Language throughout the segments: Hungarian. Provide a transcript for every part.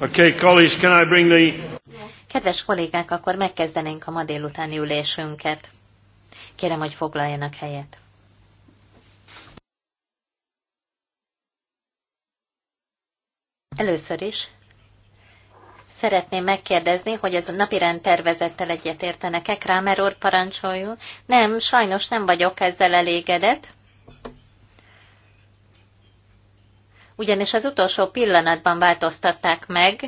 Okay, colleagues, can I bring the... Kedves kollégák, akkor megkezdenénk a ma délutáni ülésünket. Kérem, hogy foglaljanak helyet. Először is szeretném megkérdezni, hogy ez a napirend tervezettel egyetértenek-e? Kramer úr, parancsoljon. Nem, sajnos nem vagyok ezzel elégedett ugyanis az utolsó pillanatban változtatták meg.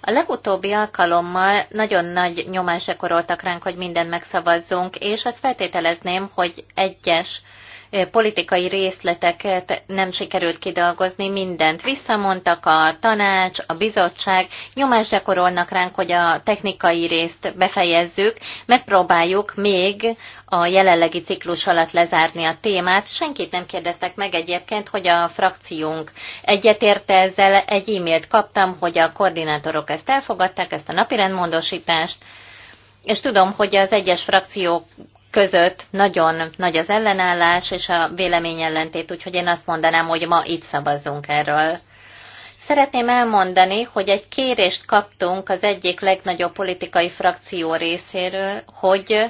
A legutóbbi alkalommal nagyon nagy nyomás gyakoroltak ránk, hogy mindent megszavazzunk, és azt feltételezném, hogy egyes Eh, politikai részleteket nem sikerült kidolgozni, mindent visszamondtak, a tanács, a bizottság nyomást gyakorolnak ránk, hogy a technikai részt befejezzük, megpróbáljuk még a jelenlegi ciklus alatt lezárni a témát. Senkit nem kérdeztek meg egyébként, hogy a frakciónk egyetérte ezzel. Egy e-mailt kaptam, hogy a koordinátorok ezt elfogadták, ezt a napirendmódosítást, és tudom, hogy az egyes frakciók között nagyon nagy az ellenállás és a vélemény ellentét, úgyhogy én azt mondanám, hogy ma itt szavazzunk erről. Szeretném elmondani, hogy egy kérést kaptunk az egyik legnagyobb politikai frakció részéről, hogy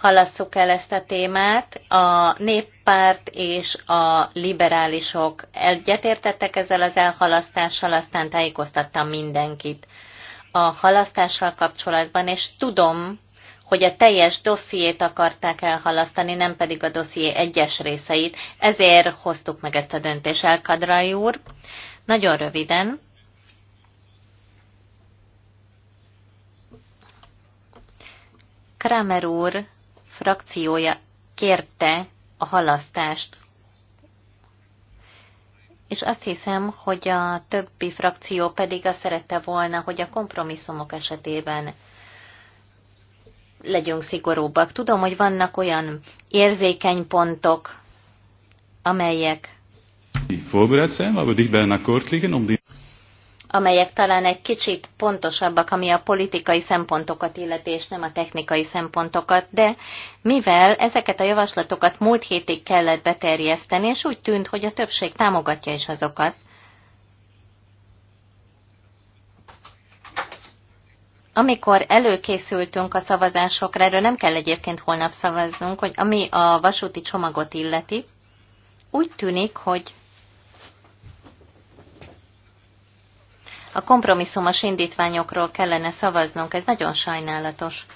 halasszuk el ezt a témát. A néppárt és a liberálisok egyetértettek ezzel az elhalasztással, aztán tájékoztattam mindenkit a halasztással kapcsolatban, és tudom, hogy a teljes dossziét akarták elhalasztani, nem pedig a dosszié egyes részeit. Ezért hoztuk meg ezt a döntést, Elkadrai úr. Nagyon röviden. Kramer úr frakciója kérte a halasztást. És azt hiszem, hogy a többi frakció pedig azt szerette volna, hogy a kompromisszumok esetében legyünk szigorúbbak. Tudom, hogy vannak olyan érzékeny pontok, amelyek amelyek talán egy kicsit pontosabbak, ami a politikai szempontokat illeti, és nem a technikai szempontokat, de mivel ezeket a javaslatokat múlt hétig kellett beterjeszteni, és úgy tűnt, hogy a többség támogatja is azokat, amikor előkészültünk a szavazásokra, erről nem kell egyébként holnap szavaznunk, hogy ami a vasúti csomagot illeti, úgy tűnik, hogy a kompromisszumos indítványokról kellene szavaznunk. Ez nagyon sajnálatos.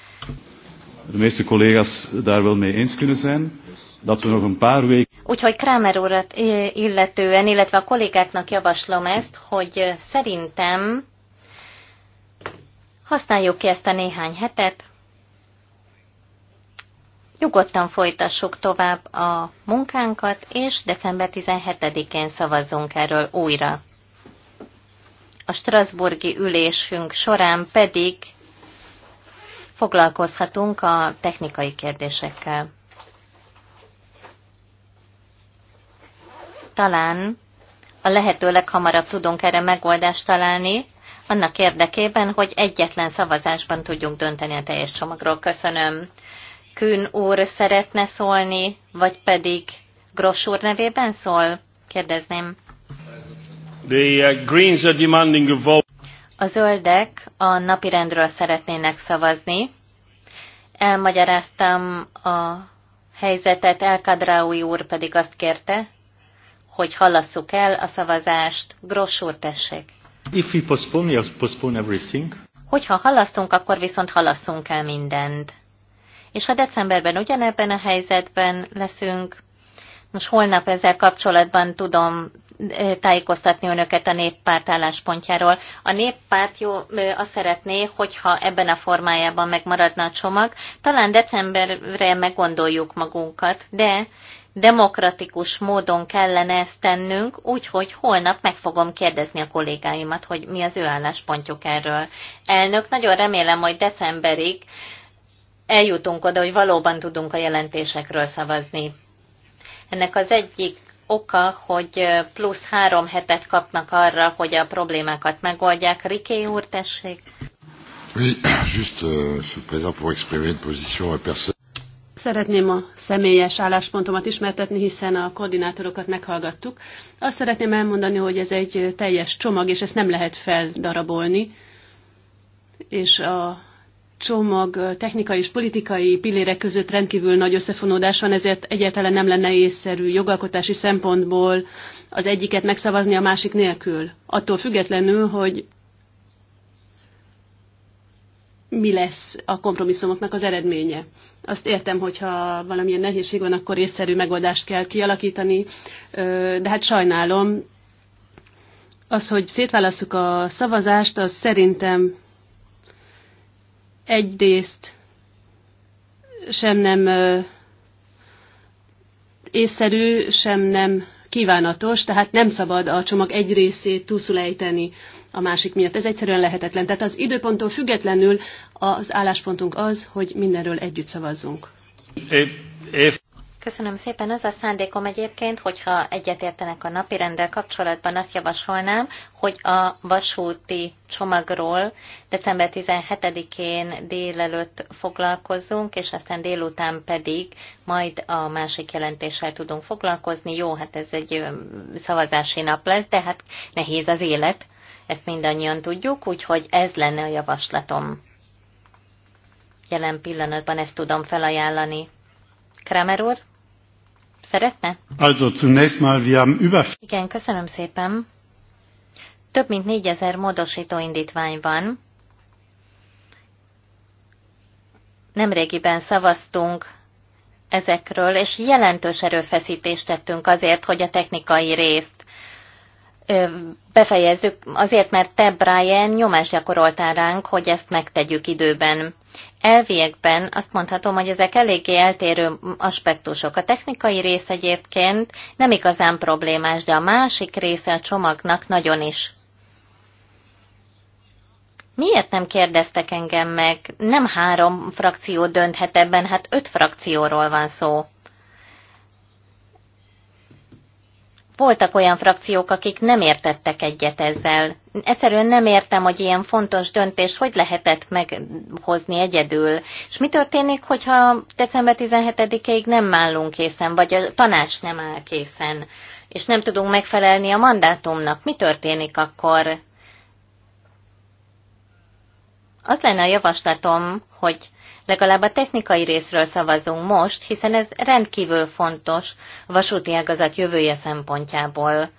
De meeste collega's daar wel mee eens kunnen zijn dat we nog een paar weken. Úgyhogy Kramer urat illetően, illetve a kollégáknak javaslom ezt, hogy szerintem Használjuk ki ezt a néhány hetet, Nyugodtan folytassuk tovább a munkánkat, és december 17-én szavazzunk erről újra. A Strasburgi ülésünk során pedig foglalkozhatunk a technikai kérdésekkel. Talán a lehető leghamarabb tudunk erre megoldást találni, annak érdekében, hogy egyetlen szavazásban tudjunk dönteni a teljes csomagról. Köszönöm. Kün úr szeretne szólni, vagy pedig Gross úr nevében szól? Kérdezném. The uh, Greens are demanding a vote. A zöldek a napirendről szeretnének szavazni. Elmagyaráztam a helyzetet, Elkadraui úr pedig azt kérte, hogy hallasszuk el a szavazást. Gross úr, tessék! If we postpone, postpone everything. Hogyha halasztunk, akkor viszont halasszunk el mindent. És ha decemberben ugyanebben a helyzetben leszünk, most holnap ezzel kapcsolatban tudom tájékoztatni önöket a néppárt álláspontjáról. A néppárt jó, azt szeretné, hogyha ebben a formájában megmaradna a csomag. Talán decemberre meggondoljuk magunkat, de demokratikus módon kellene ezt tennünk, úgyhogy holnap meg fogom kérdezni a kollégáimat, hogy mi az ő álláspontjuk erről. Elnök, nagyon remélem, hogy decemberig eljutunk oda, hogy valóban tudunk a jelentésekről szavazni. Ennek az egyik oka, hogy plusz három hetet kapnak arra, hogy a problémákat megoldják. Riké úr, tessék! Oui, juste, euh, je suis présent pour exprimer une position personnelle. Szeretném a személyes álláspontomat ismertetni, hiszen a koordinátorokat meghallgattuk. Azt szeretném elmondani, hogy ez egy teljes csomag, és ezt nem lehet feldarabolni. És a csomag technikai és politikai pillérek között rendkívül nagy összefonódás van, ezért egyáltalán nem lenne észszerű jogalkotási szempontból az egyiket megszavazni a másik nélkül. Attól függetlenül, hogy mi lesz a kompromisszumoknak az eredménye. Azt értem, hogyha valamilyen nehézség van, akkor észszerű megoldást kell kialakítani, de hát sajnálom, az, hogy szétválasszuk a szavazást, az szerintem egyrészt sem nem észszerű, sem nem kívánatos, tehát nem szabad a csomag egy részét túlszulejteni a másik miatt. Ez egyszerűen lehetetlen. Tehát az időponttól függetlenül az álláspontunk az, hogy mindenről együtt szavazzunk. Köszönöm szépen. Az a szándékom egyébként, hogyha egyetértenek a napi rendel kapcsolatban, azt javasolnám, hogy a vasúti csomagról december 17-én délelőtt foglalkozzunk, és aztán délután pedig majd a másik jelentéssel tudunk foglalkozni. Jó, hát ez egy szavazási nap lesz, de hát nehéz az élet. Ezt mindannyian tudjuk, úgyhogy ez lenne a javaslatom. Jelen pillanatban ezt tudom felajánlani. Kramer úr, szeretne? Also zunächst mal, wir haben über... Igen, köszönöm szépen. Több mint négyezer módosító indítvány van. Nemrégiben szavaztunk ezekről, és jelentős erőfeszítést tettünk azért, hogy a technikai részt befejezzük, azért mert te, Brian, nyomás gyakoroltál ránk, hogy ezt megtegyük időben. Elviekben azt mondhatom, hogy ezek eléggé eltérő aspektusok. A technikai rész egyébként nem igazán problémás, de a másik része a csomagnak nagyon is. Miért nem kérdeztek engem meg? Nem három frakció dönthet ebben, hát öt frakcióról van szó. voltak olyan frakciók, akik nem értettek egyet ezzel. Egyszerűen nem értem, hogy ilyen fontos döntés hogy lehetett meghozni egyedül. És mi történik, hogyha december 17-ig nem állunk készen, vagy a tanács nem áll készen, és nem tudunk megfelelni a mandátumnak? Mi történik akkor? Az lenne a javaslatom, hogy Legalább a technikai részről szavazunk most, hiszen ez rendkívül fontos a vasúti ágazat jövője szempontjából.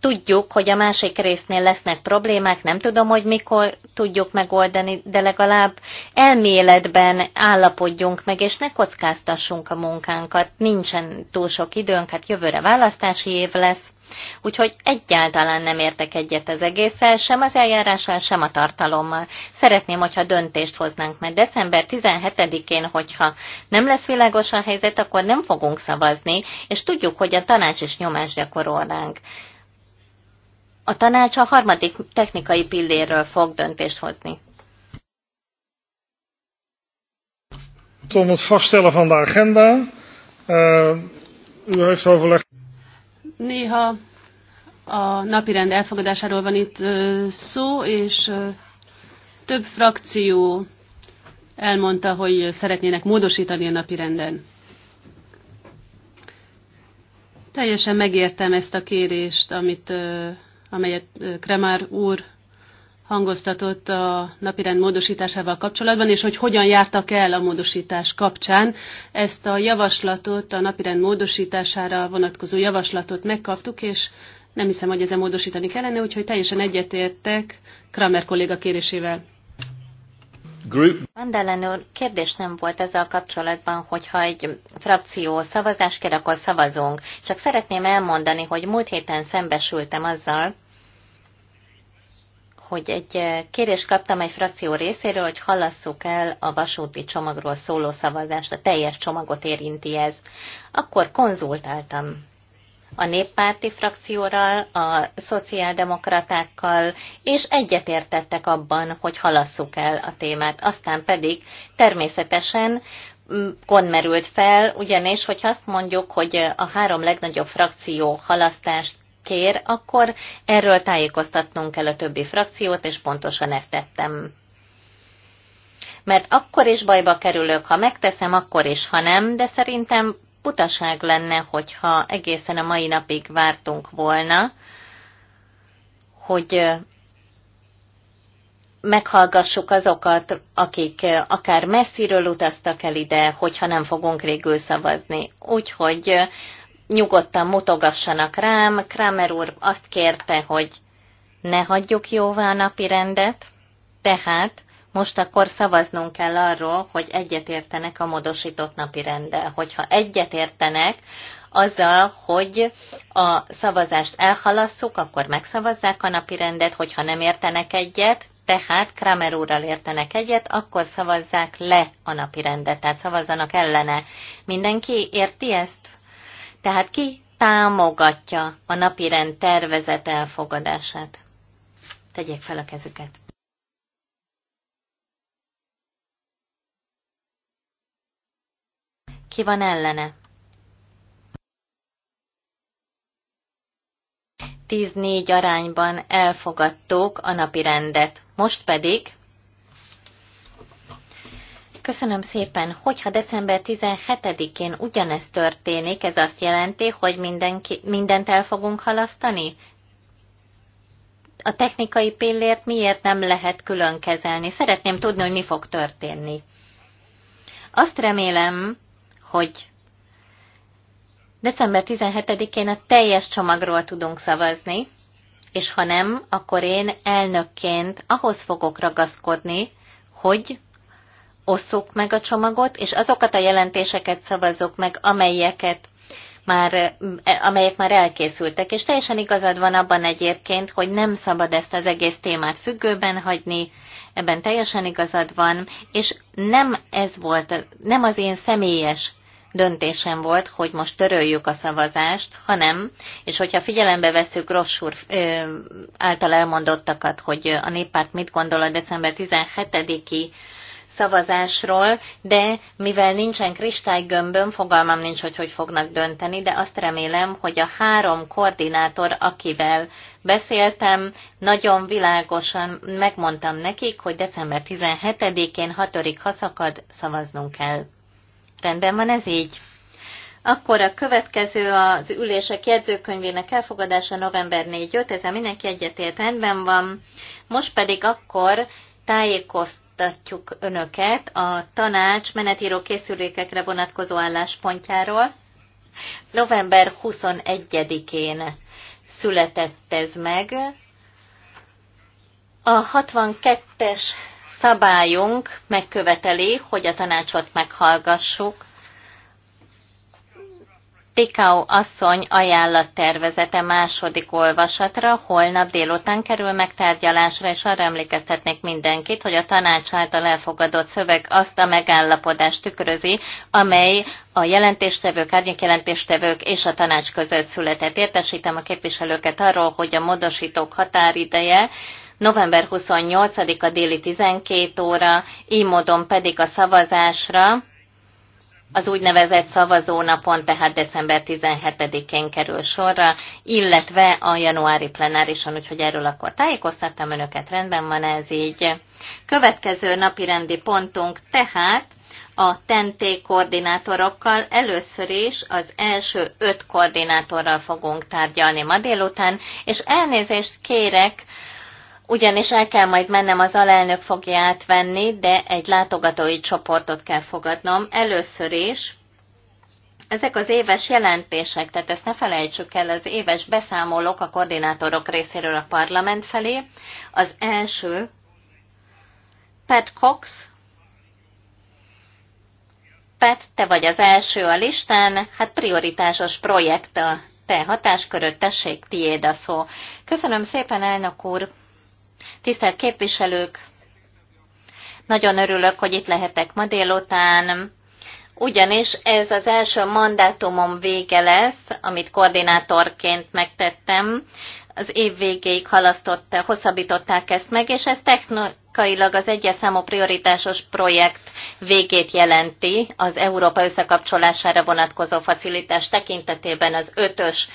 Tudjuk, hogy a másik résznél lesznek problémák, nem tudom, hogy mikor tudjuk megoldani, de legalább elméletben állapodjunk meg, és ne kockáztassunk a munkánkat. Nincsen túl sok időnk, hát jövőre választási év lesz. Úgyhogy egyáltalán nem értek egyet az egésszel, sem az eljárással, sem a tartalommal. Szeretném, hogyha döntést hoznánk, mert december 17-én, hogyha nem lesz világos a helyzet, akkor nem fogunk szavazni, és tudjuk, hogy a tanács is nyomást gyakorol ránk. A tanács a harmadik technikai pillérről fog döntést hozni. Om het vaststellen van de agenda. Uh, u heeft overleg. Néha a napirend elfogadásáról van itt szó, és több frakció elmondta, hogy szeretnének módosítani a napirenden. Teljesen megértem ezt a kérést, amit, amelyet Kremár úr hangoztatott a napirend módosításával kapcsolatban, és hogy hogyan jártak el a módosítás kapcsán. Ezt a javaslatot, a napirend módosítására vonatkozó javaslatot megkaptuk, és nem hiszem, hogy ezen módosítani kellene, úgyhogy teljesen egyetértek Kramer kolléga kérésével. Group. Mandelen úr, kérdés nem volt ezzel kapcsolatban, hogyha egy frakció szavazás kér, akkor szavazunk. Csak szeretném elmondani, hogy múlt héten szembesültem azzal, hogy egy eh, kérést kaptam egy frakció részéről, hogy halasszuk el a vasúti csomagról szóló szavazást, a teljes csomagot érinti ez. Akkor konzultáltam a néppárti frakcióral, a szociáldemokratákkal, és egyetértettek abban, hogy halasszuk el a témát. Aztán pedig természetesen mm, gond merült fel, ugyanis, hogy azt mondjuk, hogy a három legnagyobb frakció halasztást kér, akkor erről tájékoztatnunk kell a többi frakciót, és pontosan ezt tettem. Mert akkor is bajba kerülök, ha megteszem, akkor is, ha nem, de szerintem butaság lenne, hogyha egészen a mai napig vártunk volna, hogy meghallgassuk azokat, akik akár messziről utaztak el ide, hogyha nem fogunk végül szavazni. Úgyhogy nyugodtan mutogassanak rám. Kramer úr azt kérte, hogy ne hagyjuk jóvá a napi rendet, tehát most akkor szavaznunk kell arról, hogy egyetértenek a módosított napi rendel. Hogyha egyetértenek azzal, hogy a szavazást elhalasszuk, akkor megszavazzák a napi rendet, hogyha nem értenek egyet, tehát Kramer úrral értenek egyet, akkor szavazzák le a napi rendet, tehát szavazzanak ellene. Mindenki érti ezt? Tehát ki támogatja a napirend tervezet elfogadását? Tegyék fel a kezüket. Ki van ellene? Tíz-négy arányban elfogadtuk a napirendet. Most pedig Köszönöm szépen, hogyha december 17-én ugyanezt történik, ez azt jelenti, hogy mindenki, mindent el fogunk halasztani? A technikai pillért miért nem lehet külön kezelni? Szeretném tudni, hogy mi fog történni. Azt remélem, hogy december 17-én a teljes csomagról tudunk szavazni, és ha nem, akkor én elnökként ahhoz fogok ragaszkodni, hogy osszuk meg a csomagot, és azokat a jelentéseket szavazzuk meg, amelyeket már, e, amelyek már elkészültek, és teljesen igazad van abban egyébként, hogy nem szabad ezt az egész témát függőben hagyni, ebben teljesen igazad van, és nem ez volt, nem az én személyes döntésem volt, hogy most töröljük a szavazást, hanem, és hogyha figyelembe veszük Gross úr által elmondottakat, hogy a néppárt mit gondol a december 17-i szavazásról, de mivel nincsen kristálygömbön, fogalmam nincs, hogy hogy fognak dönteni, de azt remélem, hogy a három koordinátor, akivel beszéltem, nagyon világosan megmondtam nekik, hogy december 17-én 6. haszakad szavaznunk kell. Rendben van ez így? Akkor a következő az ülések jegyzőkönyvének elfogadása november 4-5, ezzel mindenki egyetért rendben van. Most pedig akkor tájékozt tájékoztatjuk Önöket a tanács menetíró készülékekre vonatkozó álláspontjáról. November 21-én született ez meg. A 62-es szabályunk megköveteli, hogy a tanácsot meghallgassuk, Pikau asszony ajánlattervezete második olvasatra holnap délután kerül megtárgyalásra, és arra emlékeztetnék mindenkit, hogy a tanács által elfogadott szöveg azt a megállapodást tükrözi, amely a jelentéstevők, árnyékjelentéstevők és a tanács között született. Értesítem a képviselőket arról, hogy a módosítók határideje november 28-a déli 12 óra, így módon pedig a szavazásra az úgynevezett szavazónapon, tehát december 17-én kerül sorra, illetve a januári plenárison, úgyhogy erről akkor tájékoztattam önöket, rendben van ez így. Következő napi rendi pontunk tehát a TENTÉ koordinátorokkal először is az első öt koordinátorral fogunk tárgyalni ma délután, és elnézést kérek ugyanis el kell majd mennem az alelnök fogja átvenni, de egy látogatói csoportot kell fogadnom. Először is ezek az éves jelentések, tehát ezt ne felejtsük el, az éves beszámolók a koordinátorok részéről a parlament felé. Az első Pat Cox. Pat, te vagy az első a listán, hát prioritásos projekt a te hatásköröd, tessék, tiéd a szó. Köszönöm szépen, elnök úr! Tisztelt képviselők! Nagyon örülök, hogy itt lehetek ma délután, ugyanis ez az első mandátumom vége lesz, amit koordinátorként megtettem. Az év végéig halasztották, hosszabbították ezt meg, és ez technikailag az egyes számú prioritásos projekt végét jelenti az Európa összekapcsolására vonatkozó facilitás tekintetében az ötös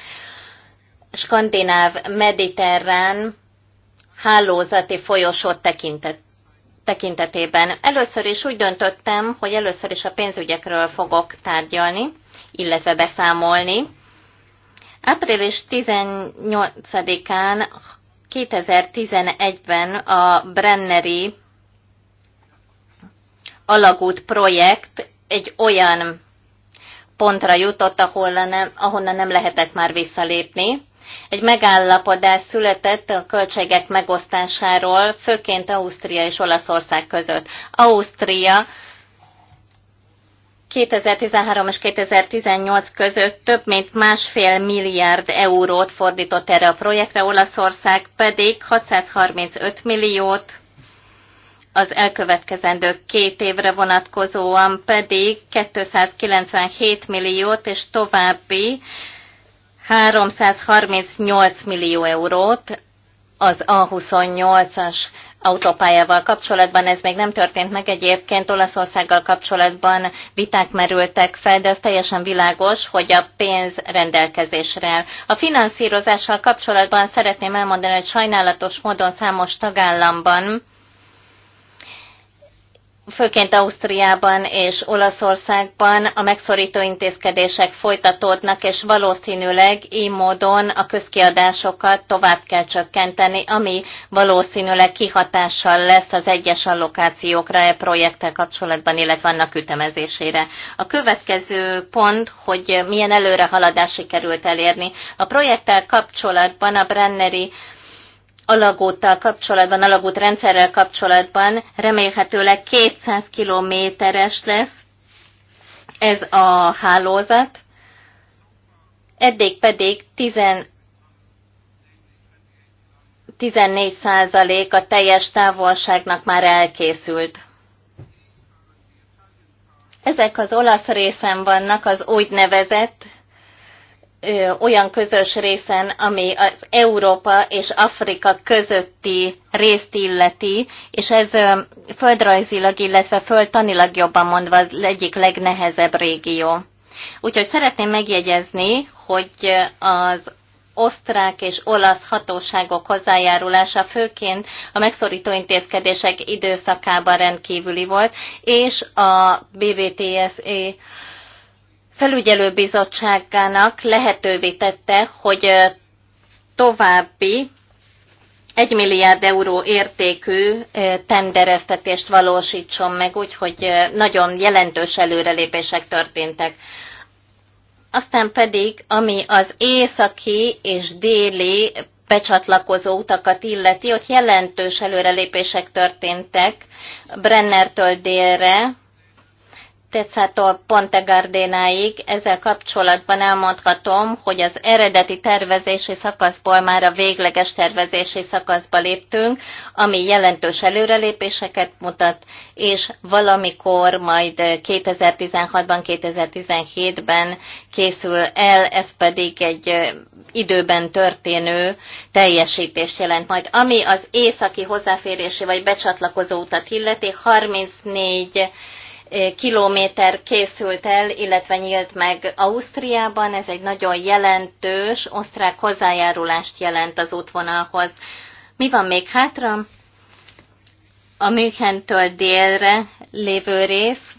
skandináv mediterrán hálózati folyosót tekintett tekintetében. Először is úgy döntöttem, hogy először is a pénzügyekről fogok tárgyalni, illetve beszámolni. Április 18-án 2011-ben a Brenneri alagút projekt egy olyan pontra jutott, ahol nem, ahonnan nem lehetett már visszalépni. Egy megállapodás született a költségek megosztásáról, főként Ausztria és Olaszország között. Ausztria 2013 és 2018 között több mint másfél milliárd eurót fordított erre a projektre, Olaszország pedig 635 milliót, az elkövetkezendő két évre vonatkozóan pedig 297 milliót és további 338 millió eurót az A28-as autópályával kapcsolatban. Ez még nem történt meg egyébként, Olaszországgal kapcsolatban viták merültek fel, de ez teljesen világos, hogy a pénz rendelkezésre áll. A finanszírozással kapcsolatban szeretném elmondani, hogy sajnálatos módon számos tagállamban főként Ausztriában és Olaszországban a megszorító intézkedések folytatódnak, és valószínűleg így módon a közkiadásokat tovább kell csökkenteni, ami valószínűleg kihatással lesz az egyes allokációkra e projekttel kapcsolatban, illetve annak ütemezésére. A következő pont, hogy milyen előrehaladás sikerült elérni. A projekttel kapcsolatban a Brenneri alagúttal kapcsolatban, alagút rendszerrel kapcsolatban remélhetőleg 200 kilométeres lesz ez a hálózat, eddig pedig 10, 14 százalék a teljes távolságnak már elkészült. Ezek az olasz részen vannak az úgynevezett olyan közös részen, ami az Európa és Afrika közötti részt illeti, és ez földrajzilag, illetve földtanilag jobban mondva az egyik legnehezebb régió. Úgyhogy szeretném megjegyezni, hogy az osztrák és olasz hatóságok hozzájárulása főként a megszorító intézkedések időszakában rendkívüli volt, és a BBTSE felügyelőbizottságának lehetővé tette, hogy további 1 milliárd euró értékű tendereztetést valósítson meg, úgyhogy nagyon jelentős előrelépések történtek. Aztán pedig, ami az északi és déli becsatlakozó utakat illeti, ott jelentős előrelépések történtek Brennertől délre, Tetszától Pontegardénáig ezzel kapcsolatban elmondhatom, hogy az eredeti tervezési szakaszból már a végleges tervezési szakaszba léptünk, ami jelentős előrelépéseket mutat, és valamikor majd 2016-ban, 2017-ben készül el, ez pedig egy időben történő teljesítést jelent majd. Ami az északi hozzáférési vagy becsatlakozó utat illeti, 34 kilométer készült el, illetve nyílt meg Ausztriában. Ez egy nagyon jelentős osztrák hozzájárulást jelent az útvonalhoz. Mi van még hátra? A Münchentől délre lévő rész,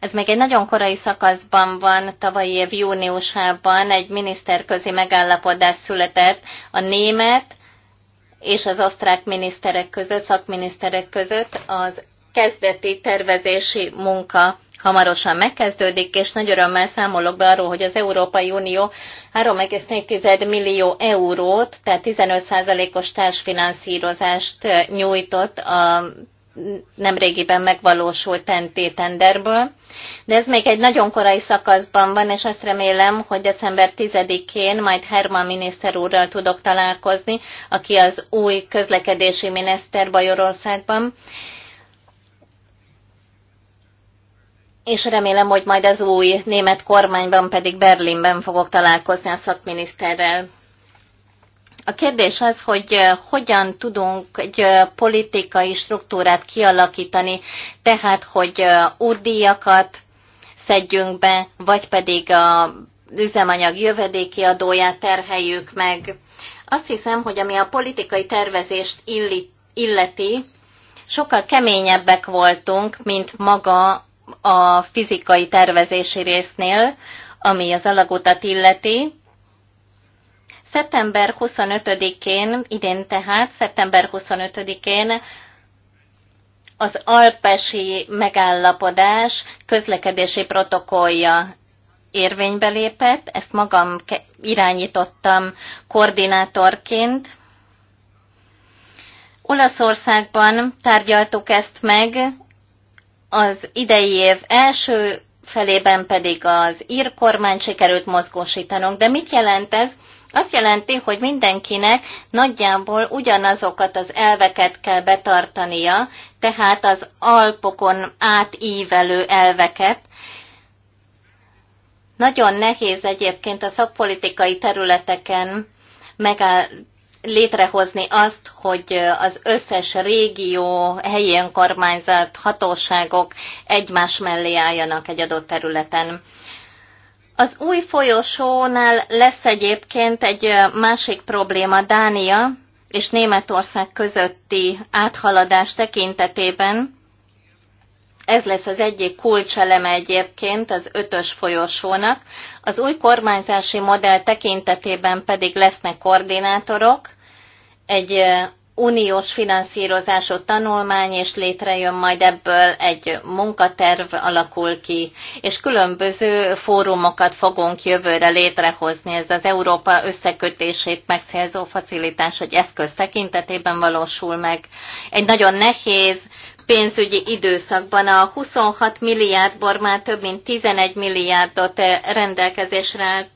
ez még egy nagyon korai szakaszban van, tavalyi év júniusában egy miniszterközi megállapodás született a német és az osztrák miniszterek között, szakminiszterek között az kezdeti tervezési munka hamarosan megkezdődik, és nagy örömmel számolok be arról, hogy az Európai Unió 3,4 millió eurót, tehát 15%-os társfinanszírozást nyújtott a nemrégiben megvalósult TNT tenderből, de ez még egy nagyon korai szakaszban van, és azt remélem, hogy december 10-én majd Herman miniszter úrral tudok találkozni, aki az új közlekedési miniszter Bajorországban, és remélem, hogy majd az új német kormányban pedig Berlinben fogok találkozni a szakminiszterrel. A kérdés az, hogy hogyan tudunk egy politikai struktúrát kialakítani, tehát hogy úrdíjakat szedjünk be, vagy pedig a üzemanyag jövedéki adóját terheljük meg. Azt hiszem, hogy ami a politikai tervezést illeti, sokkal keményebbek voltunk, mint maga a fizikai tervezési résznél, ami az alagutat illeti. Szeptember 25-én, idén tehát, szeptember 25-én az alpesi megállapodás közlekedési protokollja érvénybe lépett, ezt magam irányítottam koordinátorként. Olaszországban tárgyaltuk ezt meg, az idei év első felében pedig az ír kormány sikerült mozgósítanunk. De mit jelent ez? Azt jelenti, hogy mindenkinek nagyjából ugyanazokat az elveket kell betartania, tehát az alpokon átívelő elveket. Nagyon nehéz egyébként a szakpolitikai területeken megáll, létrehozni azt, hogy az összes régió, helyi önkormányzat, hatóságok egymás mellé álljanak egy adott területen. Az új folyosónál lesz egyébként egy másik probléma Dánia és Németország közötti áthaladás tekintetében, ez lesz az egyik kulcseleme egyébként az ötös folyosónak. Az új kormányzási modell tekintetében pedig lesznek koordinátorok, egy uniós finanszírozású tanulmány, és létrejön majd ebből egy munkaterv alakul ki, és különböző fórumokat fogunk jövőre létrehozni. Ez az Európa összekötését megszerző facilitás, hogy eszköz tekintetében valósul meg. Egy nagyon nehéz pénzügyi időszakban. A 26 milliárdból már több mint 11 milliárdot eh, rendelkezésre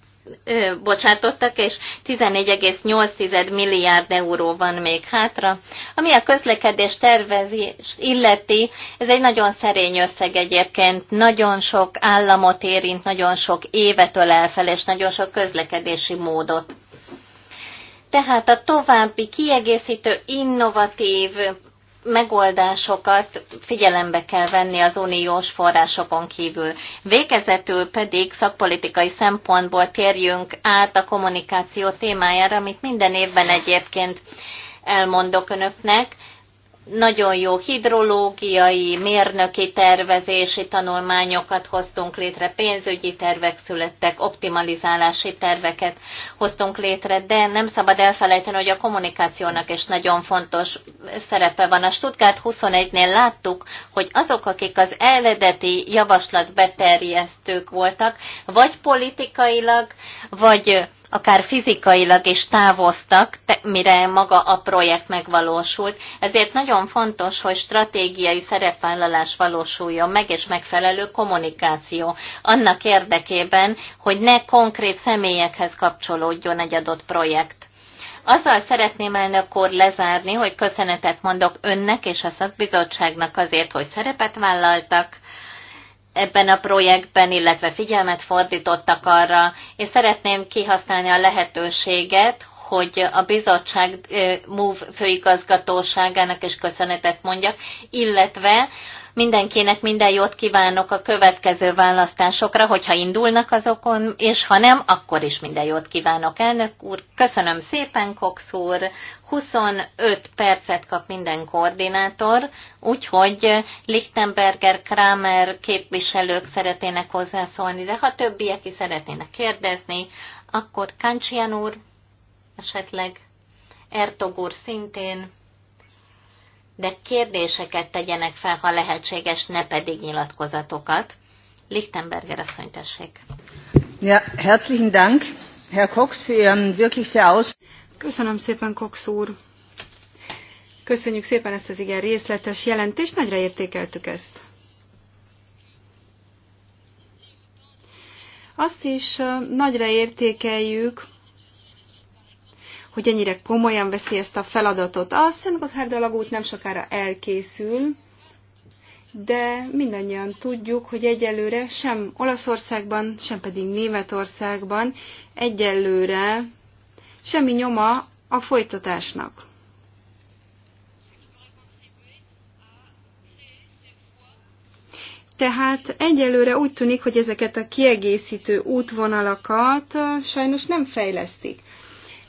bocsátottak, és 14,8 milliárd euró van még hátra. Ami a közlekedés tervezést illeti, ez egy nagyon szerény összeg egyébként, nagyon sok államot érint, nagyon sok évet elfel, fel, és nagyon sok közlekedési módot. Tehát a további kiegészítő innovatív megoldásokat figyelembe kell venni az uniós forrásokon kívül. Végezetül pedig szakpolitikai szempontból térjünk át a kommunikáció témájára, amit minden évben egyébként elmondok önöknek nagyon jó hidrológiai, mérnöki tervezési tanulmányokat hoztunk létre, pénzügyi tervek születtek, optimalizálási terveket hoztunk létre, de nem szabad elfelejteni, hogy a kommunikációnak is nagyon fontos szerepe van. A Stuttgart 21-nél láttuk, hogy azok, akik az eredeti javaslat beterjesztők voltak, vagy politikailag, vagy akár fizikailag is távoztak, mire maga a projekt megvalósult. Ezért nagyon fontos, hogy stratégiai szerepvállalás valósuljon meg, és megfelelő kommunikáció annak érdekében, hogy ne konkrét személyekhez kapcsolódjon egy adott projekt. Azzal szeretném elnök úr lezárni, hogy köszönetet mondok önnek és a szakbizottságnak azért, hogy szerepet vállaltak, ebben a projektben, illetve figyelmet fordítottak arra, és szeretném kihasználni a lehetőséget, hogy a bizottság MOVE főigazgatóságának is köszönetet mondjak, illetve Mindenkinek minden jót kívánok a következő választásokra, hogyha indulnak azokon, és ha nem, akkor is minden jót kívánok, elnök úr. Köszönöm szépen, Cox úr. 25 percet kap minden koordinátor, úgyhogy Lichtenberger, Kramer képviselők szeretnének hozzászólni, de ha többiek is szeretnének kérdezni, akkor Kancsian úr esetleg, Ertog úr szintén, de kérdéseket tegyenek fel, ha lehetséges, ne pedig nyilatkozatokat. Lichtenberger asszony, tessék. Ja, herzlichen Dank, Herr Cox, für Ihren wirklich sehr aus... Köszönöm szépen, Cox úr. Köszönjük szépen ezt az igen részletes jelentést, nagyra értékeltük ezt. Azt is nagyra értékeljük, hogy ennyire komolyan veszi ezt a feladatot. A Szent Gotthárd alagút nem sokára elkészül, de mindannyian tudjuk, hogy egyelőre sem Olaszországban, sem pedig Németországban egyelőre semmi nyoma a folytatásnak. Tehát egyelőre úgy tűnik, hogy ezeket a kiegészítő útvonalakat sajnos nem fejlesztik.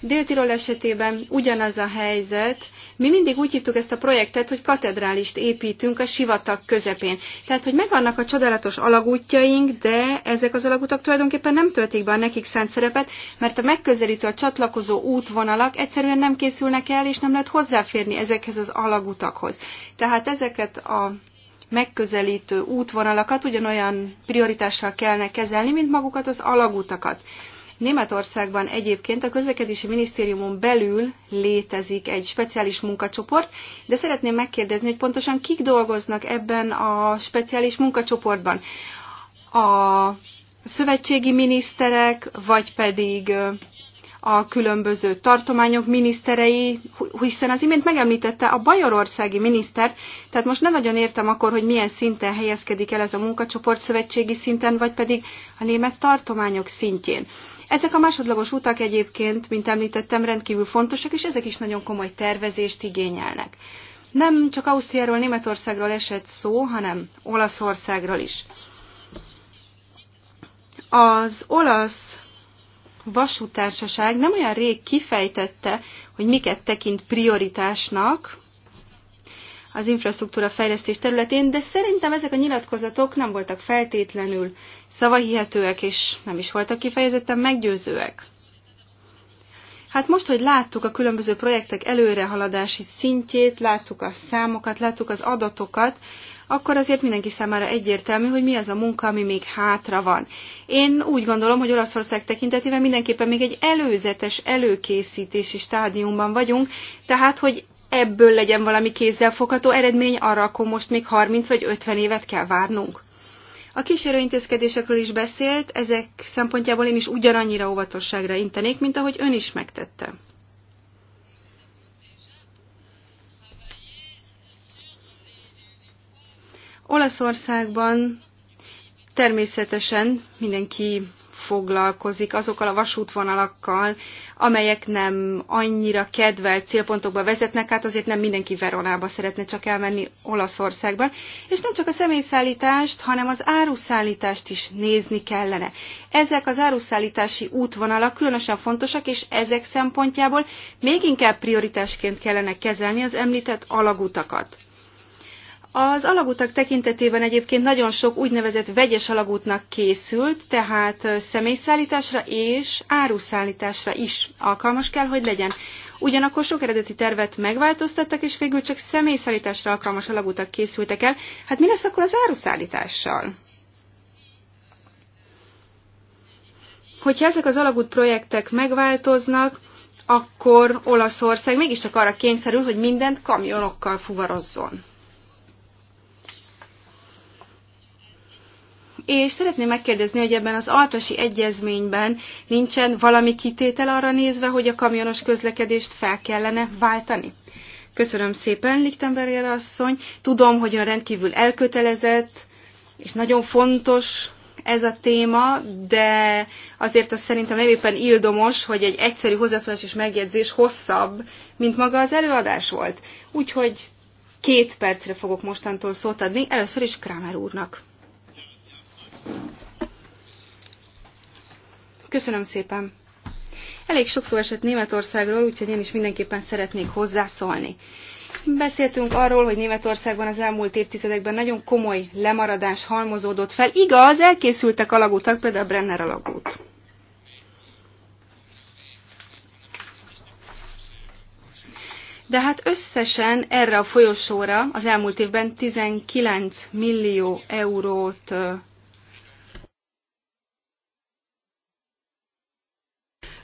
Dél-Tirol esetében ugyanaz a helyzet. Mi mindig úgy hívtuk ezt a projektet, hogy katedrálist építünk a sivatag közepén. Tehát, hogy megvannak a csodálatos alagútjaink, de ezek az alagutak tulajdonképpen nem töltik be a nekik szánt szerepet, mert a megközelítő, a csatlakozó útvonalak egyszerűen nem készülnek el, és nem lehet hozzáférni ezekhez az alagutakhoz. Tehát ezeket a megközelítő útvonalakat ugyanolyan prioritással kellene kezelni, mint magukat az alagutakat. Németországban egyébként a közlekedési minisztériumon belül létezik egy speciális munkacsoport, de szeretném megkérdezni, hogy pontosan kik dolgoznak ebben a speciális munkacsoportban. A szövetségi miniszterek, vagy pedig a különböző tartományok miniszterei, hiszen az imént megemlítette a bajorországi miniszter, tehát most nem nagyon értem akkor, hogy milyen szinten helyezkedik el ez a munkacsoport szövetségi szinten, vagy pedig a német tartományok szintjén. Ezek a másodlagos utak egyébként, mint említettem, rendkívül fontosak, és ezek is nagyon komoly tervezést igényelnek. Nem csak Ausztriáról, Németországról esett szó, hanem Olaszországról is. Az olasz vasútársaság nem olyan rég kifejtette, hogy miket tekint prioritásnak, az infrastruktúra fejlesztés területén, de szerintem ezek a nyilatkozatok nem voltak feltétlenül szavahihetőek, és nem is voltak kifejezetten meggyőzőek. Hát most, hogy láttuk a különböző projektek előrehaladási szintjét, láttuk a számokat, láttuk az adatokat, akkor azért mindenki számára egyértelmű, hogy mi az a munka, ami még hátra van. Én úgy gondolom, hogy Olaszország tekintetében mindenképpen még egy előzetes előkészítési stádiumban vagyunk, tehát hogy ebből legyen valami kézzelfogható eredmény, arra akkor most még 30 vagy 50 évet kell várnunk. A kísérőintézkedésekről is beszélt, ezek szempontjából én is ugyanannyira óvatosságra intenék, mint ahogy ön is megtette. Olaszországban természetesen mindenki foglalkozik azokkal a vasútvonalakkal, amelyek nem annyira kedvelt célpontokba vezetnek, hát azért nem mindenki Veronába szeretne csak elmenni Olaszországban, és nem csak a személyszállítást, hanem az áruszállítást is nézni kellene. Ezek az áruszállítási útvonalak különösen fontosak, és ezek szempontjából még inkább prioritásként kellene kezelni az említett alagutakat. Az alagutak tekintetében egyébként nagyon sok úgynevezett vegyes alagútnak készült, tehát személyszállításra és áruszállításra is alkalmas kell, hogy legyen. Ugyanakkor sok eredeti tervet megváltoztattak, és végül csak személyszállításra alkalmas alagútak készültek el. Hát mi lesz akkor az áruszállítással? Hogyha ezek az alagút projektek megváltoznak, akkor Olaszország mégiscsak arra kényszerül, hogy mindent kamionokkal fuvarozzon. és szeretném megkérdezni, hogy ebben az altasi egyezményben nincsen valami kitétel arra nézve, hogy a kamionos közlekedést fel kellene váltani? Köszönöm szépen, Lichtenberger asszony. Tudom, hogy ön rendkívül elkötelezett, és nagyon fontos ez a téma, de azért azt szerintem nem éppen ildomos, hogy egy egyszerű hozzászólás és megjegyzés hosszabb, mint maga az előadás volt. Úgyhogy két percre fogok mostantól szót adni, először is Kramer úrnak. Köszönöm szépen. Elég sok szó esett Németországról, úgyhogy én is mindenképpen szeretnék hozzászólni. Beszéltünk arról, hogy Németországban az elmúlt évtizedekben nagyon komoly lemaradás halmozódott fel. Igaz, elkészültek alagutak, például a Brenner alagút. De hát összesen erre a folyosóra az elmúlt évben 19 millió eurót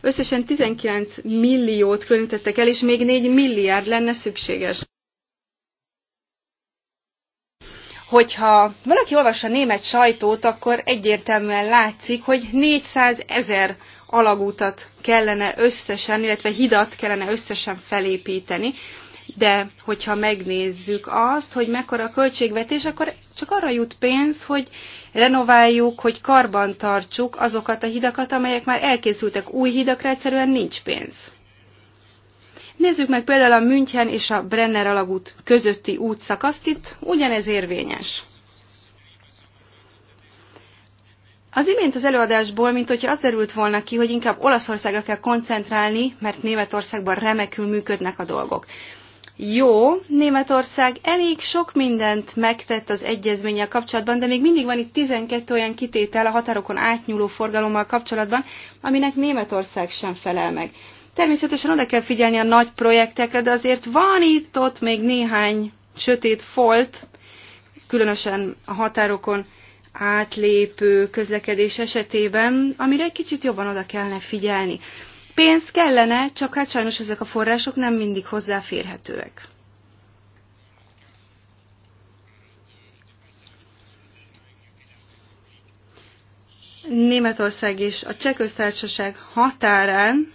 Összesen 19 milliót különítettek el, és még 4 milliárd lenne szükséges. hogyha valaki olvassa a német sajtót, akkor egyértelműen látszik, hogy 400 ezer alagútat kellene összesen, illetve hidat kellene összesen felépíteni, de hogyha megnézzük azt, hogy mekkora a költségvetés, akkor csak arra jut pénz, hogy renováljuk, hogy karban tartsuk azokat a hidakat, amelyek már elkészültek. Új hidakra egyszerűen nincs pénz. Nézzük meg például a München és a Brenner alagút közötti útszakaszt, itt ugyanez érvényes. Az imént az előadásból, mint hogyha az derült volna ki, hogy inkább Olaszországra kell koncentrálni, mert Németországban remekül működnek a dolgok jó, Németország elég sok mindent megtett az egyezménnyel kapcsolatban, de még mindig van itt 12 olyan kitétel a határokon átnyúló forgalommal kapcsolatban, aminek Németország sem felel meg. Természetesen oda kell figyelni a nagy projektekre, de azért van itt ott még néhány sötét folt, különösen a határokon átlépő közlekedés esetében, amire egy kicsit jobban oda kellene figyelni. Pénz kellene, csak hát sajnos ezek a források nem mindig hozzáférhetőek. Németország és a Cseh határán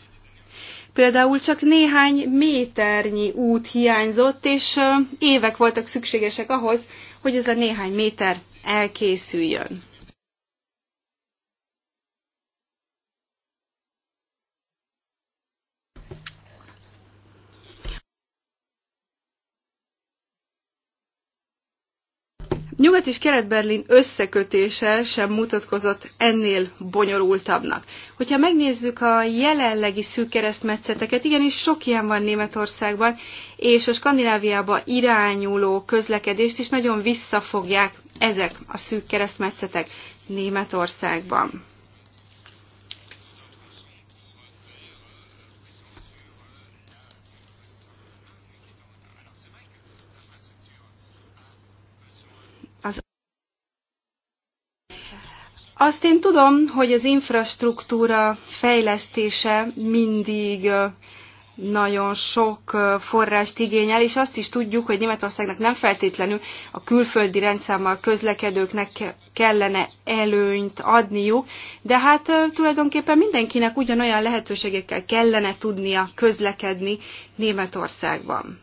például csak néhány méternyi út hiányzott, és évek voltak szükségesek ahhoz, hogy ez a néhány méter elkészüljön. Nyugat és Kelet-Berlin összekötése sem mutatkozott ennél bonyolultabbnak. Hogyha megnézzük a jelenlegi szűk keresztmetszeteket, igenis sok ilyen van Németországban, és a Skandináviába irányuló közlekedést is nagyon visszafogják ezek a szűk keresztmetszetek Németországban. Azt én tudom, hogy az infrastruktúra fejlesztése mindig nagyon sok forrást igényel, és azt is tudjuk, hogy Németországnak nem feltétlenül a külföldi rendszámmal közlekedőknek kellene előnyt adniuk, de hát tulajdonképpen mindenkinek ugyanolyan lehetőségekkel kellene tudnia közlekedni Németországban.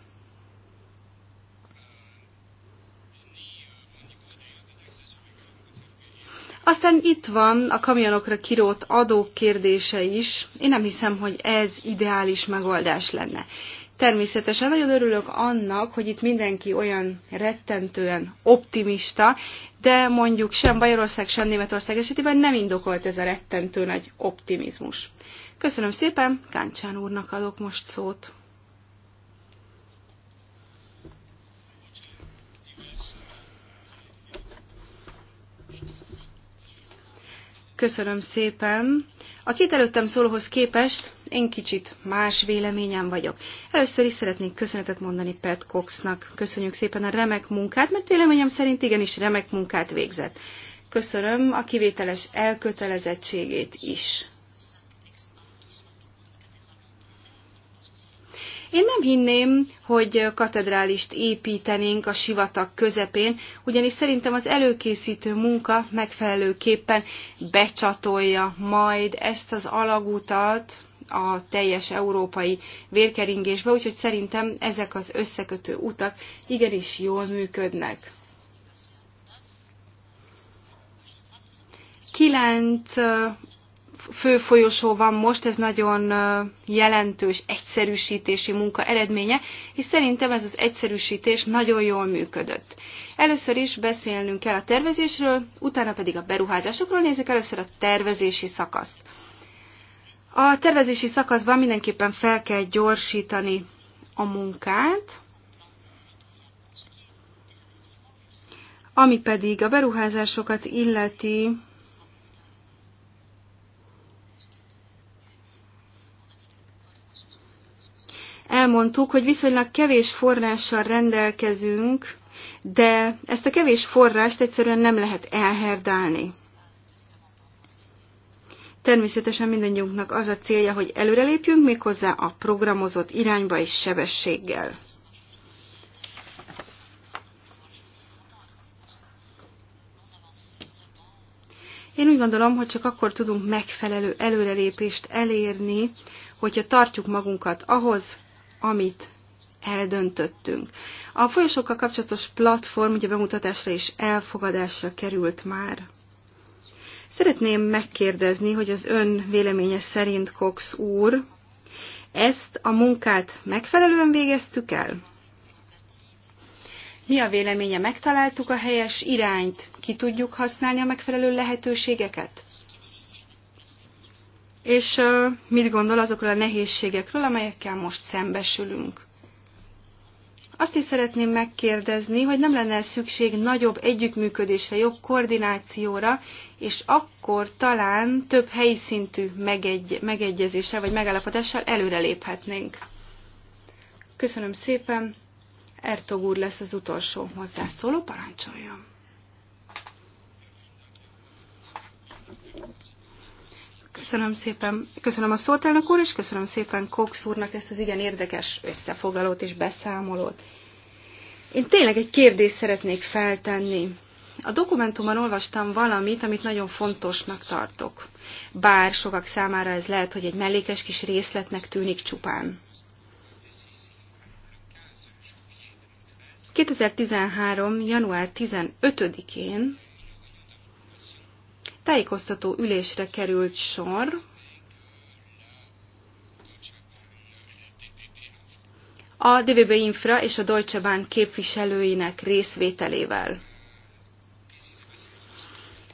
Aztán itt van a kamionokra kirót adók kérdése is. Én nem hiszem, hogy ez ideális megoldás lenne. Természetesen nagyon örülök annak, hogy itt mindenki olyan rettentően optimista, de mondjuk sem Bajorország, sem Németország esetében nem indokolt ez a rettentő nagy optimizmus. Köszönöm szépen, Káncsán úrnak adok most szót. Köszönöm szépen. A két előttem szólóhoz képest én kicsit más véleményem vagyok. Először is szeretnék köszönetet mondani Pat Coxnak. Köszönjük szépen a remek munkát, mert véleményem szerint igenis remek munkát végzett. Köszönöm a kivételes elkötelezettségét is. Én nem hinném, hogy katedrálist építenénk a sivatag közepén, ugyanis szerintem az előkészítő munka megfelelőképpen becsatolja majd ezt az alagutat a teljes európai vérkeringésbe, úgyhogy szerintem ezek az összekötő utak igenis jól működnek. Kilenc fő folyosó van most, ez nagyon jelentős egyszerűsítési munka eredménye, és szerintem ez az egyszerűsítés nagyon jól működött. Először is beszélnünk kell a tervezésről, utána pedig a beruházásokról nézzük először a tervezési szakaszt. A tervezési szakaszban mindenképpen fel kell gyorsítani a munkát, ami pedig a beruházásokat illeti, elmondtuk, hogy viszonylag kevés forrással rendelkezünk, de ezt a kevés forrást egyszerűen nem lehet elherdálni. Természetesen mindannyiunknak az a célja, hogy előrelépjünk méghozzá a programozott irányba és sebességgel. Én úgy gondolom, hogy csak akkor tudunk megfelelő előrelépést elérni, hogyha tartjuk magunkat ahhoz, amit eldöntöttünk. A folyosókkal kapcsolatos platform ugye bemutatásra és elfogadásra került már. Szeretném megkérdezni, hogy az ön véleménye szerint, Cox úr, ezt a munkát megfelelően végeztük el? Mi a véleménye? Megtaláltuk a helyes irányt? Ki tudjuk használni a megfelelő lehetőségeket? és mit gondol azokról a nehézségekről, amelyekkel most szembesülünk. Azt is szeretném megkérdezni, hogy nem lenne szükség nagyobb együttműködésre, jobb koordinációra, és akkor talán több helyi szintű megegy, megegyezéssel vagy megállapodással előreléphetnénk. Köszönöm szépen, Ertog úr lesz az utolsó hozzászóló, parancsoljon! Köszönöm szépen, köszönöm a szót, elnök úr, és köszönöm szépen Cox úrnak ezt az igen érdekes összefoglalót és beszámolót. Én tényleg egy kérdést szeretnék feltenni. A dokumentumban olvastam valamit, amit nagyon fontosnak tartok. Bár sokak számára ez lehet, hogy egy mellékes kis részletnek tűnik csupán. 2013. január 15-én tájékoztató ülésre került sor, a DVB Infra és a Deutsche Bahn képviselőinek részvételével.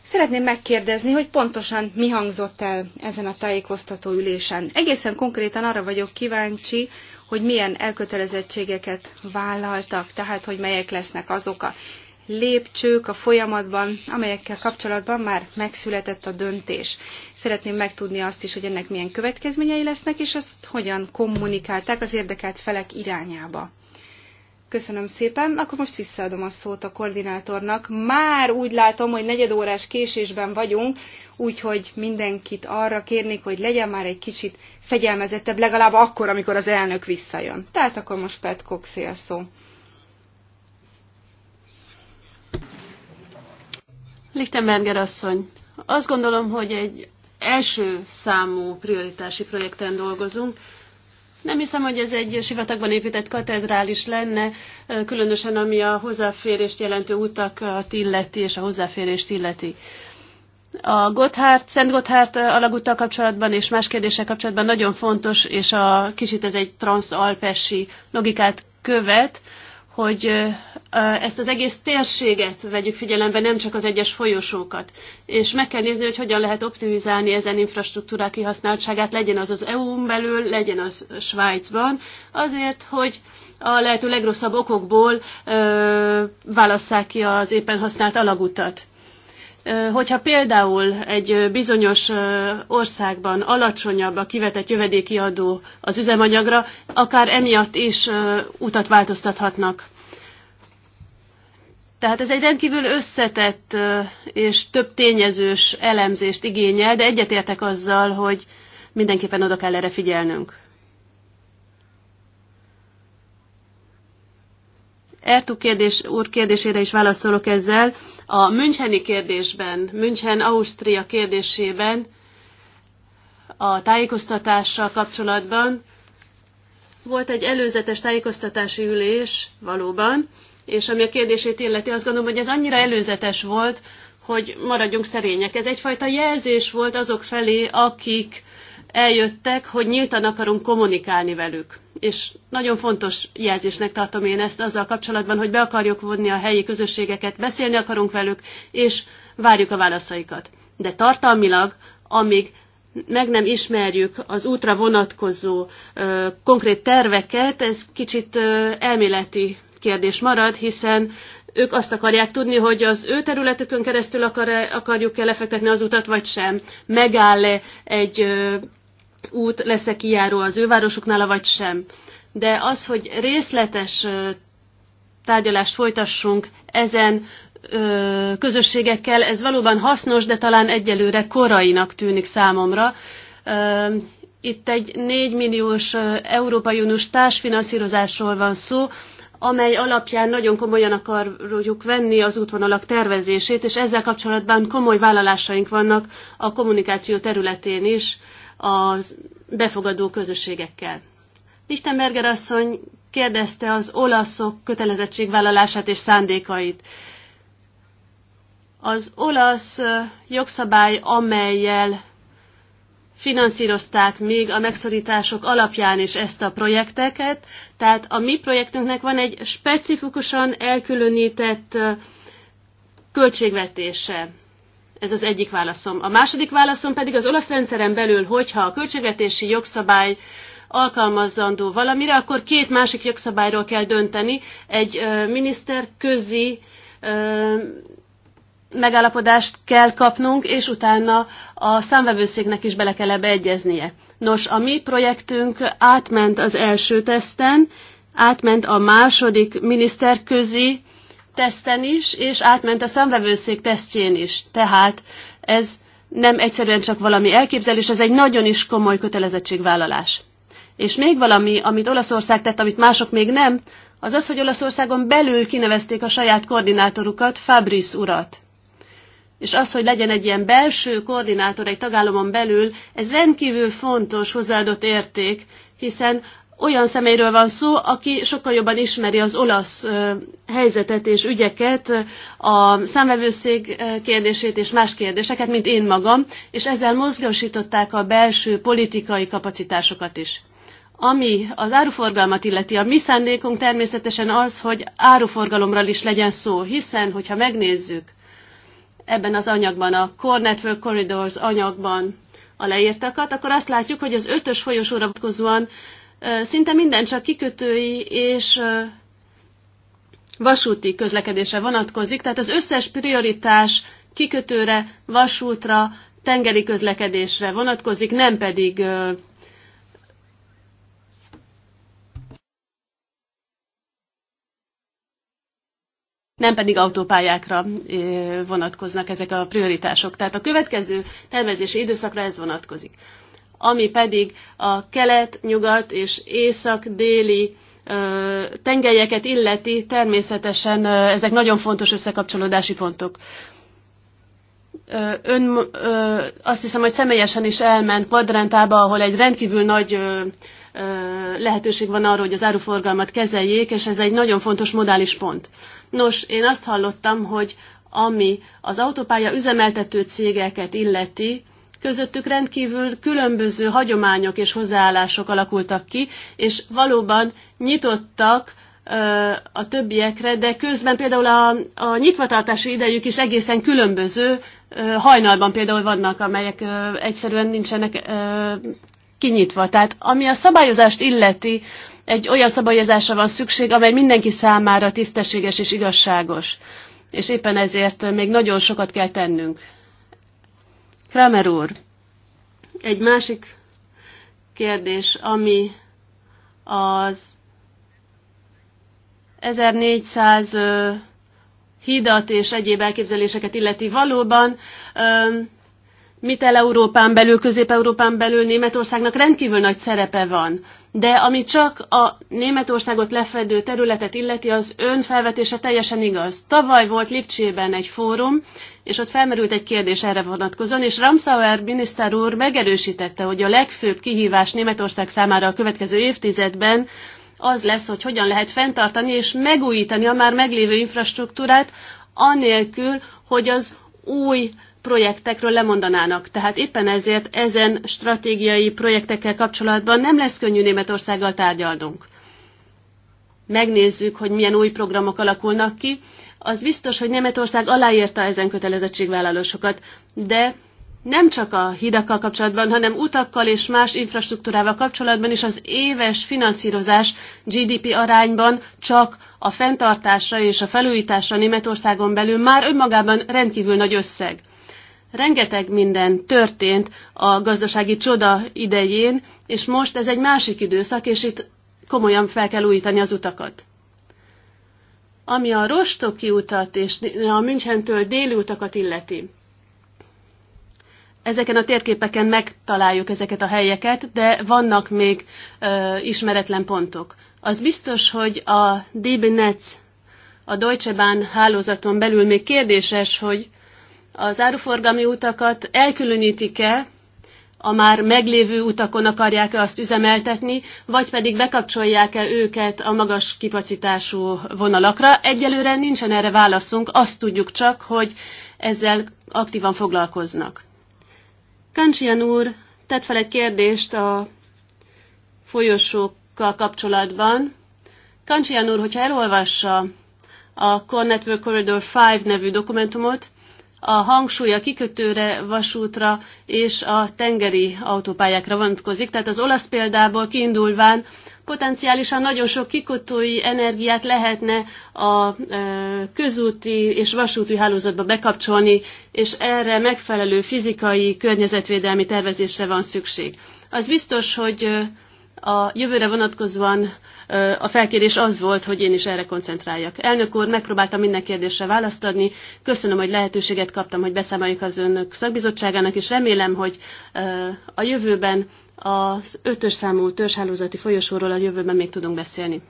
Szeretném megkérdezni, hogy pontosan mi hangzott el ezen a tájékoztató ülésen. Egészen konkrétan arra vagyok kíváncsi, hogy milyen elkötelezettségeket vállaltak, tehát hogy melyek lesznek azok a lépcsők a folyamatban, amelyekkel kapcsolatban már megszületett a döntés. Szeretném megtudni azt is, hogy ennek milyen következményei lesznek, és azt hogyan kommunikálták az érdekelt felek irányába. Köszönöm szépen. Akkor most visszaadom a szót a koordinátornak. Már úgy látom, hogy negyed órás késésben vagyunk, úgyhogy mindenkit arra kérnék, hogy legyen már egy kicsit fegyelmezettebb, legalább akkor, amikor az elnök visszajön. Tehát akkor most Petkok szél szó. Lichtenberger asszony, azt gondolom, hogy egy első számú prioritási projekten dolgozunk. Nem hiszem, hogy ez egy sivatagban épített katedrális lenne, különösen ami a hozzáférést jelentő utakat illeti, és a hozzáférést illeti. A Gotthard, Szent Gotthard alagúttal kapcsolatban és más kérdések kapcsolatban nagyon fontos, és a kicsit ez egy transzalpesi logikát követ, hogy ezt az egész térséget vegyük figyelembe, nem csak az egyes folyosókat. És meg kell nézni, hogy hogyan lehet optimizálni ezen infrastruktúrák kihasználtságát, legyen az az EU-n belül, legyen az Svájcban, azért, hogy a lehető legrosszabb okokból ö, válasszák ki az éppen használt alagutat. Hogyha például egy bizonyos országban alacsonyabb a kivetett jövedéki adó az üzemanyagra, akár emiatt is utat változtathatnak. Tehát ez egy rendkívül összetett és több tényezős elemzést igényel, de egyetértek azzal, hogy mindenképpen oda kell erre figyelnünk. Ertu kérdés, úr kérdésére is válaszolok ezzel. A Müncheni kérdésben, München-Ausztria kérdésében a tájékoztatással kapcsolatban volt egy előzetes tájékoztatási ülés valóban, és ami a kérdését illeti, azt gondolom, hogy ez annyira előzetes volt, hogy maradjunk szerények. Ez egyfajta jelzés volt azok felé, akik eljöttek, hogy nyíltan akarunk kommunikálni velük és nagyon fontos jelzésnek tartom én ezt azzal kapcsolatban, hogy be akarjuk vonni a helyi közösségeket, beszélni akarunk velük, és várjuk a válaszaikat. De tartalmilag, amíg meg nem ismerjük az útra vonatkozó ö, konkrét terveket, ez kicsit ö, elméleti kérdés marad, hiszen ők azt akarják tudni, hogy az ő területükön keresztül akar -e, akarjuk-e lefektetni az utat, vagy sem. Megáll-e egy ö, út lesz-e kijáró az ő városuknál, vagy sem. De az, hogy részletes tárgyalást folytassunk ezen közösségekkel, ez valóban hasznos, de talán egyelőre korainak tűnik számomra. itt egy 4 milliós Európai Uniós társfinanszírozásról van szó, amely alapján nagyon komolyan akarjuk venni az útvonalak tervezését, és ezzel kapcsolatban komoly vállalásaink vannak a kommunikáció területén is a befogadó közösségekkel. Lichtenberger asszony kérdezte az olaszok kötelezettségvállalását és szándékait. Az olasz jogszabály, amelyel finanszírozták még a megszorítások alapján is ezt a projekteket, tehát a mi projektünknek van egy specifikusan elkülönített költségvetése. Ez az egyik válaszom. A második válaszom pedig az olasz rendszeren belül, hogyha a költségvetési jogszabály alkalmazandó valamire, akkor két másik jogszabályról kell dönteni. Egy ö, miniszter közi ö, megállapodást kell kapnunk, és utána a számvevőszéknek is bele kell ebbe egyeznie. Nos, a mi projektünk átment az első teszten, átment a második ö, teszten is, és átment a szemvevőszék tesztjén is. Tehát ez nem egyszerűen csak valami elképzelés, ez egy nagyon is komoly kötelezettségvállalás. És még valami, amit Olaszország tett, amit mások még nem, az az, hogy Olaszországon belül kinevezték a saját koordinátorukat, Fabris urat. És az, hogy legyen egy ilyen belső koordinátor egy tagállamon belül, ez rendkívül fontos hozzáadott érték, hiszen olyan személyről van szó, aki sokkal jobban ismeri az olasz helyzetet és ügyeket, a számvevőszék kérdését és más kérdéseket, mint én magam, és ezzel mozgósították a belső politikai kapacitásokat is. Ami az áruforgalmat illeti, a mi szándékunk természetesen az, hogy áruforgalomról is legyen szó, hiszen, hogyha megnézzük ebben az anyagban, a Core Network Corridors anyagban a leírtakat, akkor azt látjuk, hogy az ötös folyosóra vonatkozóan Szinte minden csak kikötői és vasúti közlekedésre vonatkozik, tehát az összes prioritás kikötőre, vasútra, tengeri közlekedésre vonatkozik, nem pedig nem pedig autópályákra vonatkoznak ezek a prioritások. Tehát a következő tervezési időszakra ez vonatkozik ami pedig a kelet, nyugat és észak-déli tengelyeket illeti, természetesen ezek nagyon fontos összekapcsolódási pontok. Ön azt hiszem, hogy személyesen is elment Padrentába, ahol egy rendkívül nagy lehetőség van arra, hogy az áruforgalmat kezeljék, és ez egy nagyon fontos modális pont. Nos, én azt hallottam, hogy ami az autópálya üzemeltető cégeket illeti, közöttük rendkívül különböző hagyományok és hozzáállások alakultak ki, és valóban nyitottak a többiekre, de közben például a, a nyitvatartási idejük is egészen különböző. Hajnalban például vannak, amelyek egyszerűen nincsenek kinyitva. Tehát ami a szabályozást illeti, egy olyan szabályozásra van szükség, amely mindenki számára tisztességes és igazságos. És éppen ezért még nagyon sokat kell tennünk. Kramer úr, egy másik kérdés, ami az 1400 hidat és egyéb elképzeléseket illeti valóban, Mitel-Európán belül, Közép-Európán belül Németországnak rendkívül nagy szerepe van. De ami csak a Németországot lefedő területet illeti, az ön felvetése teljesen igaz. Tavaly volt Lipcsében egy fórum, és ott felmerült egy kérdés erre vonatkozóan, és Ramsauer miniszter úr megerősítette, hogy a legfőbb kihívás Németország számára a következő évtizedben az lesz, hogy hogyan lehet fenntartani és megújítani a már meglévő infrastruktúrát, anélkül, hogy az új projektekről lemondanának. Tehát éppen ezért ezen stratégiai projektekkel kapcsolatban nem lesz könnyű Németországgal tárgyalnunk. Megnézzük, hogy milyen új programok alakulnak ki, az biztos, hogy Németország aláírta ezen kötelezettségvállalósokat, de nem csak a hidakkal kapcsolatban, hanem utakkal és más infrastruktúrával kapcsolatban is az éves finanszírozás GDP arányban csak a fenntartásra és a felújításra Németországon belül már önmagában rendkívül nagy összeg. Rengeteg minden történt a gazdasági csoda idején, és most ez egy másik időszak, és itt komolyan fel kell újítani az utakat ami a Rostoki utat és a Münchentől déli utakat illeti. Ezeken a térképeken megtaláljuk ezeket a helyeket, de vannak még ö, ismeretlen pontok. Az biztos, hogy a DB Netz, a Deutsche Bahn hálózaton belül még kérdéses, hogy az áruforgalmi utakat elkülönítik-e a már meglévő utakon akarják-e azt üzemeltetni, vagy pedig bekapcsolják-e őket a magas kipacitású vonalakra. Egyelőre nincsen erre válaszunk, azt tudjuk csak, hogy ezzel aktívan foglalkoznak. Kancsian úr tett fel egy kérdést a folyosókkal kapcsolatban. Kancsian úr, hogyha elolvassa a Core Network Corridor 5 nevű dokumentumot, a hangsúly a kikötőre, vasútra és a tengeri autópályákra vonatkozik. Tehát az olasz példából kiindulván potenciálisan nagyon sok kikötői energiát lehetne a e, közúti és vasúti hálózatba bekapcsolni, és erre megfelelő fizikai, környezetvédelmi tervezésre van szükség. Az biztos, hogy e, a jövőre vonatkozóan a felkérés az volt, hogy én is erre koncentráljak. Elnök úr, megpróbáltam minden kérdésre választ adni. Köszönöm, hogy lehetőséget kaptam, hogy beszámoljuk az önök szakbizottságának, és remélem, hogy a jövőben az ötös számú törzshálózati folyosóról a jövőben még tudunk beszélni.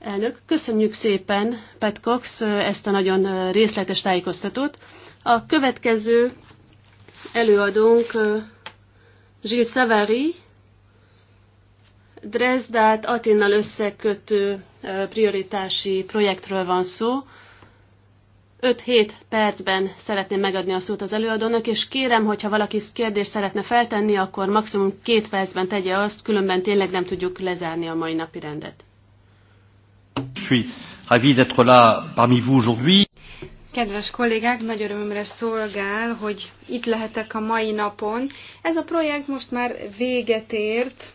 Elnök, köszönjük szépen, Pat Cox, ezt a nagyon részletes tájékoztatót. A következő előadónk Gilles Savary, Dresdát Aténnal összekötő prioritási projektről van szó. 5-7 percben szeretném megadni a szót az előadónak, és kérem, hogyha valaki kérdést szeretne feltenni, akkor maximum két percben tegye azt, különben tényleg nem tudjuk lezárni a mai napi rendet. Kedves kollégák, nagy örömömre szolgál, hogy itt lehetek a mai napon. Ez a projekt most már véget ért,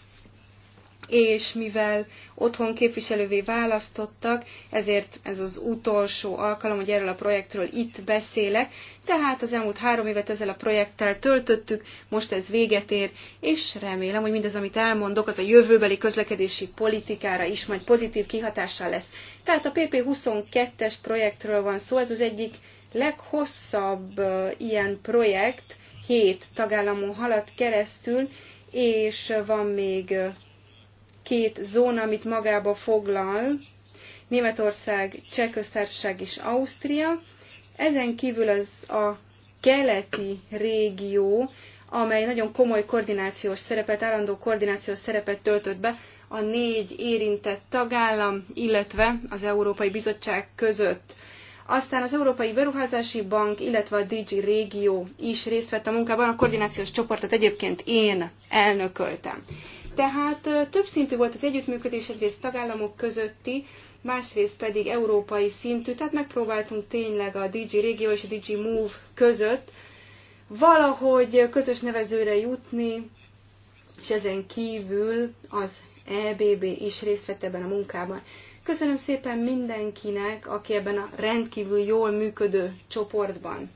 és mivel otthon képviselővé választottak, ezért ez az utolsó alkalom, hogy erről a projektről itt beszélek. Tehát az elmúlt három évet ezzel a projekttel töltöttük, most ez véget ér, és remélem, hogy mindez, amit elmondok, az a jövőbeli közlekedési politikára is majd pozitív kihatással lesz. Tehát a PP22-es projektről van szó, ez az egyik leghosszabb ilyen projekt, hét tagállamon halad keresztül, és van még két zóna, amit magába foglal, Németország, Csehköztársaság és Ausztria. Ezen kívül az a keleti régió, amely nagyon komoly koordinációs szerepet, állandó koordinációs szerepet töltött be a négy érintett tagállam, illetve az Európai Bizottság között. Aztán az Európai Beruházási Bank, illetve a DG Régió is részt vett a munkában, a koordinációs csoportot egyébként én elnököltem. Tehát többszintű volt az együttműködés, egyrészt tagállamok közötti, másrészt pedig európai szintű, tehát megpróbáltunk tényleg a DG Régió és a DG Move között valahogy közös nevezőre jutni, és ezen kívül az EBB is részt vett ebben a munkában. Köszönöm szépen mindenkinek, aki ebben a rendkívül jól működő csoportban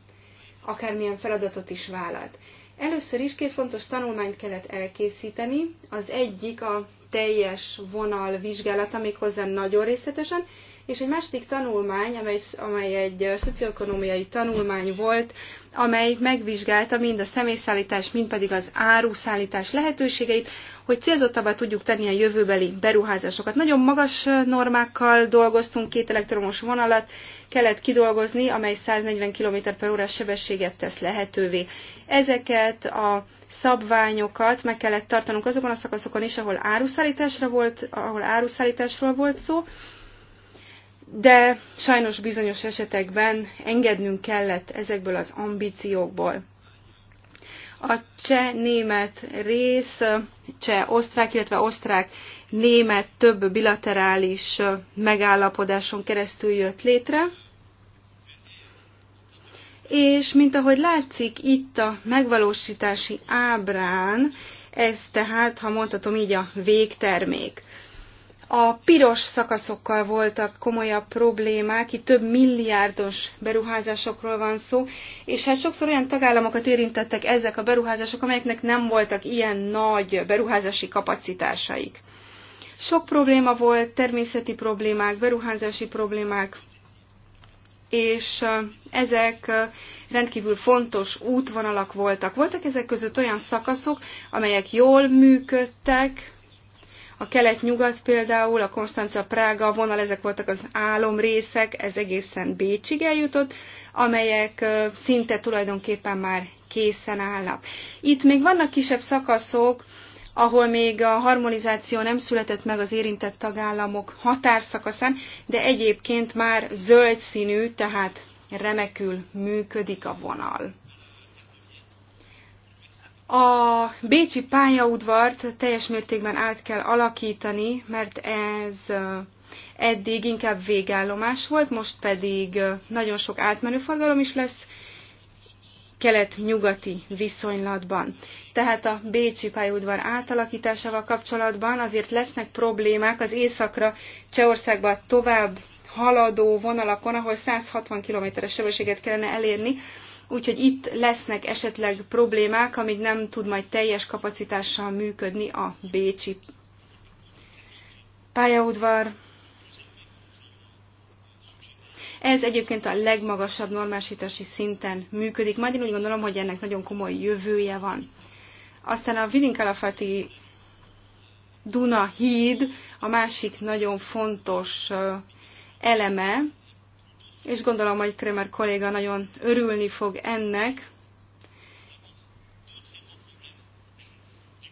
akármilyen feladatot is vállalt. Először is két fontos tanulmányt kellett elkészíteni. Az egyik a teljes vonal vizsgálata, méghozzá nagyon részletesen, és egy másik tanulmány, amely, amely egy szocioekonomiai tanulmány volt, amely megvizsgálta mind a személyszállítás, mind pedig az áruszállítás lehetőségeit, hogy célzottabbá tudjuk tenni a jövőbeli beruházásokat. Nagyon magas normákkal dolgoztunk, két elektromos vonalat kellett kidolgozni, amely 140 km per órás sebességet tesz lehetővé. Ezeket a szabványokat meg kellett tartanunk azokon a szakaszokon is, ahol áruszállításra volt, ahol áruszállításról volt szó, de sajnos bizonyos esetekben engednünk kellett ezekből az ambíciókból. A cseh-német rész, cseh-osztrák, illetve osztrák-német több bilaterális megállapodáson keresztül jött létre, és mint ahogy látszik itt a megvalósítási ábrán, ez tehát, ha mondhatom így, a végtermék. A piros szakaszokkal voltak komolyabb problémák, itt több milliárdos beruházásokról van szó, és hát sokszor olyan tagállamokat érintettek ezek a beruházások, amelyeknek nem voltak ilyen nagy beruházási kapacitásaik. Sok probléma volt, természeti problémák, beruházási problémák, és ezek rendkívül fontos útvonalak voltak. Voltak ezek között olyan szakaszok, amelyek jól működtek, a kelet-nyugat például, a Konstanca-Prága vonal, ezek voltak az álomrészek, ez egészen Bécsig eljutott, amelyek szinte tulajdonképpen már készen állnak. Itt még vannak kisebb szakaszok, ahol még a harmonizáció nem született meg az érintett tagállamok határszakaszán, de egyébként már zöld színű, tehát remekül működik a vonal. A bécsi pályaudvart teljes mértékben át kell alakítani, mert ez eddig inkább végállomás volt, most pedig nagyon sok átmenő forgalom is lesz, kelet-nyugati viszonylatban. Tehát a Bécsi pályaudvar átalakításával kapcsolatban azért lesznek problémák az északra Csehországba tovább haladó vonalakon, ahol 160 km-es sebességet kellene elérni, úgyhogy itt lesznek esetleg problémák, amíg nem tud majd teljes kapacitással működni a Bécsi pályaudvar. Ez egyébként a legmagasabb normásítási szinten működik. Majd én úgy gondolom, hogy ennek nagyon komoly jövője van. Aztán a Vilinkalafati Duna híd a másik nagyon fontos eleme, és gondolom, hogy Kremer kolléga nagyon örülni fog ennek,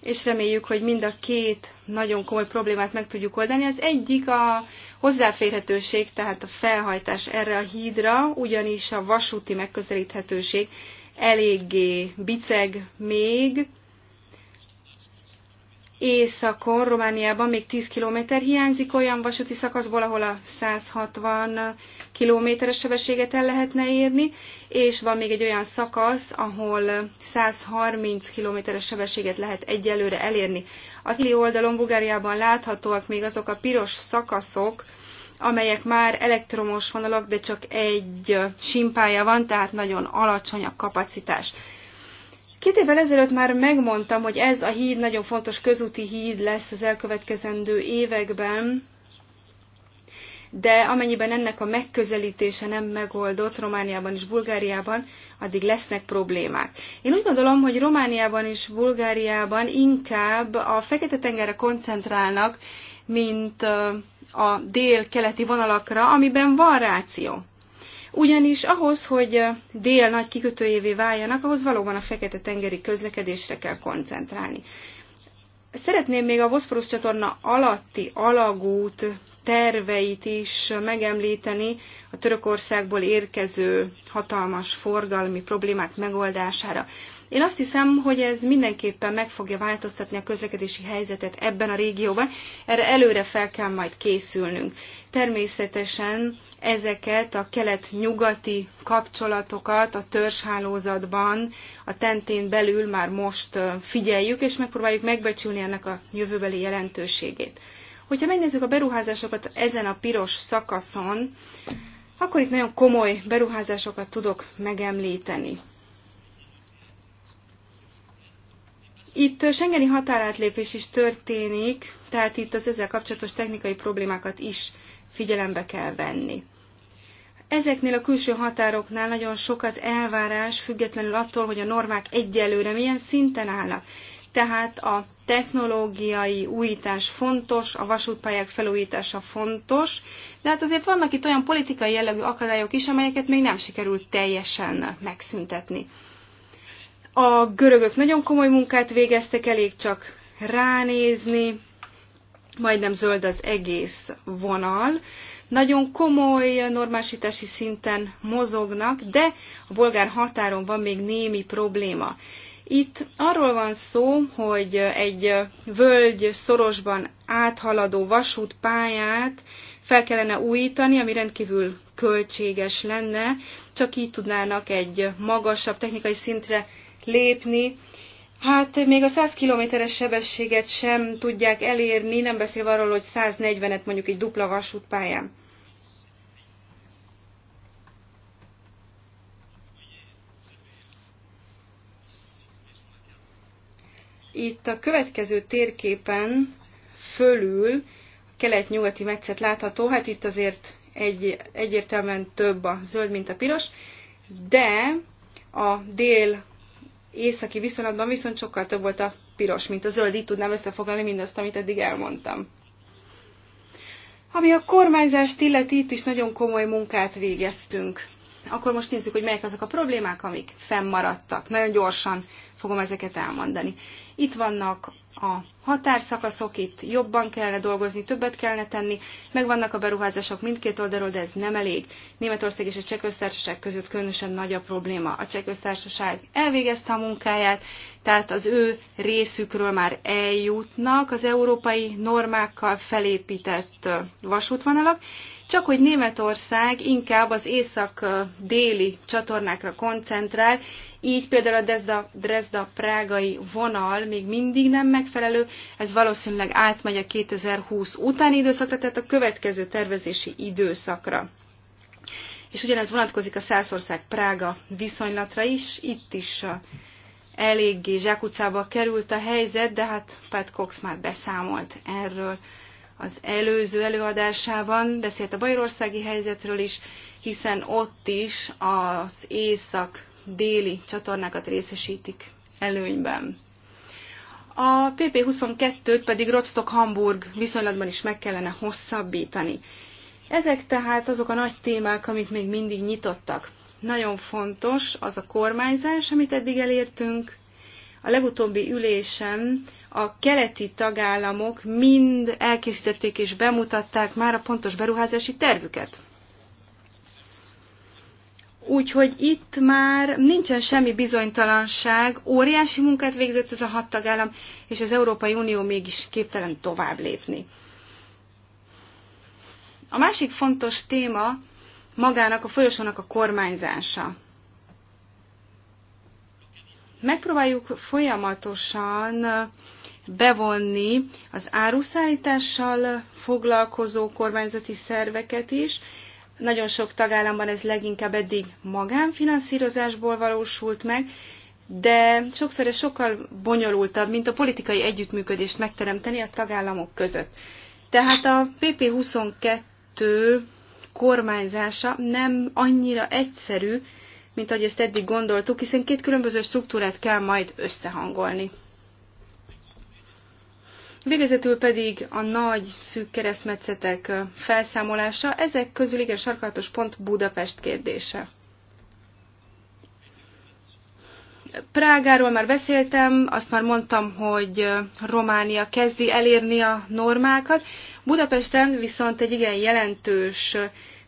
és reméljük, hogy mind a két nagyon komoly problémát meg tudjuk oldani. Az egyik a hozzáférhetőség, tehát a felhajtás erre a hídra, ugyanis a vasúti megközelíthetőség eléggé biceg még. Északon, Romániában még 10 km hiányzik olyan vasúti szakaszból, ahol a 160 kilométeres sebességet el lehetne érni, és van még egy olyan szakasz, ahol 130 kilométeres sebességet lehet egyelőre elérni. Az éli oldalon Bulgáriában láthatóak még azok a piros szakaszok, amelyek már elektromos vonalak, de csak egy simpája van, tehát nagyon alacsony a kapacitás. Két évvel ezelőtt már megmondtam, hogy ez a híd nagyon fontos közúti híd lesz az elkövetkezendő években, de amennyiben ennek a megközelítése nem megoldott Romániában és Bulgáriában, addig lesznek problémák. Én úgy gondolom, hogy Romániában és Bulgáriában inkább a Fekete-tengerre koncentrálnak, mint a dél-keleti vonalakra, amiben van ráció. Ugyanis ahhoz, hogy dél nagy kikötőjévé váljanak, ahhoz valóban a Fekete-tengeri közlekedésre kell koncentrálni. Szeretném még a Boszporusz csatorna alatti alagút terveit is megemlíteni a Törökországból érkező hatalmas forgalmi problémák megoldására. Én azt hiszem, hogy ez mindenképpen meg fogja változtatni a közlekedési helyzetet ebben a régióban. Erre előre fel kell majd készülnünk. Természetesen ezeket a kelet-nyugati kapcsolatokat a törzshálózatban, a tentén belül már most figyeljük, és megpróbáljuk megbecsülni ennek a jövőbeli jelentőségét. Hogyha megnézzük a beruházásokat ezen a piros szakaszon, akkor itt nagyon komoly beruházásokat tudok megemlíteni. Itt Schengeni határátlépés is történik, tehát itt az ezzel kapcsolatos technikai problémákat is figyelembe kell venni. Ezeknél a külső határoknál nagyon sok az elvárás, függetlenül attól, hogy a normák egyelőre milyen szinten állnak. Tehát a technológiai újítás fontos, a vasútpályák felújítása fontos, de hát azért vannak itt olyan politikai jellegű akadályok is, amelyeket még nem sikerült teljesen megszüntetni. A görögök nagyon komoly munkát végeztek, elég csak ránézni, majdnem zöld az egész vonal. Nagyon komoly normásítási szinten mozognak, de a bolgár határon van még némi probléma. Itt arról van szó, hogy egy völgy szorosban áthaladó vasútpályát fel kellene újítani, ami rendkívül költséges lenne, csak így tudnának egy magasabb technikai szintre lépni. Hát még a 100 kilométeres sebességet sem tudják elérni, nem beszélve arról, hogy 140-et mondjuk egy dupla vasútpályán. Itt a következő térképen fölül a kelet-nyugati metszet látható, hát itt azért egy, egyértelműen több a zöld, mint a piros, de a dél északi viszonylatban viszont sokkal több volt a piros, mint a zöld. Így tudnám összefoglalni mindazt, amit eddig elmondtam. Ami a kormányzást illeti, itt is nagyon komoly munkát végeztünk. Akkor most nézzük, hogy melyek azok a problémák, amik fennmaradtak. Nagyon gyorsan fogom ezeket elmondani. Itt vannak a határszakaszok, itt jobban kellene dolgozni, többet kellene tenni, meg vannak a beruházások mindkét oldalról, de ez nem elég. Németország és a Csehköztársaság között különösen nagy a probléma. A Csehköztársaság elvégezte a munkáját, tehát az ő részükről már eljutnak az európai normákkal felépített vasútvonalak, csak hogy Németország inkább az észak-déli csatornákra koncentrál, így például a Dresda, Dresda prágai vonal még mindig nem megfelelő, ez valószínűleg átmegy a 2020 utáni időszakra, tehát a következő tervezési időszakra. És ugyanez vonatkozik a Szászország-Prága viszonylatra is, itt is eléggé zsákutcába került a helyzet, de hát Pat Cox már beszámolt erről az előző előadásában, beszélt a bajorországi helyzetről is, hiszen ott is az észak-déli csatornákat részesítik előnyben. A PP22-t pedig Rostock-Hamburg viszonylatban is meg kellene hosszabbítani. Ezek tehát azok a nagy témák, amik még mindig nyitottak. Nagyon fontos az a kormányzás, amit eddig elértünk. A legutóbbi ülésen a keleti tagállamok mind elkészítették és bemutatták már a pontos beruházási tervüket. Úgyhogy itt már nincsen semmi bizonytalanság, óriási munkát végzett ez a hat tagállam, és az Európai Unió mégis képtelen tovább lépni. A másik fontos téma magának a folyosónak a kormányzása. Megpróbáljuk folyamatosan bevonni az áruszállítással foglalkozó kormányzati szerveket is. Nagyon sok tagállamban ez leginkább eddig magánfinanszírozásból valósult meg, de sokszor ez sokkal bonyolultabb, mint a politikai együttműködést megteremteni a tagállamok között. Tehát a PP22 kormányzása nem annyira egyszerű, mint ahogy ezt eddig gondoltuk, hiszen két különböző struktúrát kell majd összehangolni. Végezetül pedig a nagy szűk keresztmetszetek felszámolása, ezek közül igen sarkalatos pont Budapest kérdése. Prágáról már beszéltem, azt már mondtam, hogy Románia kezdi elérni a normákat. Budapesten viszont egy igen jelentős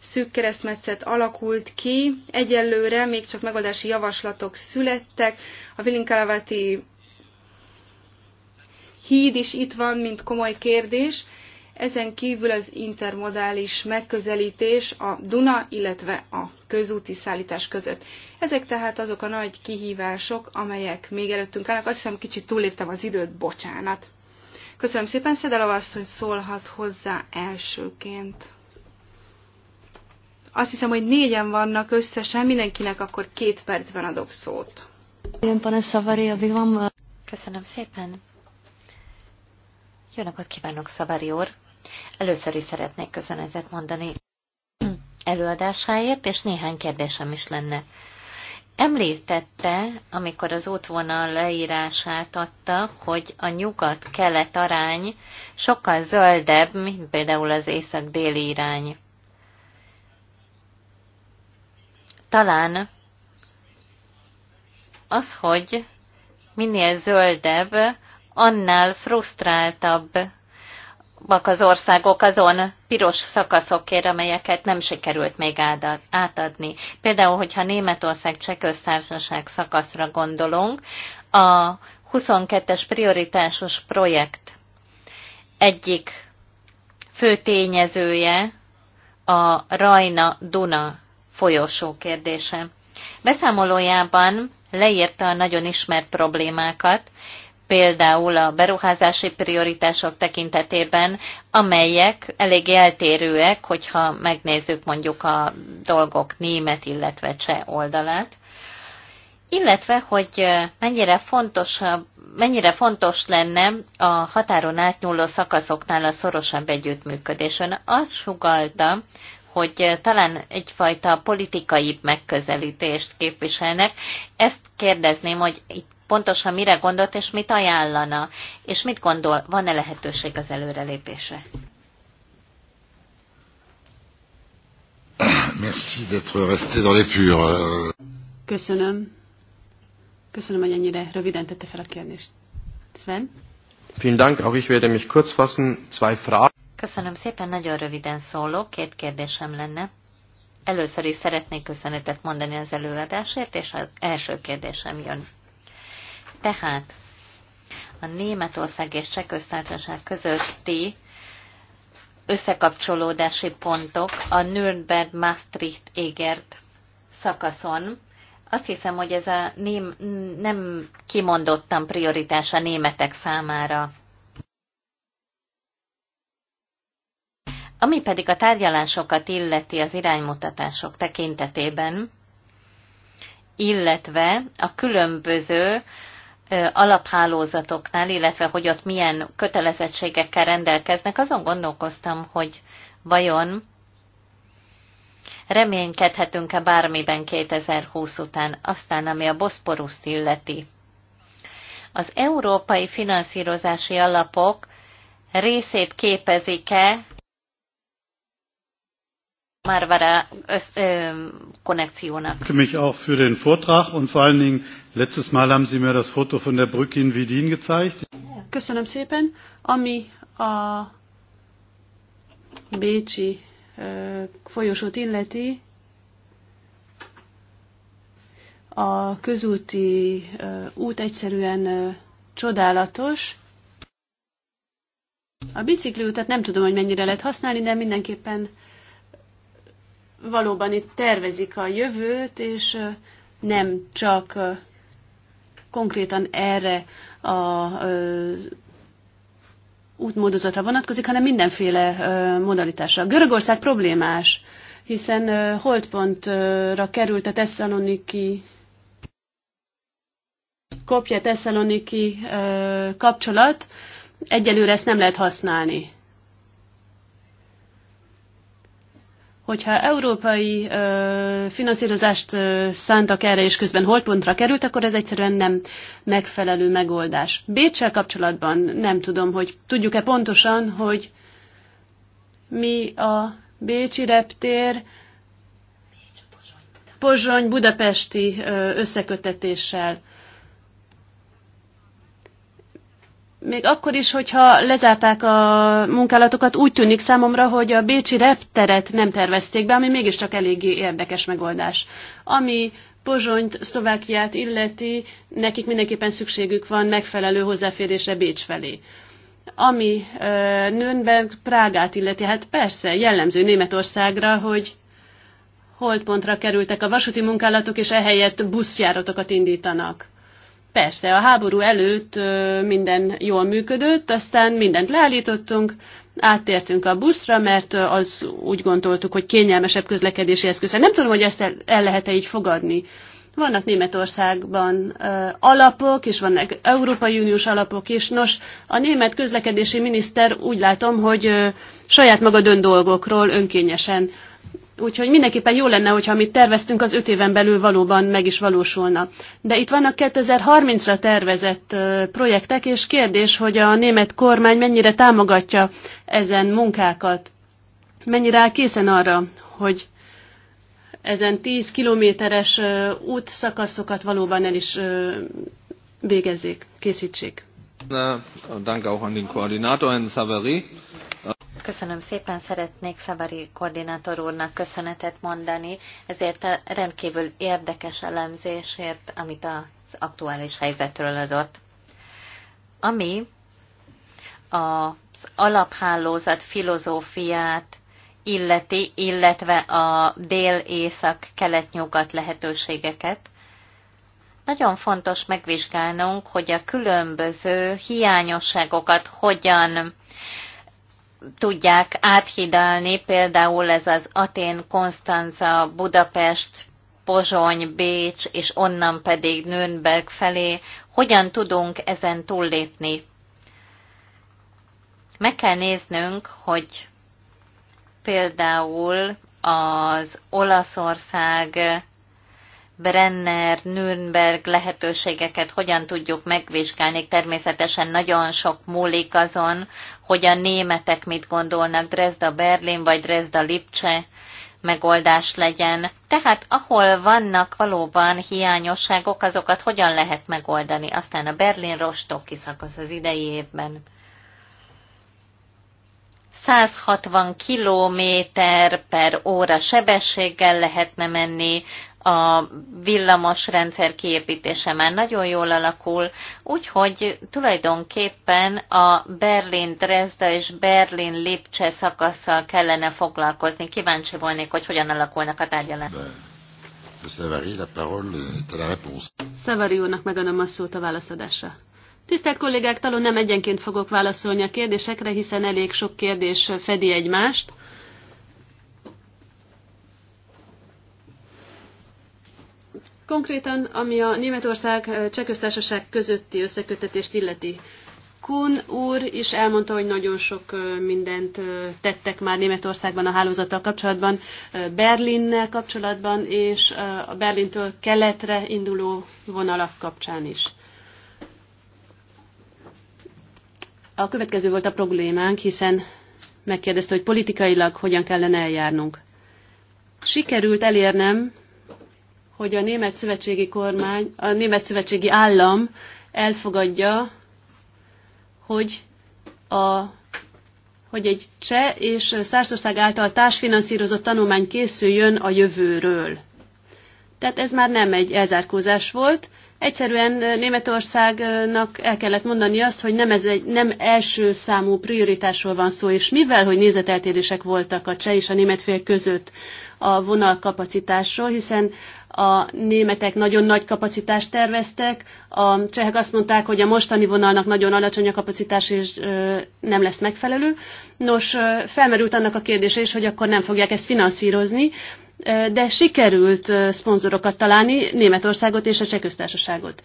szűk keresztmetszet alakult ki. Egyelőre még csak megoldási javaslatok születtek. A Vilinkalavati híd is itt van, mint komoly kérdés. Ezen kívül az intermodális megközelítés a Duna, illetve a közúti szállítás között. Ezek tehát azok a nagy kihívások, amelyek még előttünk állnak. Azt hiszem, kicsit túléptem az időt, bocsánat. Köszönöm szépen, Szedela asszony szólhat hozzá elsőként. Azt hiszem, hogy négyen vannak összesen, mindenkinek akkor két percben adok szót. Köszönöm szépen. Jó napot kívánok, Szavari úr! Először is szeretnék köszönetet mondani előadásáért, és néhány kérdésem is lenne. Említette, amikor az útvonal leírását adta, hogy a nyugat-kelet arány sokkal zöldebb, mint például az észak-déli irány. Talán az, hogy minél zöldebb, annál frusztráltabbak az országok azon piros szakaszokért, amelyeket nem sikerült még átadni. Például, hogyha Németország Csehköztársaság szakaszra gondolunk, a 22-es prioritásos projekt egyik fő tényezője a Rajna-Duna folyosó kérdése. Beszámolójában leírta a nagyon ismert problémákat, például a beruházási prioritások tekintetében, amelyek elég eltérőek, hogyha megnézzük mondjuk a dolgok német, illetve cseh oldalát, illetve hogy mennyire fontos, mennyire fontos lenne a határon átnyúló szakaszoknál a szorosabb együttműködés. Ön azt sugalta, hogy talán egyfajta politikai megközelítést képviselnek. Ezt kérdezném, hogy itt pontosan mire gondolt és mit ajánlana, és mit gondol, van-e lehetőség az előrelépésre? Merci d'être resté dans les purs. Köszönöm. Köszönöm, hogy ennyire röviden tette fel a kérdést. Sven? Vielen Dank, auch ich werde mich kurz fassen. Zwei Fragen. Köszönöm szépen, nagyon röviden szóló, két kérdésem lenne. Először is szeretnék köszönetet mondani az előadásért, és az első kérdésem jön tehát a Németország és Csehköztársaság közötti összekapcsolódási pontok a Nürnberg Maastricht égert szakaszon. Azt hiszem, hogy ez a ném, nem kimondottan prioritás a németek számára. Ami pedig a tárgyalásokat illeti az iránymutatások tekintetében, illetve a különböző alaphálózatoknál, illetve hogy ott milyen kötelezettségekkel rendelkeznek, azon gondolkoztam, hogy vajon reménykedhetünk-e bármiben 2020 után, aztán ami a boszporuszt illeti. Az európai finanszírozási alapok részét képezik-e Marvara konnekciónak. mich auch für den Vortrag und vor allen Dingen letztes Mal haben Sie mir das Foto von der Brücke in Vidin gezeigt. Köszönöm szépen, ami a Bécsi folyosót illeti, a közúti út egyszerűen csodálatos. A bicikliutat nem tudom, hogy mennyire lehet használni, de mindenképpen valóban itt tervezik a jövőt, és nem csak konkrétan erre a útmódozatra vonatkozik, hanem mindenféle modalitásra. Görögország problémás, hiszen holdpontra került a tesszaloniki kopja tesszaloniki kapcsolat, egyelőre ezt nem lehet használni. hogyha európai ö, finanszírozást ö, szántak erre, és közben holpontra került, akkor ez egyszerűen nem megfelelő megoldás. Bécsel kapcsolatban nem tudom, hogy tudjuk-e pontosan, hogy mi a Bécsi reptér Pozsony-Budapesti összekötetéssel még akkor is, hogyha lezárták a munkálatokat, úgy tűnik számomra, hogy a Bécsi repteret nem tervezték be, ami mégiscsak eléggé érdekes megoldás. Ami Pozsonyt, Szlovákiát illeti, nekik mindenképpen szükségük van megfelelő hozzáférésre Bécs felé. Ami ö, Nürnberg Prágát illeti, hát persze jellemző Németországra, hogy holtpontra kerültek a vasúti munkálatok, és ehelyett buszjáratokat indítanak Persze, a háború előtt minden jól működött, aztán mindent leállítottunk, áttértünk a buszra, mert az úgy gondoltuk, hogy kényelmesebb közlekedési eszköz. Nem tudom, hogy ezt el lehet-e így fogadni. Vannak Németországban alapok, és vannak Európai Uniós alapok is. Nos, a német közlekedési miniszter úgy látom, hogy saját maga dönt dolgokról önkényesen. Úgyhogy mindenképpen jó lenne, hogyha amit terveztünk, az öt éven belül valóban meg is valósulna. De itt vannak 2030-ra tervezett projektek, és kérdés, hogy a német kormány mennyire támogatja ezen munkákat. Mennyire áll készen arra, hogy ezen 10 kilométeres útszakaszokat valóban el is végezzék, készítsék. Köszönöm a an den Savary. Köszönöm szépen, szeretnék Szabari koordinátor úrnak köszönetet mondani, ezért a rendkívül érdekes elemzésért, amit az aktuális helyzetről adott. Ami az alaphálózat filozófiát illeti, illetve a dél-észak-kelet-nyugat lehetőségeket, nagyon fontos megvizsgálnunk, hogy a különböző hiányosságokat hogyan tudják áthidalni, például ez az Atén, Konstanza, Budapest, Pozsony, Bécs, és onnan pedig Nürnberg felé, hogyan tudunk ezen túllépni. Meg kell néznünk, hogy például az Olaszország, Brenner, Nürnberg lehetőségeket hogyan tudjuk megvizsgálni. Természetesen nagyon sok múlik azon, hogy a németek mit gondolnak, Dresda Berlin vagy Dresda Lipcse megoldás legyen. Tehát ahol vannak valóban hiányosságok, azokat hogyan lehet megoldani. Aztán a Berlin rostok kiszakasz az idei évben. 160 km per óra sebességgel lehetne menni, a villamos rendszer kiépítése már nagyon jól alakul, úgyhogy tulajdonképpen a Berlin-Dresda és Berlin-Lipcse szakaszsal kellene foglalkozni. Kíváncsi volnék, hogy hogyan alakulnak a tárgyalások. Savary úrnak megadom a szót a válaszadásra. Tisztelt kollégák, talán nem egyenként fogok válaszolni a kérdésekre, hiszen elég sok kérdés fedi egymást. Konkrétan, ami a Németország Csehköztársaság közötti összekötetést illeti. Kun úr is elmondta, hogy nagyon sok mindent tettek már Németországban a hálózattal kapcsolatban, Berlinnel kapcsolatban, és a Berlintől keletre induló vonalak kapcsán is. A következő volt a problémánk, hiszen megkérdezte, hogy politikailag hogyan kellene eljárnunk. Sikerült elérnem, hogy a német szövetségi kormány, a német szövetségi állam elfogadja, hogy, a, hogy egy cseh és Szárszország által társfinanszírozott tanulmány készüljön a jövőről. Tehát ez már nem egy elzárkózás volt, Egyszerűen Németországnak el kellett mondani azt, hogy nem, ez egy, nem első számú prioritásról van szó, és mivel, hogy nézeteltérések voltak a cseh és a német fél között a vonalkapacitásról, hiszen a németek nagyon nagy kapacitást terveztek, a csehek azt mondták, hogy a mostani vonalnak nagyon alacsony a kapacitás, és nem lesz megfelelő. Nos, felmerült annak a kérdése is, hogy akkor nem fogják ezt finanszírozni, de sikerült szponzorokat találni, Németországot és a Csehköztársaságot.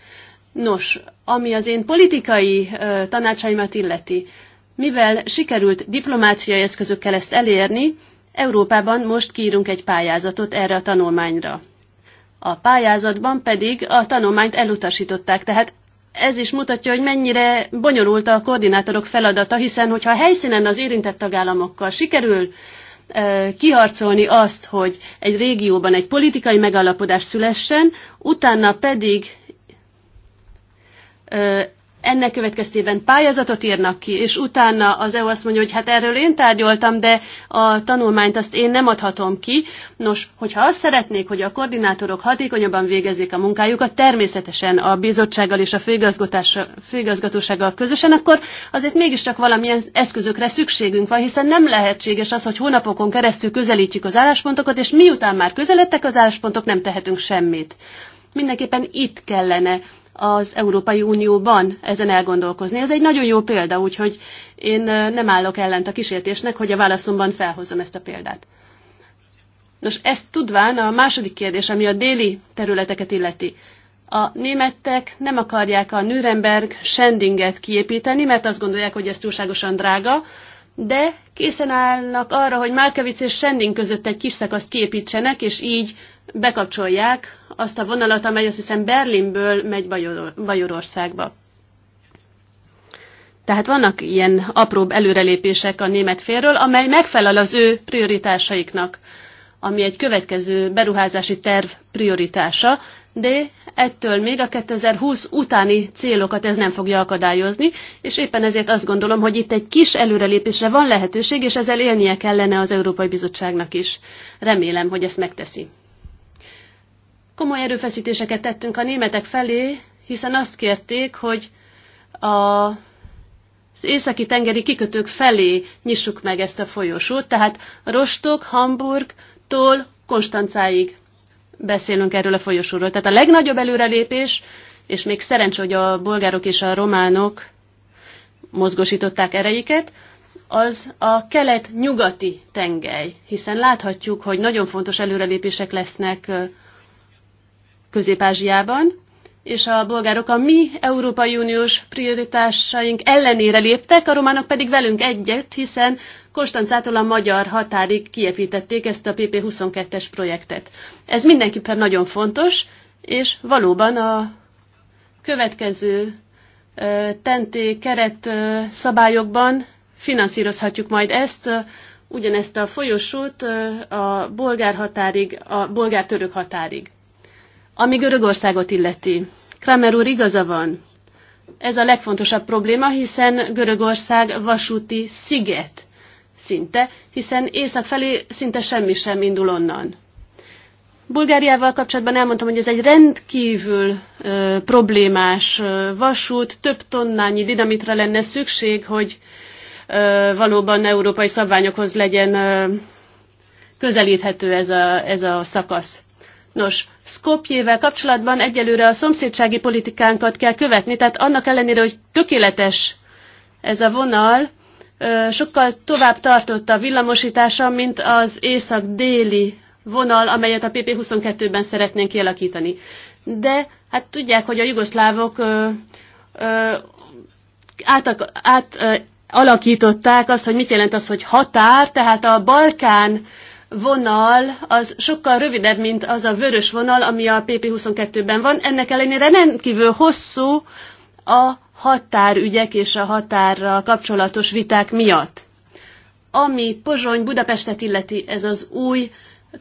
Nos, ami az én politikai tanácsaimat illeti, mivel sikerült diplomáciai eszközökkel ezt elérni, Európában most kiírunk egy pályázatot erre a tanulmányra a pályázatban pedig a tanulmányt elutasították. Tehát ez is mutatja, hogy mennyire bonyolult a koordinátorok feladata, hiszen hogyha a helyszínen az érintett tagállamokkal sikerül kiharcolni azt, hogy egy régióban egy politikai megállapodás szülessen, utána pedig ennek következtében pályázatot írnak ki, és utána az EU azt mondja, hogy hát erről én tárgyaltam, de a tanulmányt azt én nem adhatom ki. Nos, hogyha azt szeretnék, hogy a koordinátorok hatékonyabban végezzék a munkájukat, természetesen a bizottsággal és a főigazgatósággal közösen, akkor azért mégiscsak valamilyen eszközökre szükségünk van, hiszen nem lehetséges az, hogy hónapokon keresztül közelítjük az álláspontokat, és miután már közeledtek az álláspontok, nem tehetünk semmit mindenképpen itt kellene az Európai Unióban ezen elgondolkozni. Ez egy nagyon jó példa, úgyhogy én nem állok ellent a kísértésnek, hogy a válaszomban felhozom ezt a példát. Nos, ezt tudván a második kérdés, ami a déli területeket illeti. A németek nem akarják a Nürnberg sendinget kiépíteni, mert azt gondolják, hogy ez túlságosan drága, de készen állnak arra, hogy Márkevic és Sending között egy kis szakaszt képítsenek, és így bekapcsolják azt a vonalat, amely azt hiszem Berlinből megy Bajorországba. Tehát vannak ilyen apróbb előrelépések a német félről, amely megfelel az ő prioritásaiknak, ami egy következő beruházási terv prioritása, de ettől még a 2020 utáni célokat ez nem fogja akadályozni, és éppen ezért azt gondolom, hogy itt egy kis előrelépésre van lehetőség, és ezzel élnie kellene az Európai Bizottságnak is. Remélem, hogy ezt megteszi. Komoly erőfeszítéseket tettünk a németek felé, hiszen azt kérték, hogy a az északi tengeri kikötők felé nyissuk meg ezt a folyosót, tehát Rostok, Hamburgtól Konstancáig beszélünk erről a folyosóról. Tehát a legnagyobb előrelépés, és még szerencsé, hogy a bolgárok és a románok mozgosították ereiket, az a kelet-nyugati tengely, hiszen láthatjuk, hogy nagyon fontos előrelépések lesznek Közép-Ázsiában, és a bolgárok a mi Európai Uniós prioritásaink ellenére léptek, a románok pedig velünk egyet, hiszen Konstancától a magyar határig kiepítették ezt a PP22-es projektet. Ez mindenképpen nagyon fontos, és valóban a következő tenté keret szabályokban finanszírozhatjuk majd ezt, ugyanezt a folyosót a bolgár határig, a bolgár-török határig. Ami Görögországot illeti, Kramer úr igaza van. Ez a legfontosabb probléma, hiszen Görögország vasúti sziget szinte, hiszen észak felé szinte semmi sem indul onnan. Bulgáriával kapcsolatban elmondtam, hogy ez egy rendkívül ö, problémás ö, vasút, több tonnányi dinamitra lenne szükség, hogy ö, valóban európai szabványokhoz legyen ö, közelíthető ez a, ez a szakasz. Nos, Skopjével kapcsolatban egyelőre a szomszédsági politikánkat kell követni, tehát annak ellenére, hogy tökéletes ez a vonal, sokkal tovább tartott a villamosítása, mint az észak-déli vonal, amelyet a PP22-ben szeretnénk kialakítani. De hát tudják, hogy a jugoszlávok átalakították át, alakították azt, hogy mit jelent az, hogy határ, tehát a Balkán vonal az sokkal rövidebb, mint az a vörös vonal, ami a PP22-ben van. Ennek ellenére rendkívül hosszú a határügyek és a határra kapcsolatos viták miatt. Ami Pozsony Budapestet illeti, ez az új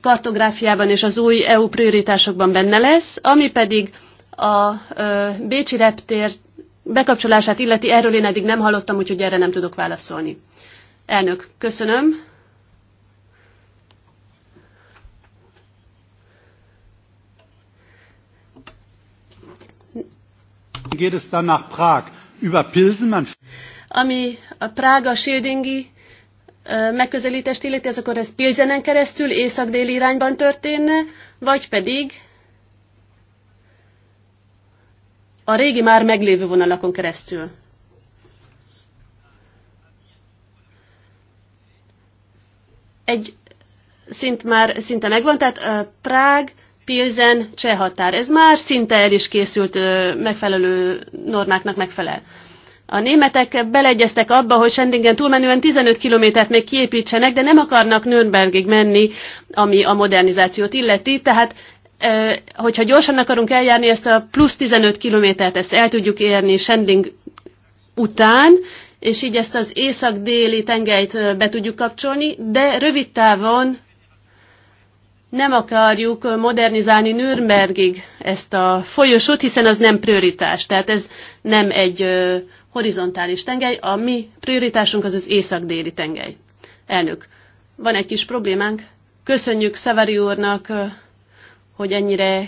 kartográfiában és az új EU prioritásokban benne lesz, ami pedig a ö, Bécsi reptér bekapcsolását illeti, erről én eddig nem hallottam, úgyhogy erre nem tudok válaszolni. Elnök, köszönöm. Geht es dann nach Prag? Über Pilsen? Man... Ami a Prága Schildingi megközelítést illeti, az akkor ez Pilzenen keresztül észak-déli irányban történne, vagy pedig a régi már meglévő vonalakon keresztül. Egy szint már szinte megvan, tehát Prág, Pilzen, cseh határ. Ez már szinte el is készült megfelelő normáknak megfelel. A németek beleegyeztek abba, hogy Sendingen túlmenően 15 kilométert még kiépítsenek, de nem akarnak Nürnbergig menni, ami a modernizációt illeti, tehát hogyha gyorsan akarunk eljárni ezt a plusz 15 kilométert, ezt el tudjuk érni Sending után, és így ezt az észak-déli tengelyt be tudjuk kapcsolni, de rövid távon nem akarjuk modernizálni Nürnbergig ezt a folyosót, hiszen az nem prioritás. Tehát ez nem egy horizontális tengely, a mi prioritásunk az az észak-déli tengely. Elnök, van egy kis problémánk. Köszönjük Szavari úrnak, hogy ennyire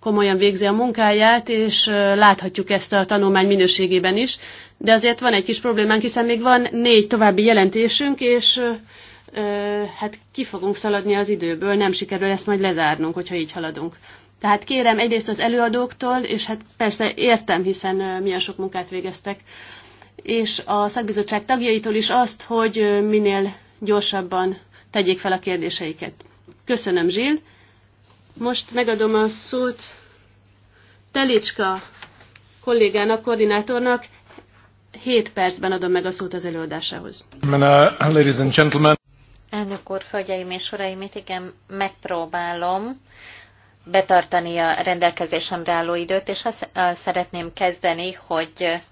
komolyan végzi a munkáját, és láthatjuk ezt a tanulmány minőségében is. De azért van egy kis problémánk, hiszen még van négy további jelentésünk, és hát ki fogunk szaladni az időből, nem sikerül ezt majd lezárnunk, hogyha így haladunk. Tehát kérem egyrészt az előadóktól, és hát persze értem, hiszen milyen sok munkát végeztek, és a szakbizottság tagjaitól is azt, hogy minél gyorsabban tegyék fel a kérdéseiket. Köszönöm, Zsil. Most megadom a szót Telicska kollégának, koordinátornak. Hét percben adom meg a szót az előadásához. Ladies and gentlemen. Elnök úr, hölgyeim és uraim, itt igen, megpróbálom betartani a rendelkezésemre álló időt, és azt szeretném kezdeni, hogy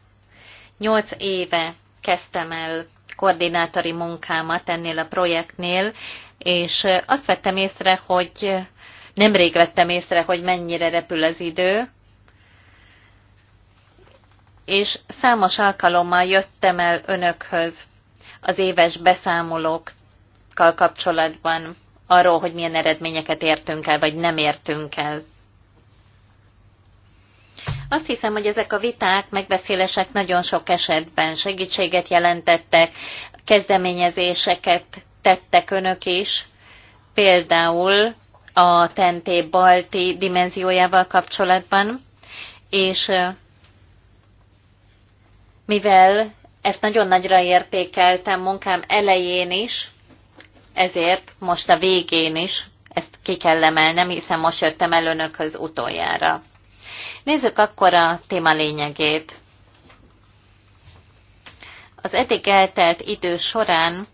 nyolc éve kezdtem el koordinátori munkámat ennél a projektnél, és azt vettem észre, hogy nemrég vettem észre, hogy mennyire repül az idő, és számos alkalommal jöttem el önökhöz az éves beszámolók kal kapcsolatban, arról, hogy milyen eredményeket értünk el, vagy nem értünk el. Azt hiszem, hogy ezek a viták, megbeszélések nagyon sok esetben segítséget jelentettek, kezdeményezéseket tettek önök is, például a tenté balti dimenziójával kapcsolatban, és mivel ezt nagyon nagyra értékeltem munkám elején is, ezért most a végén is ezt ki kell emelnem, hiszen most jöttem el önökhöz utoljára. Nézzük akkor a téma lényegét. Az eddig eltelt idő során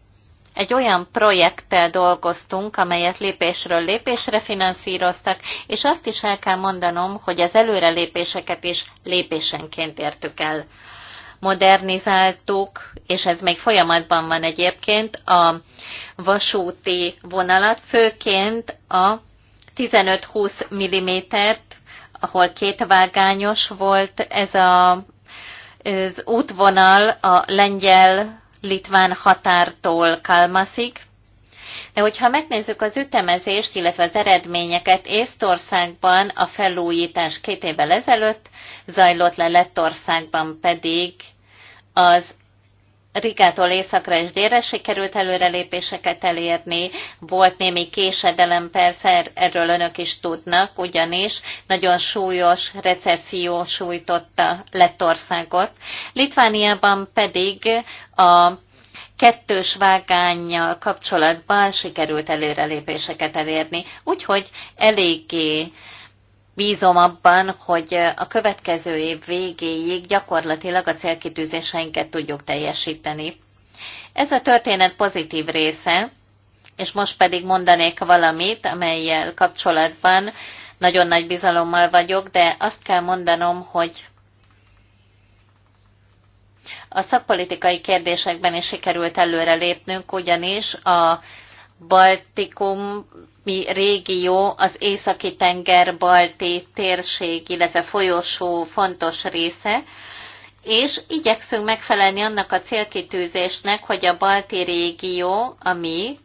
egy olyan projekttel dolgoztunk, amelyet lépésről lépésre finanszíroztak, és azt is el kell mondanom, hogy az előrelépéseket is lépésenként értük el. Modernizáltuk, és ez még folyamatban van egyébként, a vasúti vonalat, főként a 15-20 mm-t, ahol kétvágányos volt ez a, az útvonal a lengyel-litván határtól Kalmaszig, de hogyha megnézzük az ütemezést, illetve az eredményeket, Észtországban a felújítás két évvel ezelőtt zajlott le, Lettországban pedig az Rigától északra és délre sikerült előrelépéseket elérni, volt némi késedelem, persze er- erről önök is tudnak, ugyanis nagyon súlyos recesszió sújtotta Lettországot. Litvániában pedig a kettős vágányjal kapcsolatban sikerült előrelépéseket elérni, úgyhogy eléggé bízom abban, hogy a következő év végéig gyakorlatilag a célkitűzéseinket tudjuk teljesíteni. Ez a történet pozitív része, és most pedig mondanék valamit, amelyel kapcsolatban nagyon nagy bizalommal vagyok, de azt kell mondanom, hogy a szakpolitikai kérdésekben is sikerült lépnünk, ugyanis a Baltikum, mi régió az északi tenger balti térség, illetve folyosó fontos része, és igyekszünk megfelelni annak a célkitűzésnek, hogy a balti régió, ami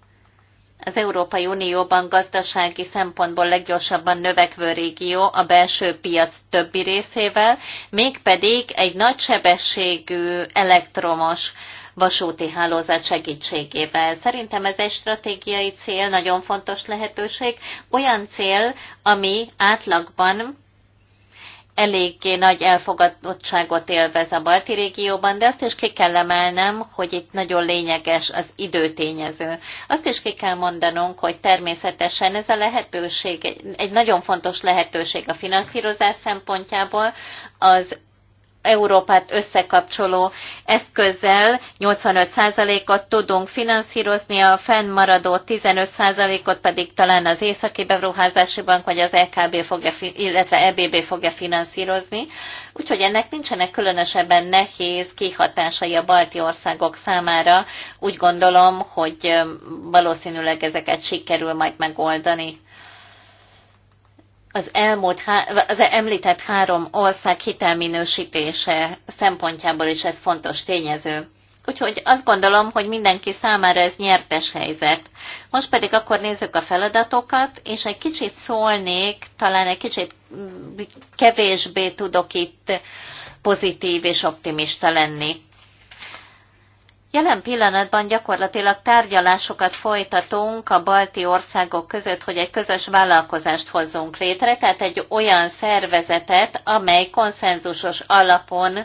az Európai Unióban gazdasági szempontból leggyorsabban növekvő régió a belső piac többi részével, mégpedig egy nagysebességű elektromos vasúti hálózat segítségével. Szerintem ez egy stratégiai cél, nagyon fontos lehetőség, olyan cél, ami átlagban eléggé nagy elfogadottságot élvez a balti régióban, de azt is ki kell emelnem, hogy itt nagyon lényeges az időtényező. Azt is ki kell mondanunk, hogy természetesen ez a lehetőség egy nagyon fontos lehetőség a finanszírozás szempontjából, az Európát összekapcsoló eszközzel 85%-ot tudunk finanszírozni, a fennmaradó 15%-ot pedig talán az Északi Beruházási Bank vagy az EKB fogja, illetve EBB fogja finanszírozni. Úgyhogy ennek nincsenek különösebben nehéz kihatásai a balti országok számára. Úgy gondolom, hogy valószínűleg ezeket sikerül majd megoldani az elmúlt az említett három ország hitelminősítése szempontjából is ez fontos tényező. Úgyhogy azt gondolom, hogy mindenki számára ez nyertes helyzet. Most pedig akkor nézzük a feladatokat, és egy kicsit szólnék, talán egy kicsit mm, kevésbé tudok itt pozitív és optimista lenni. Jelen pillanatban gyakorlatilag tárgyalásokat folytatunk a balti országok között, hogy egy közös vállalkozást hozzunk létre, tehát egy olyan szervezetet, amely konszenzusos alapon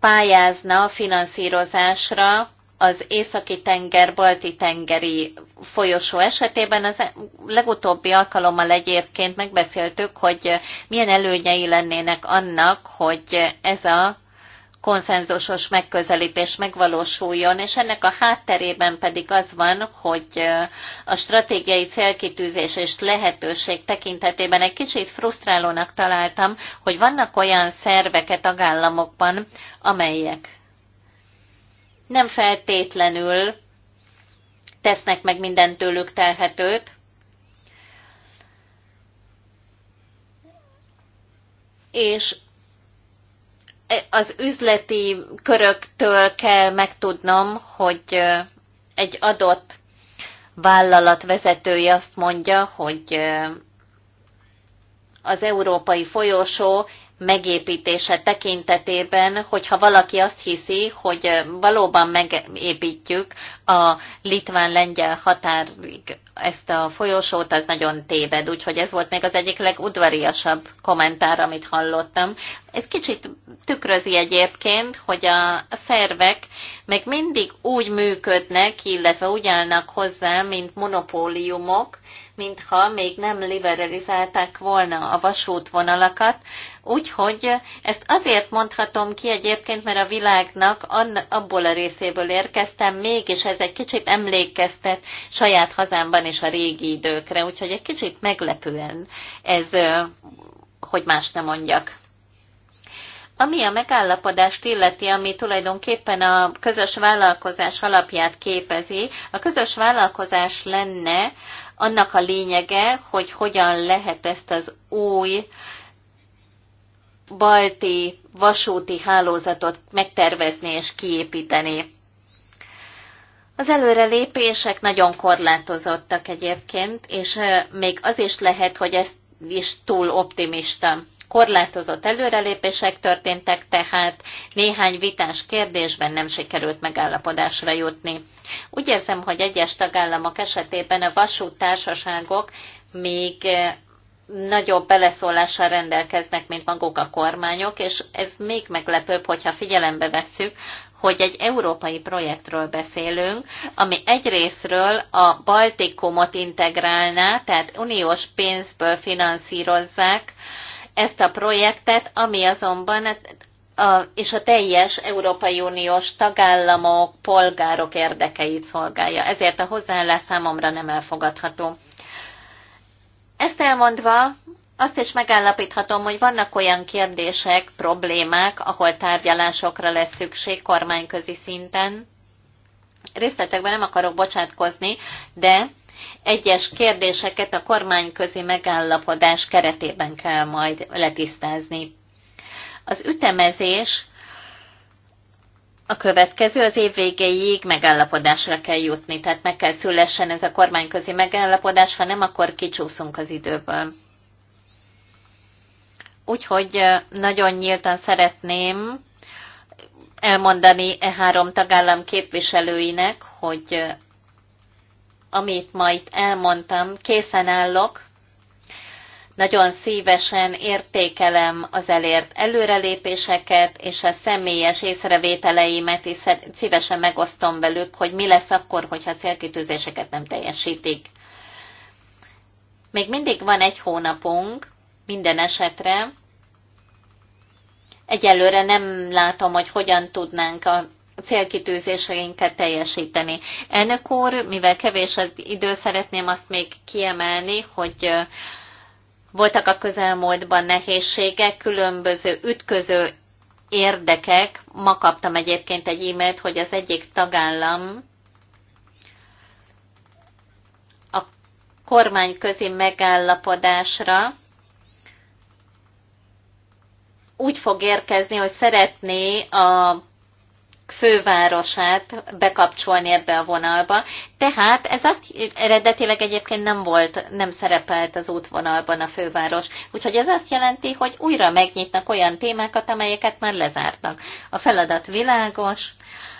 pályázna finanszírozásra az északi tenger, balti tengeri folyosó esetében az legutóbbi alkalommal egyébként megbeszéltük, hogy milyen előnyei lennének annak, hogy ez a konszenzusos megközelítés megvalósuljon, és ennek a hátterében pedig az van, hogy a stratégiai célkitűzés és lehetőség tekintetében egy kicsit frusztrálónak találtam, hogy vannak olyan szerveket tagállamokban, amelyek nem feltétlenül tesznek meg mindent tőlük telhetőt, és az üzleti köröktől kell megtudnom, hogy egy adott vállalat vezetője azt mondja, hogy az európai folyosó megépítése tekintetében, hogyha valaki azt hiszi, hogy valóban megépítjük a litván-lengyel határig ezt a folyosót, az nagyon téved. Úgyhogy ez volt még az egyik legudvariasabb kommentár, amit hallottam. Ez kicsit tükrözi egyébként, hogy a szervek meg mindig úgy működnek, illetve úgy állnak hozzá, mint monopóliumok, mintha még nem liberalizálták volna a vasútvonalakat, Úgyhogy ezt azért mondhatom ki egyébként, mert a világnak abból a részéből érkeztem, mégis ez egy kicsit emlékeztet saját hazámban és a régi időkre, úgyhogy egy kicsit meglepően ez, hogy más nem mondjak. Ami a megállapodást illeti, ami tulajdonképpen a közös vállalkozás alapját képezi, a közös vállalkozás lenne annak a lényege, hogy hogyan lehet ezt az új balti vasúti hálózatot megtervezni és kiépíteni. Az előrelépések nagyon korlátozottak egyébként, és még az is lehet, hogy ez is túl optimista. Korlátozott előrelépések történtek, tehát néhány vitás kérdésben nem sikerült megállapodásra jutni. Úgy érzem, hogy egyes tagállamok esetében a vasúttársaságok még nagyobb beleszólással rendelkeznek, mint maguk a kormányok, és ez még meglepőbb, hogyha figyelembe vesszük, hogy egy európai projektről beszélünk, ami egyrésztről a Baltikumot integrálná, tehát uniós pénzből finanszírozzák ezt a projektet, ami azonban hát a, és a teljes Európai Uniós tagállamok, polgárok érdekeit szolgálja. Ezért a hozzáállás számomra nem elfogadható. Ezt elmondva, azt is megállapíthatom, hogy vannak olyan kérdések, problémák, ahol tárgyalásokra lesz szükség kormányközi szinten. Részletekben nem akarok bocsátkozni, de egyes kérdéseket a kormányközi megállapodás keretében kell majd letisztázni. Az ütemezés a következő az év végéig megállapodásra kell jutni, tehát meg kell szülessen ez a kormányközi megállapodás, ha nem, akkor kicsúszunk az időből. Úgyhogy nagyon nyíltan szeretném elmondani e három tagállam képviselőinek, hogy amit ma itt elmondtam, készen állok nagyon szívesen értékelem az elért előrelépéseket, és a személyes észrevételeimet is szívesen megosztom velük, hogy mi lesz akkor, hogyha célkitűzéseket nem teljesítik. Még mindig van egy hónapunk, minden esetre. Egyelőre nem látom, hogy hogyan tudnánk a célkitűzéseinket teljesíteni. Elnök úr, mivel kevés az idő, szeretném azt még kiemelni, hogy voltak a közelmúltban nehézségek, különböző ütköző érdekek. Ma kaptam egyébként egy e-mailt, hogy az egyik tagállam a kormányközi megállapodásra úgy fog érkezni, hogy szeretné a fővárosát bekapcsolni ebbe a vonalba. Tehát ez azt eredetileg egyébként nem volt, nem szerepelt az útvonalban a főváros. Úgyhogy ez azt jelenti, hogy újra megnyitnak olyan témákat, amelyeket már lezártak. A feladat világos,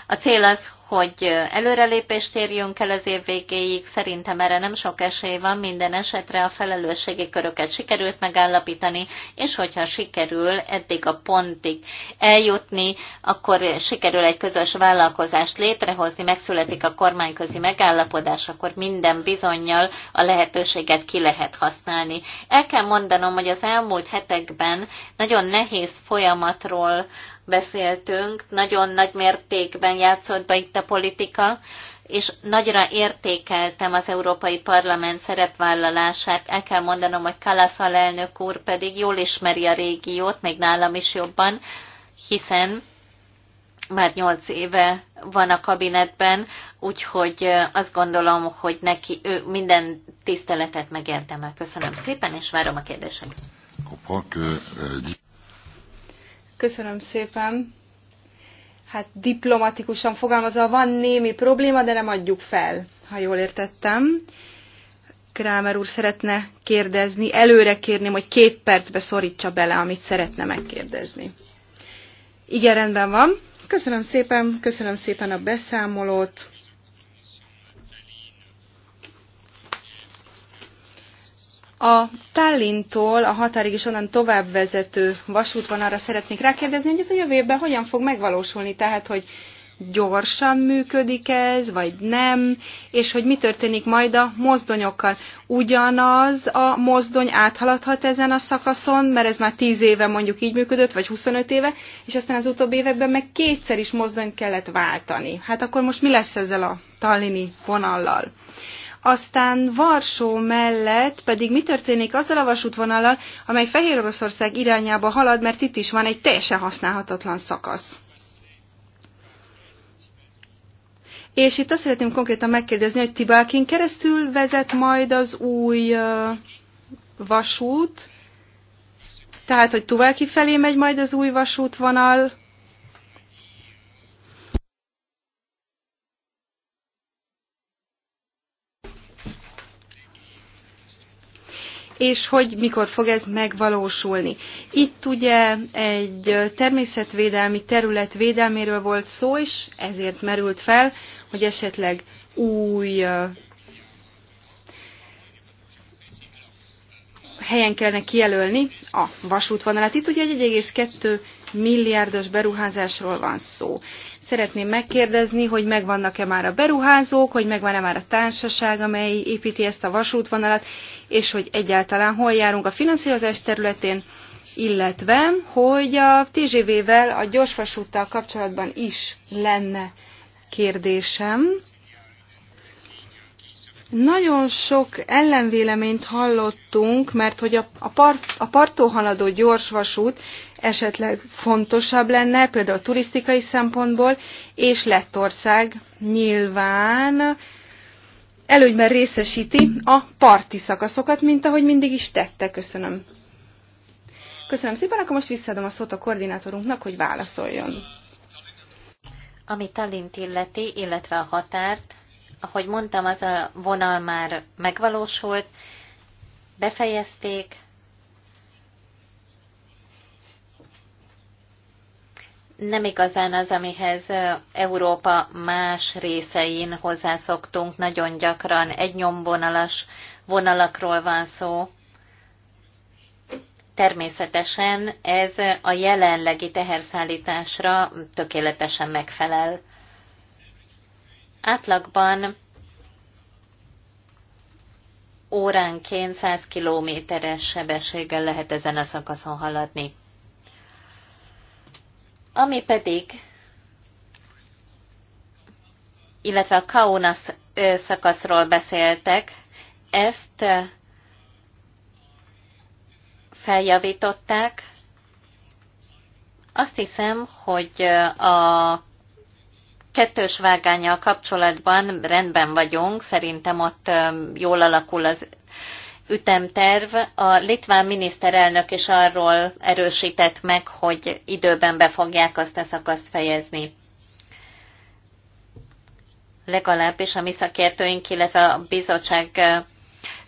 a cél az, hogy előrelépést érjünk el az év végéig, szerintem erre nem sok esély van, minden esetre a felelősségi köröket sikerült megállapítani, és hogyha sikerül eddig a pontig eljutni, akkor sikerül egy közös vállalkozást létrehozni, megszületik a kormányközi megállapodás, akkor minden bizonyal a lehetőséget ki lehet használni. El kell mondanom, hogy az elmúlt hetekben nagyon nehéz folyamatról beszéltünk, nagyon nagy mértékben játszott be itt politika, és nagyra értékeltem az Európai Parlament szerepvállalását. El kell mondanom, hogy Kalasz alelnök úr pedig jól ismeri a régiót, még nálam is jobban, hiszen már nyolc éve van a kabinetben, úgyhogy azt gondolom, hogy neki ő minden tiszteletet megérdemel. Köszönöm szépen, és várom a kérdéseket. Euh, Köszönöm szépen hát diplomatikusan fogalmazva van némi probléma, de nem adjuk fel, ha jól értettem. Krámer úr szeretne kérdezni, előre kérném, hogy két percbe szorítsa bele, amit szeretne megkérdezni. Igen, rendben van. Köszönöm szépen, köszönöm szépen a beszámolót. A Tallintól a határig is onnan tovább vezető vasútvonalra szeretnék rákérdezni, hogy ez a jövő évben hogyan fog megvalósulni, tehát hogy gyorsan működik ez, vagy nem, és hogy mi történik majd a mozdonyokkal. Ugyanaz a mozdony áthaladhat ezen a szakaszon, mert ez már 10 éve mondjuk így működött, vagy 25 éve, és aztán az utóbbi években meg kétszer is mozdony kellett váltani. Hát akkor most mi lesz ezzel a tallini vonallal? Aztán Varsó mellett pedig mi történik azzal a vasútvonallal, amely Fehér Oroszország irányába halad, mert itt is van egy teljesen használhatatlan szakasz. És itt azt szeretném konkrétan megkérdezni, hogy Tibákin keresztül vezet majd az új vasút, tehát, hogy Tuvalki felé megy majd az új vasútvonal, és hogy mikor fog ez megvalósulni. Itt ugye egy természetvédelmi terület védelméről volt szó, és ezért merült fel, hogy esetleg új helyen kellene kijelölni a vasútvonalat. Itt ugye egy 1,2 milliárdos beruházásról van szó. Szeretném megkérdezni, hogy megvannak-e már a beruházók, hogy megvan-e már a társaság, amely építi ezt a vasútvonalat, és hogy egyáltalán hol járunk a finanszírozás területén, illetve hogy a TGV-vel, a gyorsvasúttal kapcsolatban is lenne kérdésem. Nagyon sok ellenvéleményt hallottunk, mert hogy a, a, part, a parttól haladó gyorsvasút esetleg fontosabb lenne, például a turisztikai szempontból, és Lettország nyilván előnyben részesíti a parti szakaszokat, mint ahogy mindig is tette. Köszönöm. Köszönöm szépen, akkor most visszaadom a szót a koordinátorunknak, hogy válaszoljon. Ami Tallint illeti, illetve a határt, ahogy mondtam, az a vonal már megvalósult, befejezték, nem igazán az, amihez Európa más részein hozzászoktunk, nagyon gyakran egy nyomvonalas vonalakról van szó. Természetesen ez a jelenlegi teherszállításra tökéletesen megfelel. Átlagban óránként 100 kilométeres sebességgel lehet ezen a szakaszon haladni. Ami pedig, illetve a Kaunas szakaszról beszéltek, ezt feljavították. Azt hiszem, hogy a kettős a kapcsolatban rendben vagyunk, szerintem ott jól alakul az ütemterv. A litván miniszterelnök is arról erősített meg, hogy időben be fogják azt a szakaszt fejezni. Legalábbis a mi szakértőink, illetve a bizottság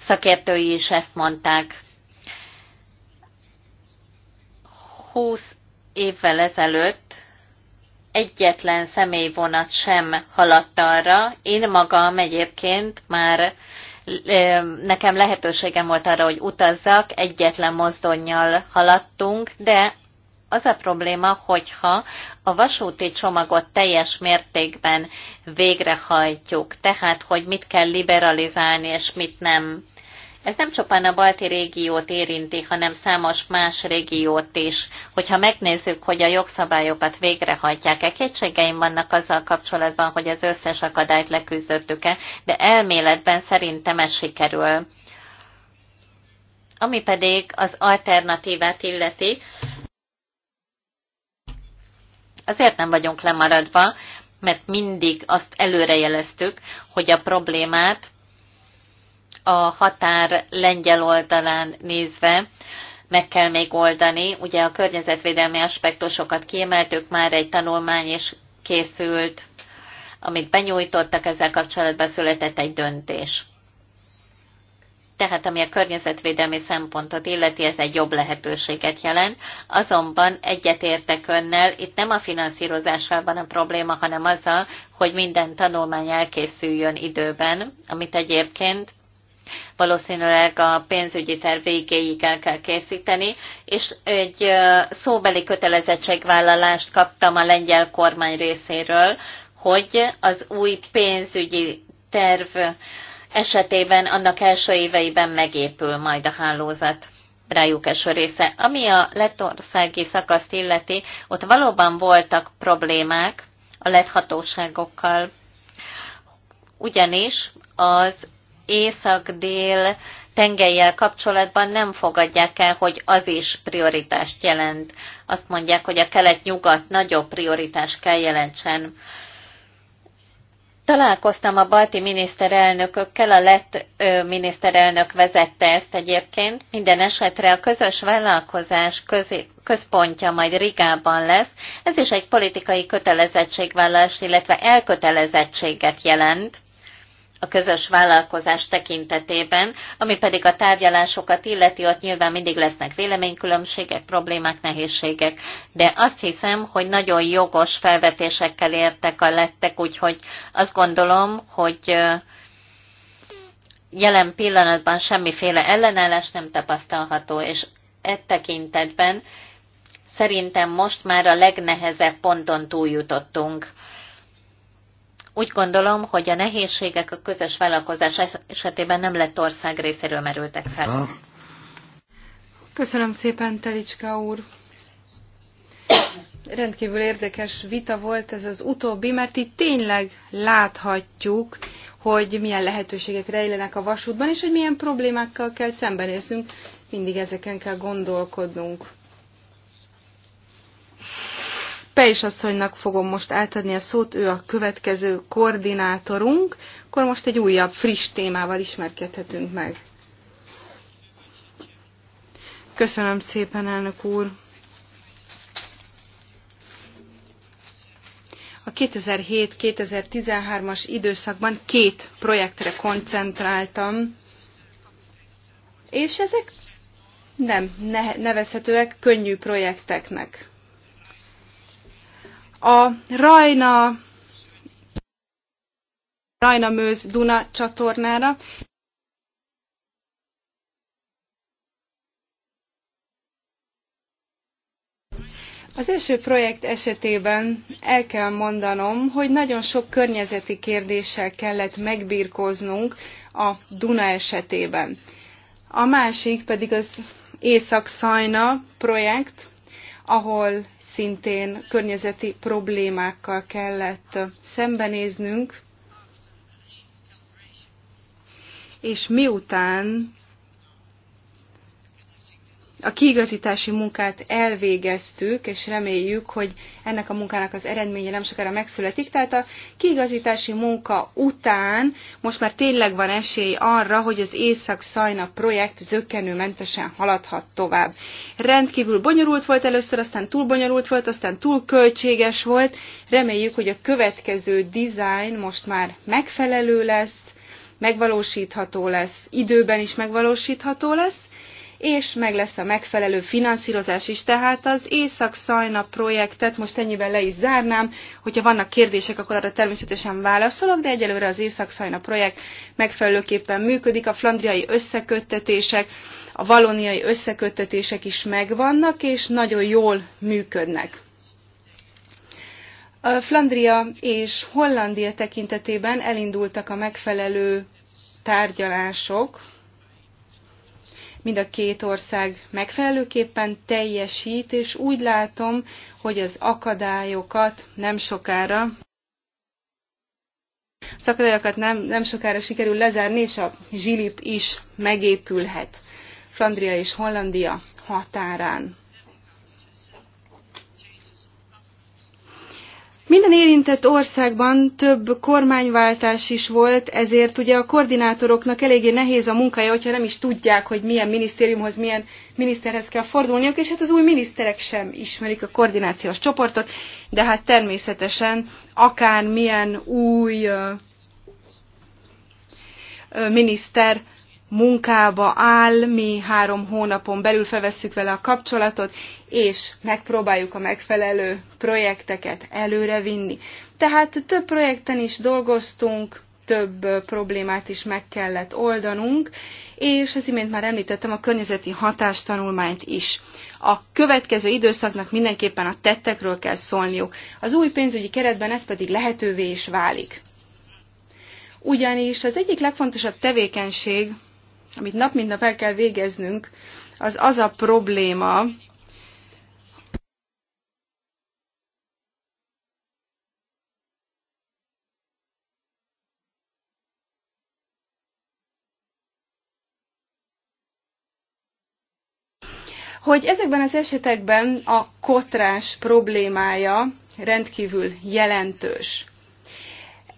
szakértői is ezt mondták. 20 évvel ezelőtt egyetlen személyvonat sem haladt arra. Én magam egyébként már nekem lehetőségem volt arra, hogy utazzak, egyetlen mozdonnyal haladtunk, de az a probléma, hogyha a vasúti csomagot teljes mértékben végrehajtjuk, tehát hogy mit kell liberalizálni és mit nem, ez nem csupán a balti régiót érinti, hanem számos más régiót is. Hogyha megnézzük, hogy a jogszabályokat végrehajtják-e, kétségeim vannak azzal kapcsolatban, hogy az összes akadályt leküzdöttük-e, de elméletben szerintem ez sikerül. Ami pedig az alternatívát illeti, azért nem vagyunk lemaradva, mert mindig azt előrejeleztük, hogy a problémát a határ lengyel oldalán nézve meg kell még oldani. Ugye a környezetvédelmi aspektusokat kiemeltük, már egy tanulmány is készült, amit benyújtottak, ezzel kapcsolatban született egy döntés. Tehát ami a környezetvédelmi szempontot illeti, ez egy jobb lehetőséget jelent. Azonban egyetértek önnel, itt nem a finanszírozással van a probléma, hanem azzal, hogy minden tanulmány elkészüljön időben, amit egyébként valószínűleg a pénzügyi terv végéig el kell készíteni, és egy szóbeli kötelezettségvállalást kaptam a lengyel kormány részéről, hogy az új pénzügyi terv esetében annak első éveiben megépül majd a hálózat rájuk eső része. Ami a letországi szakaszt illeti, ott valóban voltak problémák a lethatóságokkal. ugyanis az észak-dél tengelyel kapcsolatban nem fogadják el, hogy az is prioritást jelent. Azt mondják, hogy a kelet-nyugat nagyobb prioritást kell jelentsen. Találkoztam a balti miniszterelnökökkel, a lett miniszterelnök vezette ezt egyébként. Minden esetre a közös vállalkozás közé, központja majd Rigában lesz. Ez is egy politikai kötelezettségvállás, illetve elkötelezettséget jelent a közös vállalkozás tekintetében, ami pedig a tárgyalásokat illeti, ott nyilván mindig lesznek véleménykülönbségek, problémák, nehézségek, de azt hiszem, hogy nagyon jogos felvetésekkel értek a lettek, úgyhogy azt gondolom, hogy jelen pillanatban semmiféle ellenállás nem tapasztalható, és e tekintetben szerintem most már a legnehezebb ponton túljutottunk úgy gondolom, hogy a nehézségek a közös vállalkozás esetében nem lett ország részéről merültek fel. Köszönöm szépen, Telicska úr! Rendkívül érdekes vita volt ez az utóbbi, mert itt tényleg láthatjuk, hogy milyen lehetőségek rejlenek a vasútban, és hogy milyen problémákkal kell szembenéznünk. Mindig ezeken kell gondolkodnunk. Pejs asszonynak fogom most átadni a szót, ő a következő koordinátorunk, akkor most egy újabb, friss témával ismerkedhetünk meg. Köszönöm szépen, elnök úr! A 2007-2013-as időszakban két projektre koncentráltam, és ezek nem nevezhetőek könnyű projekteknek. A Rajna Rajna Mőz Duna csatornára. Az első projekt esetében el kell mondanom, hogy nagyon sok környezeti kérdéssel kellett megbírkoznunk a Duna esetében. A másik pedig az Észak-Szajna projekt, ahol szintén környezeti problémákkal kellett szembenéznünk, és miután a kiigazítási munkát elvégeztük, és reméljük, hogy ennek a munkának az eredménye nem sokára megszületik. Tehát a kiigazítási munka után most már tényleg van esély arra, hogy az Észak-Szajna projekt zöggenőmentesen haladhat tovább. Rendkívül bonyolult volt először, aztán túl bonyolult volt, aztán túl költséges volt. Reméljük, hogy a következő design most már megfelelő lesz, megvalósítható lesz, időben is megvalósítható lesz, és meg lesz a megfelelő finanszírozás is. Tehát az Észak-Szajna projektet most ennyiben le is zárnám, hogyha vannak kérdések, akkor arra természetesen válaszolok, de egyelőre az Észak-Szajna projekt megfelelőképpen működik, a flandriai összeköttetések, a valóniai összeköttetések is megvannak, és nagyon jól működnek. A Flandria és Hollandia tekintetében elindultak a megfelelő tárgyalások, Mind a két ország megfelelőképpen teljesít, és úgy látom, hogy az akadályokat nem sokára szakadályokat nem, nem sokára sikerül lezárni, és a zsilip is megépülhet Flandria és Hollandia határán. Minden érintett országban több kormányváltás is volt, ezért ugye a koordinátoroknak eléggé nehéz a munkája, hogyha nem is tudják, hogy milyen minisztériumhoz, milyen miniszterhez kell fordulniuk, és hát az új miniszterek sem ismerik a koordinációs csoportot, de hát természetesen milyen új miniszter munkába áll, mi három hónapon belül felvesszük vele a kapcsolatot, és megpróbáljuk a megfelelő projekteket előrevinni. Tehát több projekten is dolgoztunk, több problémát is meg kellett oldanunk, és az imént már említettem a környezeti hatástanulmányt is. A következő időszaknak mindenképpen a tettekről kell szólniuk. Az új pénzügyi keretben ez pedig lehetővé is válik. Ugyanis az egyik legfontosabb tevékenység, amit nap mint nap el kell végeznünk, az az a probléma, hogy ezekben az esetekben a kotrás problémája rendkívül jelentős.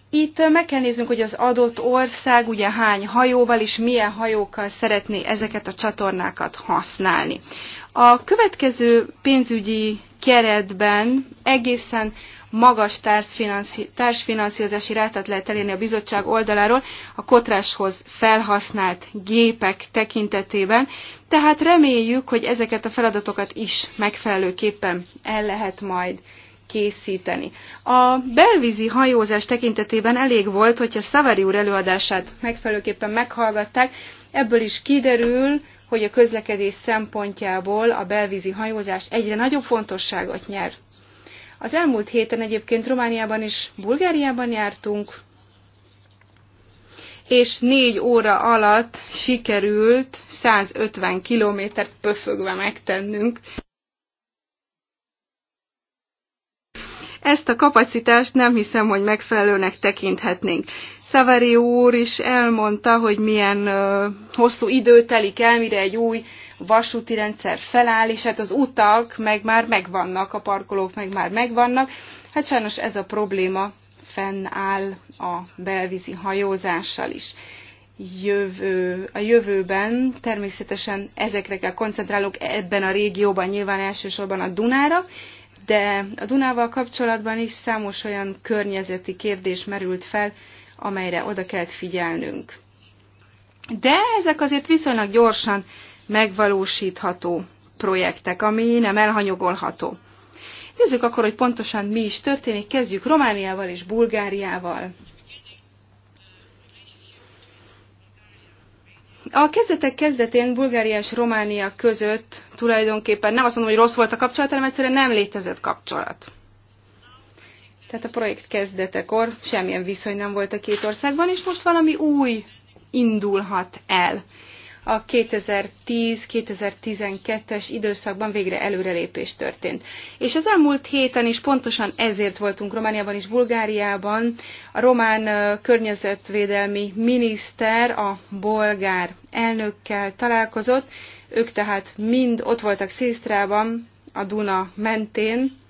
Itt meg kell néznünk, hogy az adott ország ugye hány hajóval és milyen hajókkal szeretné ezeket a csatornákat használni. A következő pénzügyi keretben egészen magas társfinanszírozási rátát lehet elérni a bizottság oldaláról a kotráshoz felhasznált gépek tekintetében, tehát reméljük, hogy ezeket a feladatokat is megfelelőképpen el lehet majd készíteni. A belvízi hajózás tekintetében elég volt, hogyha Szavari úr előadását megfelelőképpen meghallgatták, ebből is kiderül, hogy a közlekedés szempontjából a belvízi hajózás egyre nagyobb fontosságot nyer. Az elmúlt héten egyébként Romániában és Bulgáriában jártunk, és négy óra alatt sikerült 150 kilométert pöfögve megtennünk. Ezt a kapacitást nem hiszem, hogy megfelelőnek tekinthetnénk. Szavari úr is elmondta, hogy milyen ö, hosszú idő telik el, mire egy új vasúti rendszer feláll, és hát az utak meg már megvannak, a parkolók meg már megvannak. Hát sajnos ez a probléma fennáll a belvízi hajózással is. Jövő, a jövőben természetesen ezekre kell koncentrálok ebben a régióban, nyilván elsősorban a Dunára, de a Dunával kapcsolatban is számos olyan környezeti kérdés merült fel, amelyre oda kellett figyelnünk. De ezek azért viszonylag gyorsan megvalósítható projektek, ami nem elhanyagolható. Nézzük akkor, hogy pontosan mi is történik. Kezdjük Romániával és Bulgáriával. A kezdetek kezdetén Bulgária és Románia között tulajdonképpen nem azt mondom, hogy rossz volt a kapcsolat, hanem egyszerűen nem létezett kapcsolat. Tehát a projekt kezdetekor semmilyen viszony nem volt a két országban, és most valami új indulhat el a 2010-2012-es időszakban végre előrelépés történt. És az elmúlt héten is pontosan ezért voltunk Romániában és Bulgáriában. A román környezetvédelmi miniszter a bolgár elnökkel találkozott, ők tehát mind ott voltak Szisztrában, a Duna mentén,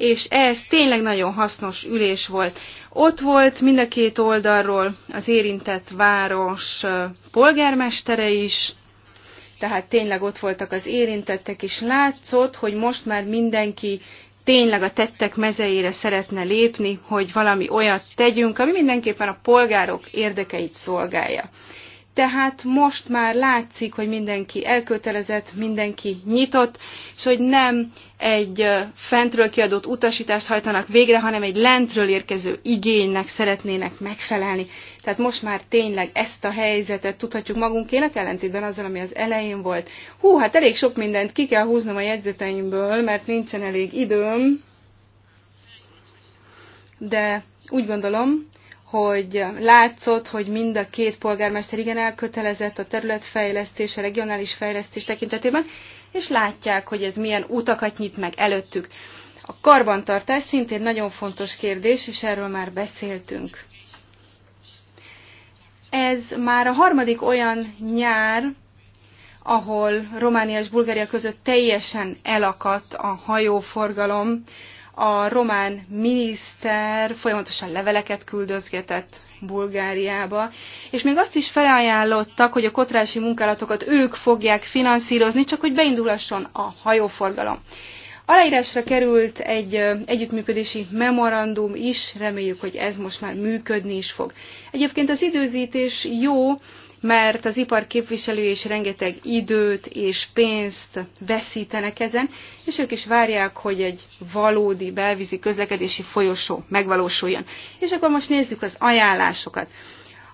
és ez tényleg nagyon hasznos ülés volt. Ott volt mind a két oldalról az érintett város polgármestere is, tehát tényleg ott voltak az érintettek, és látszott, hogy most már mindenki tényleg a tettek mezeire szeretne lépni, hogy valami olyat tegyünk, ami mindenképpen a polgárok érdekeit szolgálja tehát most már látszik, hogy mindenki elkötelezett, mindenki nyitott, és hogy nem egy fentről kiadott utasítást hajtanak végre, hanem egy lentről érkező igénynek szeretnének megfelelni. Tehát most már tényleg ezt a helyzetet tudhatjuk magunkének, ellentétben azzal, ami az elején volt. Hú, hát elég sok mindent ki kell húznom a jegyzeteimből, mert nincsen elég időm, de úgy gondolom, hogy látszott, hogy mind a két polgármester igen elkötelezett a területfejlesztés, a regionális fejlesztés tekintetében, és látják, hogy ez milyen utakat nyit meg előttük. A karbantartás szintén nagyon fontos kérdés, és erről már beszéltünk. Ez már a harmadik olyan nyár, ahol Románia és Bulgária között teljesen elakadt a hajóforgalom, a román miniszter folyamatosan leveleket küldözgetett Bulgáriába, és még azt is felajánlottak, hogy a kotrási munkálatokat ők fogják finanszírozni, csak hogy beindulhasson a hajóforgalom. Aláírásra került egy együttműködési memorandum is, reméljük, hogy ez most már működni is fog. Egyébként az időzítés jó, mert az ipar képviselői is rengeteg időt és pénzt veszítenek ezen, és ők is várják, hogy egy valódi belvízi közlekedési folyosó megvalósuljon. És akkor most nézzük az ajánlásokat.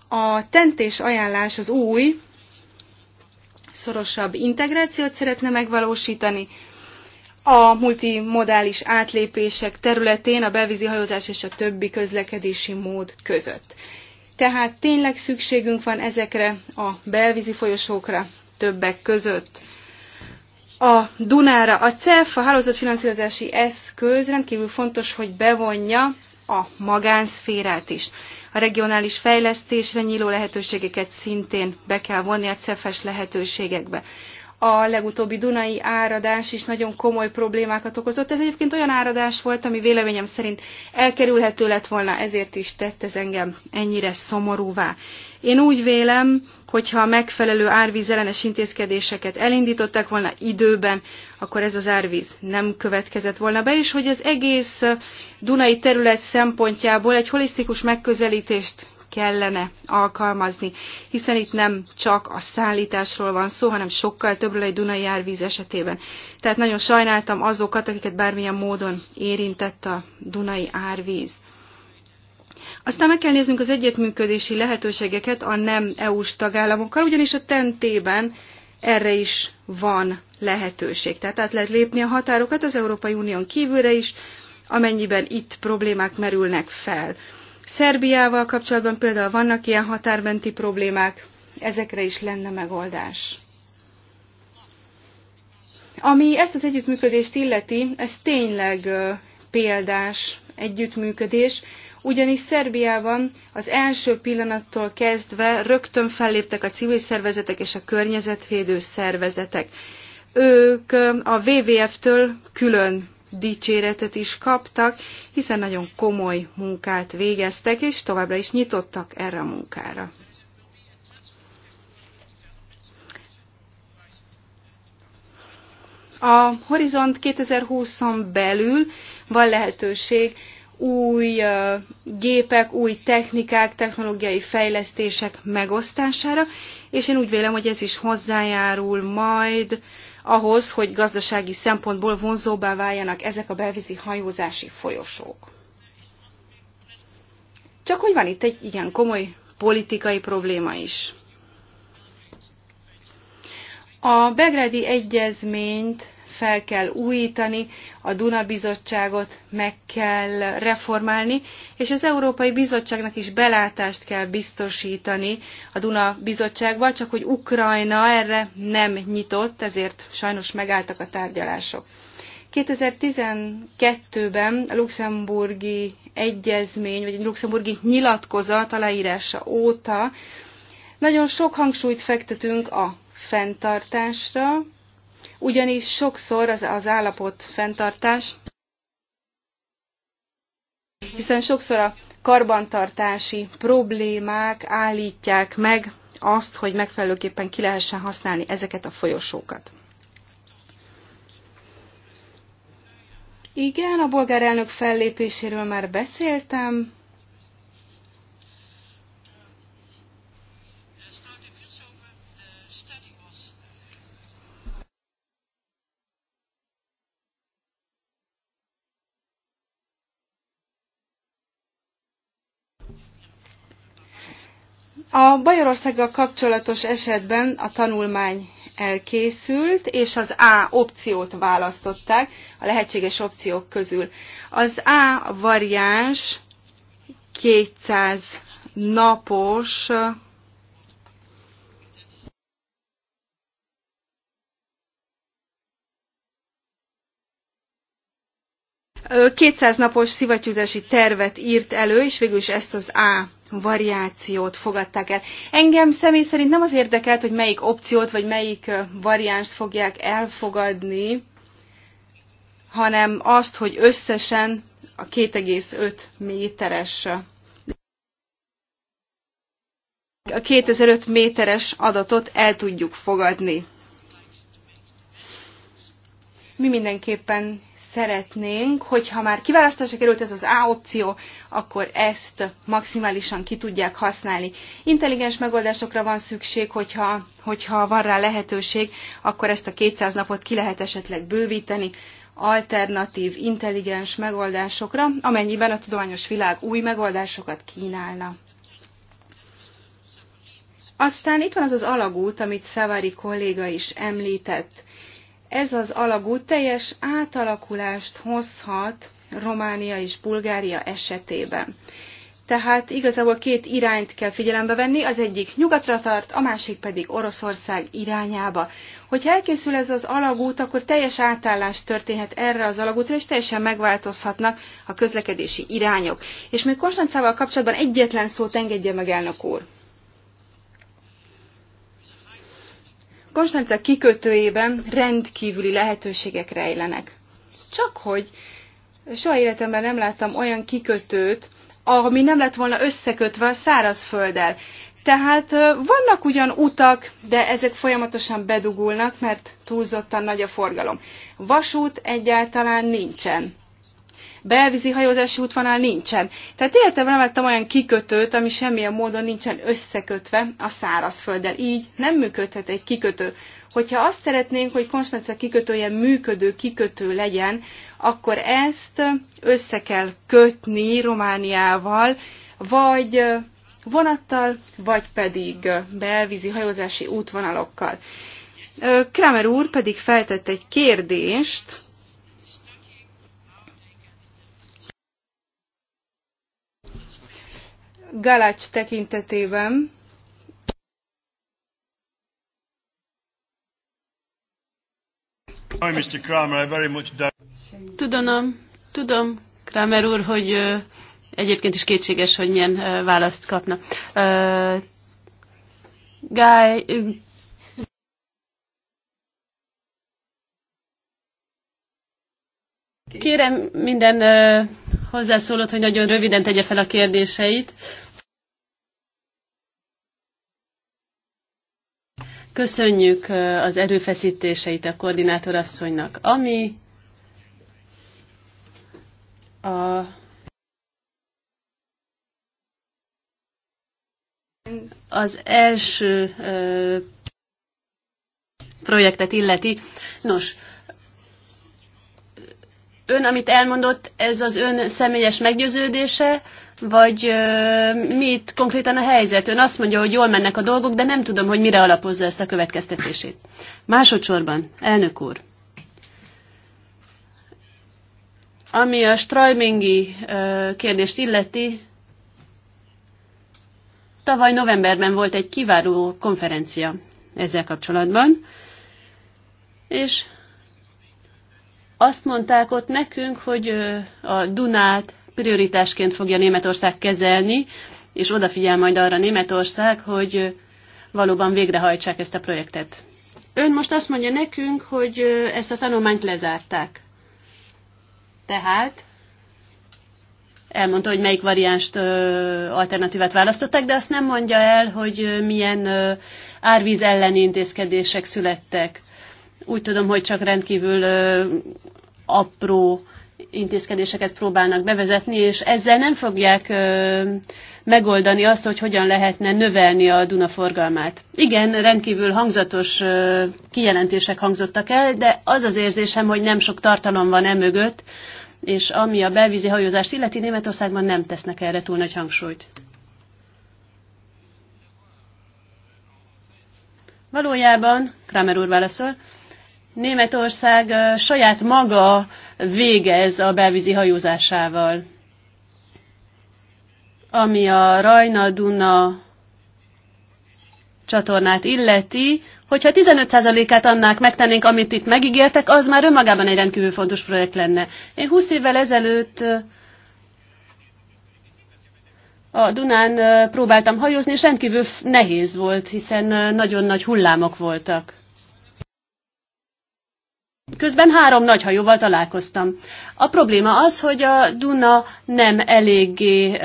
A tentés ajánlás az új, szorosabb integrációt szeretne megvalósítani, a multimodális átlépések területén a belvízi hajózás és a többi közlekedési mód között. Tehát tényleg szükségünk van ezekre a belvízi folyosókra többek között. A Dunára a CEF, a hálózatfinanszírozási eszköz rendkívül fontos, hogy bevonja a magánszférát is. A regionális fejlesztésre nyíló lehetőségeket szintén be kell vonni a CEF-es lehetőségekbe a legutóbbi Dunai áradás is nagyon komoly problémákat okozott. Ez egyébként olyan áradás volt, ami véleményem szerint elkerülhető lett volna, ezért is tett ez engem ennyire szomorúvá. Én úgy vélem, hogyha a megfelelő árvízellenes intézkedéseket elindították volna időben, akkor ez az árvíz nem következett volna be, és hogy az egész Dunai terület szempontjából egy holisztikus megközelítést kellene alkalmazni, hiszen itt nem csak a szállításról van szó, hanem sokkal többről egy Dunai árvíz esetében. Tehát nagyon sajnáltam azokat, akiket bármilyen módon érintett a Dunai árvíz. Aztán meg kell néznünk az egyetműködési lehetőségeket a nem EU-s tagállamokkal, ugyanis a tentében erre is van lehetőség. Tehát át lehet lépni a határokat az Európai Unión kívülre is, amennyiben itt problémák merülnek fel. Szerbiával kapcsolatban például vannak ilyen határmenti problémák, ezekre is lenne megoldás. Ami ezt az együttműködést illeti, ez tényleg példás együttműködés, ugyanis Szerbiában az első pillanattól kezdve rögtön felléptek a civil szervezetek és a környezetvédő szervezetek. Ők a WWF-től külön dicséretet is kaptak, hiszen nagyon komoly munkát végeztek, és továbbra is nyitottak erre a munkára. A Horizont 2020-on belül van lehetőség új gépek, új technikák, technológiai fejlesztések megosztására, és én úgy vélem, hogy ez is hozzájárul majd ahhoz, hogy gazdasági szempontból vonzóbbá váljanak ezek a belvízi hajózási folyosók. Csak hogy van itt egy igen komoly politikai probléma is. A Belgrádi Egyezményt fel kell újítani, a Duna Bizottságot meg kell reformálni, és az Európai Bizottságnak is belátást kell biztosítani a Duna Bizottságba, csak hogy Ukrajna erre nem nyitott, ezért sajnos megálltak a tárgyalások. 2012-ben a luxemburgi egyezmény, vagy egy luxemburgi nyilatkozat aláírása óta nagyon sok hangsúlyt fektetünk a fenntartásra, ugyanis sokszor az, az állapot fenntartás, hiszen sokszor a karbantartási problémák állítják meg azt, hogy megfelelőképpen ki lehessen használni ezeket a folyosókat. Igen, a bolgár elnök fellépéséről már beszéltem. A Bajorországgal kapcsolatos esetben a tanulmány elkészült, és az A opciót választották a lehetséges opciók közül. Az A variáns 200 napos 200 napos szivattyúzási tervet írt elő, és végül is ezt az A variációt fogadták el. Engem személy szerint nem az érdekelt, hogy melyik opciót vagy melyik variánst fogják elfogadni, hanem azt, hogy összesen a 2,5 méteres a 2005 méteres adatot el tudjuk fogadni. Mi mindenképpen szeretnénk, hogyha már kiválasztásra került ez az A opció, akkor ezt maximálisan ki tudják használni. Intelligens megoldásokra van szükség, hogyha, hogyha van rá lehetőség, akkor ezt a 200 napot ki lehet esetleg bővíteni alternatív, intelligens megoldásokra, amennyiben a tudományos világ új megoldásokat kínálna. Aztán itt van az az alagút, amit Szavari kolléga is említett. Ez az alagút teljes átalakulást hozhat Románia és Bulgária esetében. Tehát igazából két irányt kell figyelembe venni, az egyik nyugatra tart, a másik pedig Oroszország irányába. Hogyha elkészül ez az alagút, akkor teljes átállás történhet erre az alagútra, és teljesen megváltozhatnak a közlekedési irányok. És még Konstancával kapcsolatban egyetlen szót engedje meg elnök úr. Konstanca kikötőjében rendkívüli lehetőségek rejlenek. Csak hogy soha életemben nem láttam olyan kikötőt, ami nem lett volna összekötve a szárazfölddel. Tehát vannak ugyan utak, de ezek folyamatosan bedugulnak, mert túlzottan nagy a forgalom. Vasút egyáltalán nincsen belvízi hajózási útvonal nincsen. Tehát életemben nem vettem olyan kikötőt, ami semmilyen módon nincsen összekötve a szárazfölddel. Így nem működhet egy kikötő. Hogyha azt szeretnénk, hogy Konstanca kikötője működő kikötő legyen, akkor ezt össze kell kötni Romániával, vagy vonattal, vagy pedig belvízi hajózási útvonalokkal. Kramer úr pedig feltett egy kérdést, Galács tekintetében Tudom, tudom, Kramer úr, hogy egyébként is kétséges, hogy milyen választ kapna. Uh, Guy, kérem minden hozzászólott, hogy nagyon röviden tegye fel a kérdéseit. Köszönjük az erőfeszítéseit a koordinátorasszonynak. Ami a az első uh, projektet illeti. Nos, ön, amit elmondott, ez az ön személyes meggyőződése, vagy ö, mit konkrétan a helyzet? Ön azt mondja, hogy jól mennek a dolgok, de nem tudom, hogy mire alapozza ezt a következtetését. Másodszorban, elnök úr, ami a Strajmingi ö, kérdést illeti, tavaly novemberben volt egy kiváló konferencia ezzel kapcsolatban, és azt mondták ott nekünk, hogy a Dunát prioritásként fogja Németország kezelni, és odafigyel majd arra Németország, hogy valóban végrehajtsák ezt a projektet. Ön most azt mondja nekünk, hogy ezt a tanulmányt lezárták. Tehát elmondta, hogy melyik variánst, alternatívát választották, de azt nem mondja el, hogy milyen árvíz elleni intézkedések születtek. Úgy tudom, hogy csak rendkívül apró intézkedéseket próbálnak bevezetni, és ezzel nem fogják megoldani azt, hogy hogyan lehetne növelni a Duna forgalmát. Igen, rendkívül hangzatos kijelentések hangzottak el, de az az érzésem, hogy nem sok tartalom van emögött, és ami a belvízi hajózást illeti, Németországban nem tesznek erre túl nagy hangsúlyt. Valójában, Kramer úr válaszol, Németország saját maga végez a belvízi hajózásával. Ami a Rajna-Duna csatornát illeti, hogyha 15%-át annak megtennénk, amit itt megígértek, az már önmagában egy rendkívül fontos projekt lenne. Én 20 évvel ezelőtt a Dunán próbáltam hajózni, és rendkívül nehéz volt, hiszen nagyon nagy hullámok voltak. Közben három nagy hajóval találkoztam. A probléma az, hogy a Duna nem eléggé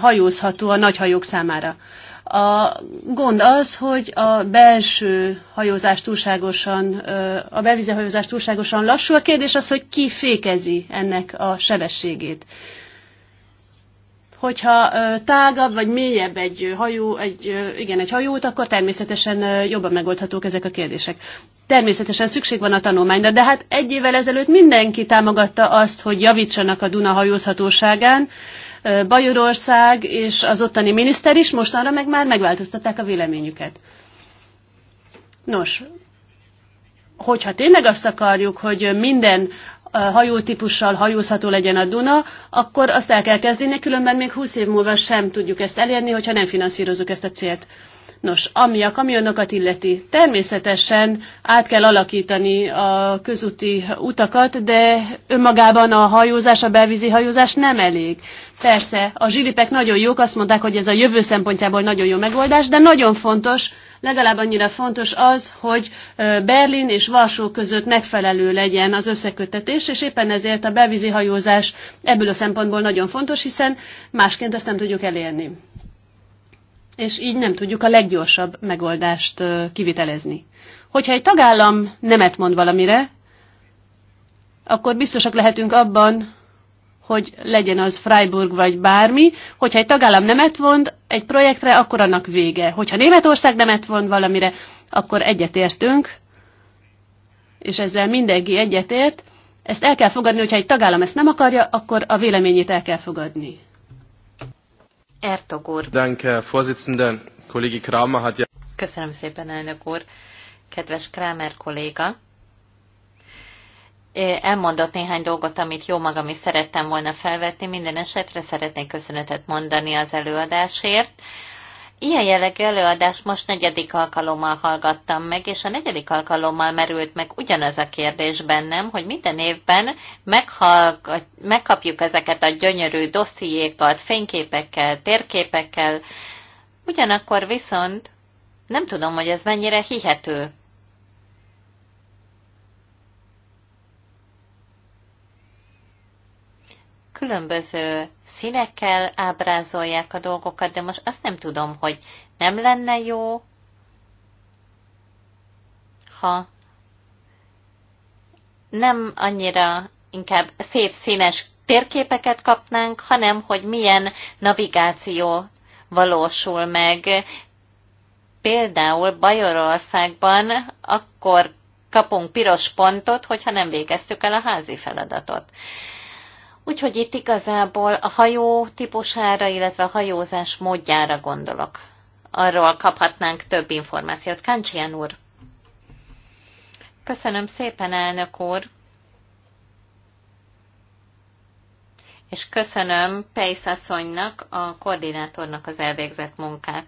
hajózható a nagy hajók számára. A gond az, hogy a belső hajózás túlságosan, a belvízi hajózás túlságosan lassú. A kérdés az, hogy ki fékezi ennek a sebességét hogyha tágabb vagy mélyebb egy hajó, egy, igen, egy hajót, akkor természetesen jobban megoldhatók ezek a kérdések. Természetesen szükség van a tanulmányra, de hát egy évvel ezelőtt mindenki támogatta azt, hogy javítsanak a Duna hajózhatóságán, Bajorország és az ottani miniszter is, mostanra meg már megváltoztatták a véleményüket. Nos, hogyha tényleg azt akarjuk, hogy minden hajótípussal hajózható legyen a Duna, akkor azt el kell kezdeni, különben még 20 év múlva sem tudjuk ezt elérni, hogyha nem finanszírozunk ezt a célt. Nos, ami a kamionokat illeti, természetesen át kell alakítani a közúti utakat, de önmagában a hajózás, a belvízi hajózás nem elég. Persze, a zsilipek nagyon jók, azt mondták, hogy ez a jövő szempontjából nagyon jó megoldás, de nagyon fontos, legalább annyira fontos az, hogy Berlin és Varsó között megfelelő legyen az összekötetés, és éppen ezért a belvízi hajózás ebből a szempontból nagyon fontos, hiszen másként ezt nem tudjuk elérni. És így nem tudjuk a leggyorsabb megoldást kivitelezni. Hogyha egy tagállam nemet mond valamire, akkor biztosak lehetünk abban, hogy legyen az Freiburg vagy bármi, hogyha egy tagállam nemet mond, egy projektre, akkor annak vége. Hogyha Németország nemet von valamire, akkor egyetértünk, és ezzel mindenki egyetért. Ezt el kell fogadni, hogyha egy tagállam ezt nem akarja, akkor a véleményét el kell fogadni. Ertog úr. Danke, Vorsitzenden. Kollégi Kramer hat ja... Köszönöm szépen, elnök úr. Kedves Kramer kolléga, elmondott néhány dolgot, amit jó magam is szerettem volna felvetni. Minden esetre szeretnék köszönetet mondani az előadásért. Ilyen jellegű előadást most negyedik alkalommal hallgattam meg, és a negyedik alkalommal merült meg ugyanaz a kérdés bennem, hogy minden évben megkapjuk ezeket a gyönyörű dossziékat, fényképekkel, térképekkel, ugyanakkor viszont nem tudom, hogy ez mennyire hihető. különböző színekkel ábrázolják a dolgokat, de most azt nem tudom, hogy nem lenne jó, ha nem annyira inkább szép színes térképeket kapnánk, hanem hogy milyen navigáció valósul meg. Például Bajorországban akkor kapunk piros pontot, hogyha nem végeztük el a házi feladatot. Úgyhogy itt igazából a hajó típusára, illetve a hajózás módjára gondolok. Arról kaphatnánk több információt. Káncsian úr! Köszönöm szépen, elnök úr! és köszönöm Pejsz asszonynak, a koordinátornak az elvégzett munkát.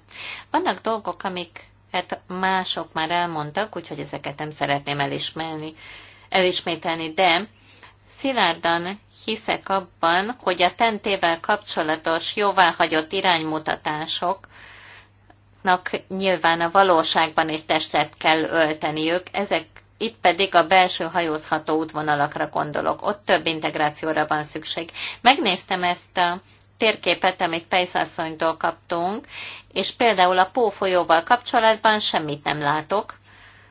Vannak dolgok, amiket hát mások már elmondtak, úgyhogy ezeket nem szeretném elismerni, elismételni, de szilárdan hiszek abban, hogy a tentével kapcsolatos jóváhagyott iránymutatásoknak nyilván a valóságban is testet kell ölteniük, ezek itt pedig a belső hajózható útvonalakra gondolok. Ott több integrációra van szükség. Megnéztem ezt a térképet, amit Pejszasszonytól kaptunk, és például a pófolyóval kapcsolatban semmit nem látok,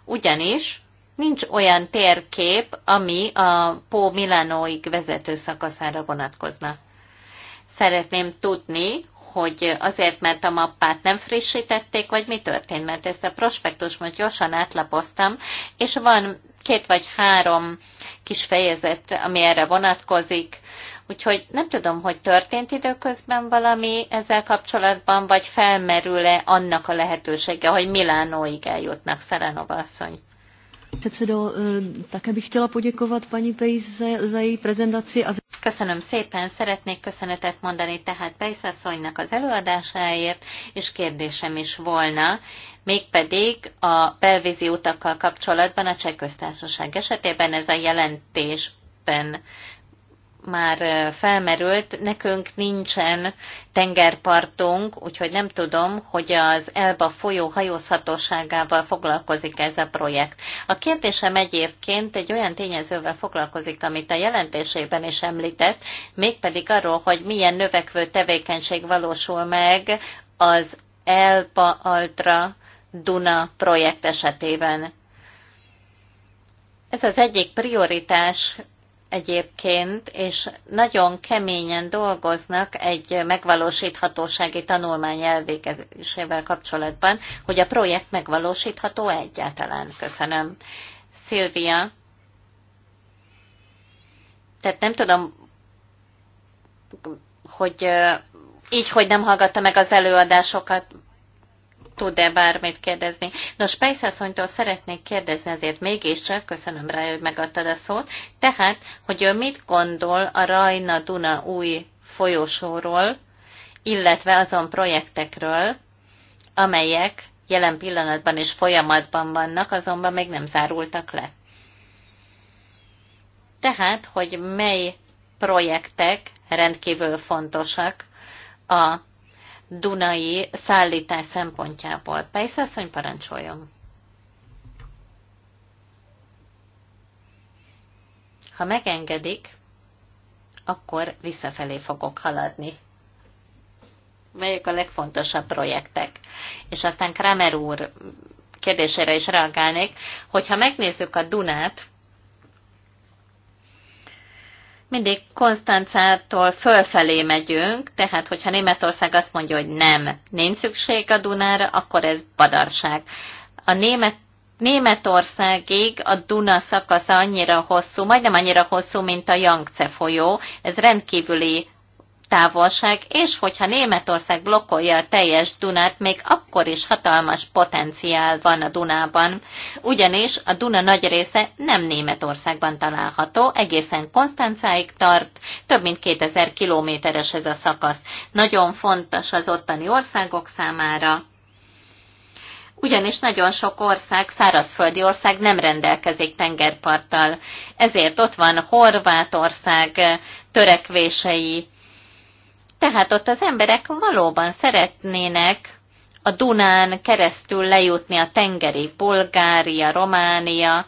ugyanis Nincs olyan térkép, ami a Pó Milanoig vezető szakaszára vonatkozna. Szeretném tudni, hogy azért, mert a mappát nem frissítették, vagy mi történt, mert ezt a prospektus most gyorsan átlapoztam, és van két vagy három kis fejezet, ami erre vonatkozik, Úgyhogy nem tudom, hogy történt időközben valami ezzel kapcsolatban, vagy felmerül-e annak a lehetősége, hogy Milánóig eljutnak, Szerenova asszony. Předsedo, eh, také bych chtěla poděkovat paní Pejs za, za její prezentaci. A... Köszönöm szépen, szeretnék köszönetet mondani tehát Pejs asszonynak az előadásáért, és kérdésem is volna, mégpedig a belvízi utakkal kapcsolatban a cseh köztársaság esetében ez a jelentésben már felmerült, nekünk nincsen tengerpartunk, úgyhogy nem tudom, hogy az Elba folyó hajózhatóságával foglalkozik ez a projekt. A kérdésem egyébként egy olyan tényezővel foglalkozik, amit a jelentésében is említett, mégpedig arról, hogy milyen növekvő tevékenység valósul meg az Elba Altra Duna projekt esetében. Ez az egyik prioritás egyébként, és nagyon keményen dolgoznak egy megvalósíthatósági tanulmány elvégezésével kapcsolatban, hogy a projekt megvalósítható -e egyáltalán. Köszönöm. Szilvia. Tehát nem tudom, hogy így, hogy nem hallgatta meg az előadásokat, tud-e bármit kérdezni. Nos, Spice asszonytól szeretnék kérdezni, ezért mégiscsak köszönöm rá, hogy megadtad a szót. Tehát, hogy ő mit gondol a Rajna-Duna új folyosóról, illetve azon projektekről, amelyek jelen pillanatban is folyamatban vannak, azonban még nem zárultak le. Tehát, hogy mely projektek rendkívül fontosak a dunai szállítás szempontjából. Persze, asszony, parancsoljon. Ha megengedik, akkor visszafelé fogok haladni. Melyek a legfontosabb projektek? És aztán Kramer úr kérdésére is reagálnék, hogyha megnézzük a Dunát, mindig Konstancától fölfelé megyünk, tehát hogyha Németország azt mondja, hogy nem, nincs szükség a Dunára, akkor ez badarság. A német Németországig a Duna szakasza annyira hosszú, majdnem annyira hosszú, mint a Yangtze folyó. Ez rendkívüli távolság, és hogyha Németország blokkolja a teljes Dunát, még akkor is hatalmas potenciál van a Dunában, ugyanis a Duna nagy része nem Németországban található, egészen Konstancáig tart, több mint 2000 kilométeres ez a szakasz. Nagyon fontos az ottani országok számára, ugyanis nagyon sok ország, szárazföldi ország nem rendelkezik tengerparttal. Ezért ott van Horvátország törekvései, tehát ott az emberek valóban szeretnének a Dunán keresztül lejutni a tengeri Bulgária, Románia,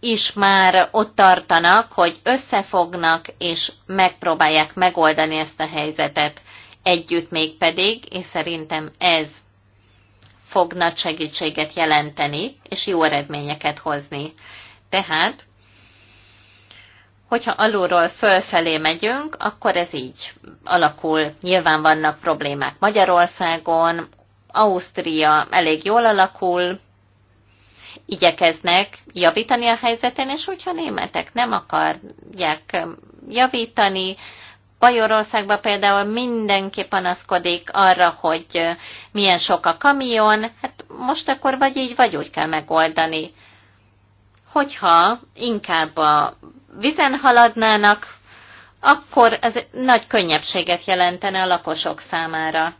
is már ott tartanak, hogy összefognak és megpróbálják megoldani ezt a helyzetet együtt még pedig és szerintem ez fog nagy segítséget jelenteni, és jó eredményeket hozni. Tehát hogyha alulról fölfelé megyünk, akkor ez így alakul. Nyilván vannak problémák Magyarországon, Ausztria elég jól alakul, igyekeznek javítani a helyzeten, és hogyha németek nem akarják javítani, Bajorországban például mindenki panaszkodik arra, hogy milyen sok a kamion, hát most akkor vagy így, vagy úgy kell megoldani. Hogyha inkább a vizen haladnának, akkor ez nagy könnyebbséget jelentene a lakosok számára.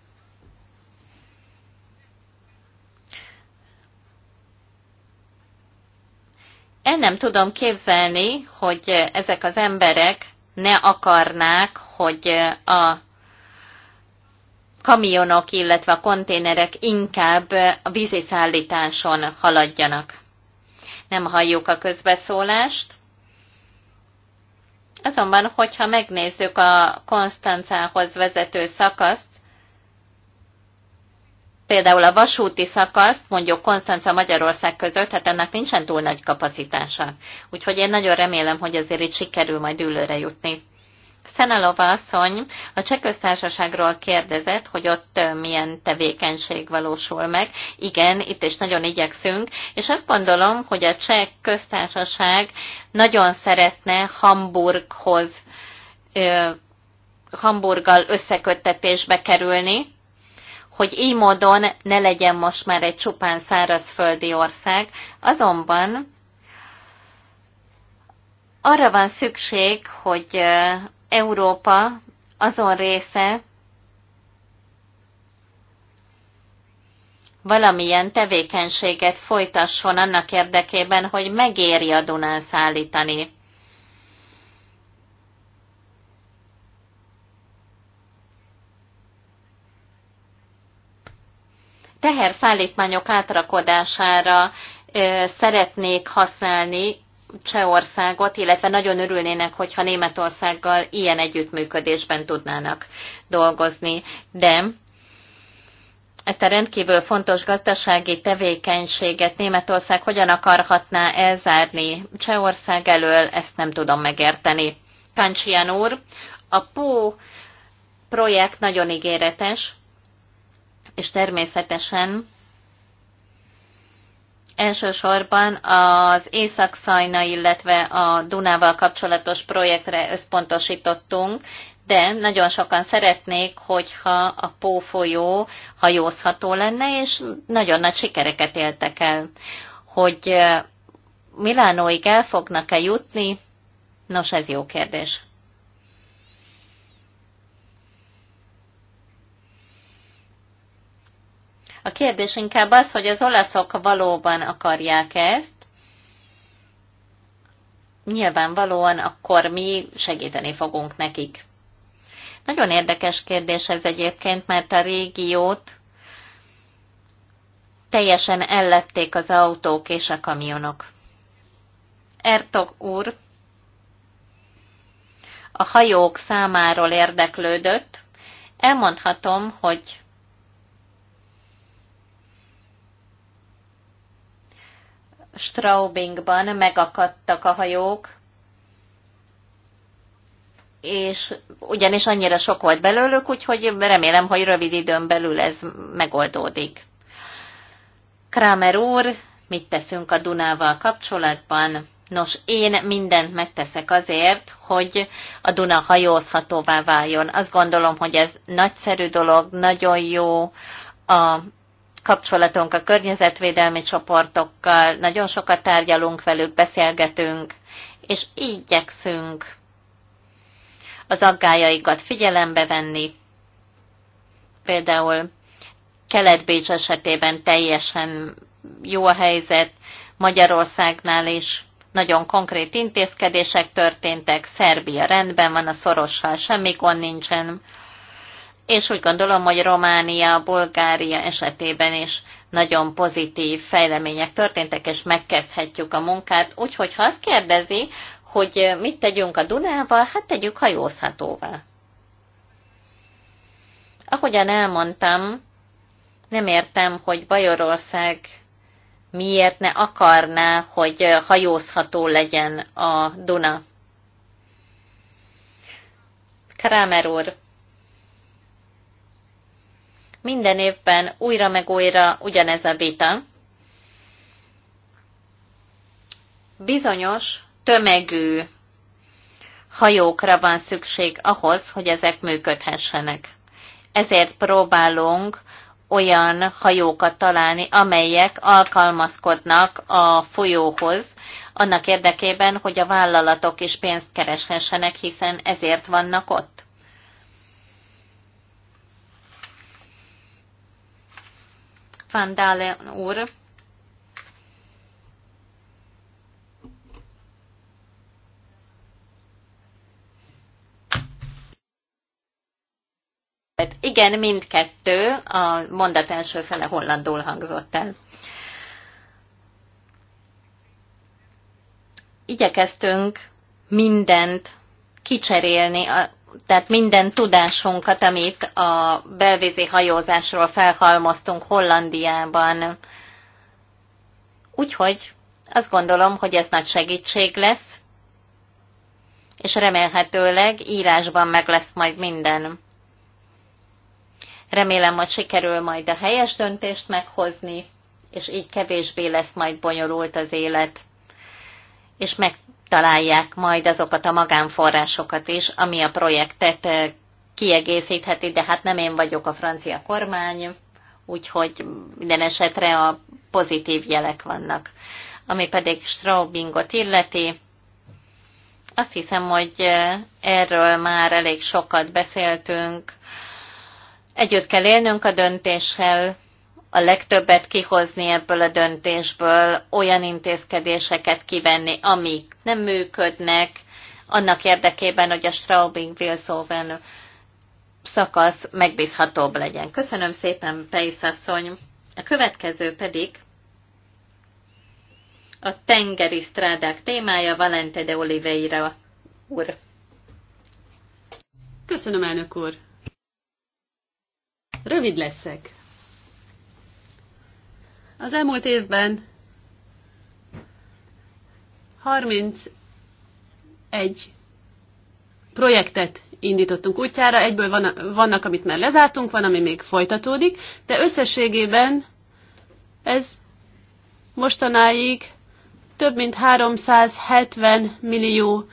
El nem tudom képzelni, hogy ezek az emberek ne akarnák, hogy a kamionok, illetve a konténerek inkább a víziszállításon haladjanak. Nem halljuk a közbeszólást. Azonban, hogyha megnézzük a Konstancához vezető szakaszt, például a vasúti szakaszt, mondjuk Konstanca Magyarország között, hát ennek nincsen túl nagy kapacitása. Úgyhogy én nagyon remélem, hogy azért itt sikerül majd ülőre jutni. Szenalova asszony a cseh köztársaságról kérdezett, hogy ott milyen tevékenység valósul meg. Igen, itt is nagyon igyekszünk, és azt gondolom, hogy a cseh köztársaság nagyon szeretne Hamburghoz, Hamburggal összeköttetésbe kerülni, hogy így módon ne legyen most már egy csupán szárazföldi ország, azonban arra van szükség, hogy Európa azon része valamilyen tevékenységet folytasson annak érdekében, hogy megéri a Dunán szállítani. szállítmányok átrakodására szeretnék használni Csehországot, illetve nagyon örülnének, hogyha Németországgal ilyen együttműködésben tudnának dolgozni. De ezt a rendkívül fontos gazdasági tevékenységet Németország hogyan akarhatná elzárni Csehország elől, ezt nem tudom megérteni. Kancsian úr, a PÓ projekt nagyon ígéretes, és természetesen Elsősorban az Észak-Szajna, illetve a Dunával kapcsolatos projektre összpontosítottunk, de nagyon sokan szeretnék, hogyha a pófolyó hajózható lenne, és nagyon nagy sikereket éltek el. Hogy eh, Milánóig el fognak-e jutni? Nos, ez jó kérdés. A kérdés inkább az, hogy az olaszok valóban akarják ezt, nyilvánvalóan akkor mi segíteni fogunk nekik. Nagyon érdekes kérdés ez egyébként, mert a régiót teljesen ellepték az autók és a kamionok. Ertok úr a hajók számáról érdeklődött. Elmondhatom, hogy Straubingban megakadtak a hajók, és ugyanis annyira sok volt belőlük, úgyhogy remélem, hogy rövid időn belül ez megoldódik. Kramer úr, mit teszünk a Dunával kapcsolatban? Nos, én mindent megteszek azért, hogy a Duna hajózhatóvá váljon. Azt gondolom, hogy ez nagyszerű dolog, nagyon jó a kapcsolatunk a környezetvédelmi csoportokkal, nagyon sokat tárgyalunk velük, beszélgetünk, és igyekszünk az aggájaikat figyelembe venni. Például kelet esetében teljesen jó a helyzet, Magyarországnál is nagyon konkrét intézkedések történtek, Szerbia rendben van, a szorossal semmi gond nincsen, és úgy gondolom, hogy Románia, Bulgária esetében is nagyon pozitív fejlemények történtek, és megkezdhetjük a munkát. Úgyhogy ha azt kérdezi, hogy mit tegyünk a Dunával, hát tegyük hajózhatóvá. Ahogyan elmondtam, nem értem, hogy Bajorország miért ne akarná, hogy hajózható legyen a Duna. Kramer úr, minden évben újra meg újra ugyanez a vita. Bizonyos tömegű hajókra van szükség ahhoz, hogy ezek működhessenek. Ezért próbálunk olyan hajókat találni, amelyek alkalmazkodnak a folyóhoz, annak érdekében, hogy a vállalatok is pénzt kereshessenek, hiszen ezért vannak ott. Van Dalen úr. Hát igen, mindkettő, a mondat első fele hollandul hangzott el. Igyekeztünk mindent kicserélni tehát minden tudásunkat, amit a belvízi hajózásról felhalmoztunk Hollandiában. Úgyhogy azt gondolom, hogy ez nagy segítség lesz, és remélhetőleg írásban meg lesz majd minden. Remélem, hogy sikerül majd a helyes döntést meghozni, és így kevésbé lesz majd bonyolult az élet, és meg találják majd azokat a magánforrásokat is, ami a projektet eh, kiegészítheti, de hát nem én vagyok a francia kormány, úgyhogy minden esetre a pozitív jelek vannak. Ami pedig Straubingot illeti, azt hiszem, hogy eh, erről már elég sokat beszéltünk. Együtt kell élnünk a döntéssel, a legtöbbet kihozni ebből a döntésből, olyan intézkedéseket kivenni, amik nem működnek, annak érdekében, hogy a Straubing-Wilshoven szakasz megbízhatóbb legyen. Köszönöm szépen, Pejsz asszony. A következő pedig a tengeri strádák témája Valente de Oliveira úr. Köszönöm, elnök úr. Rövid leszek. Az elmúlt évben 31 projektet indítottunk útjára, egyből van, vannak, amit már lezártunk, van, ami még folytatódik, de összességében ez mostanáig több mint 370 millió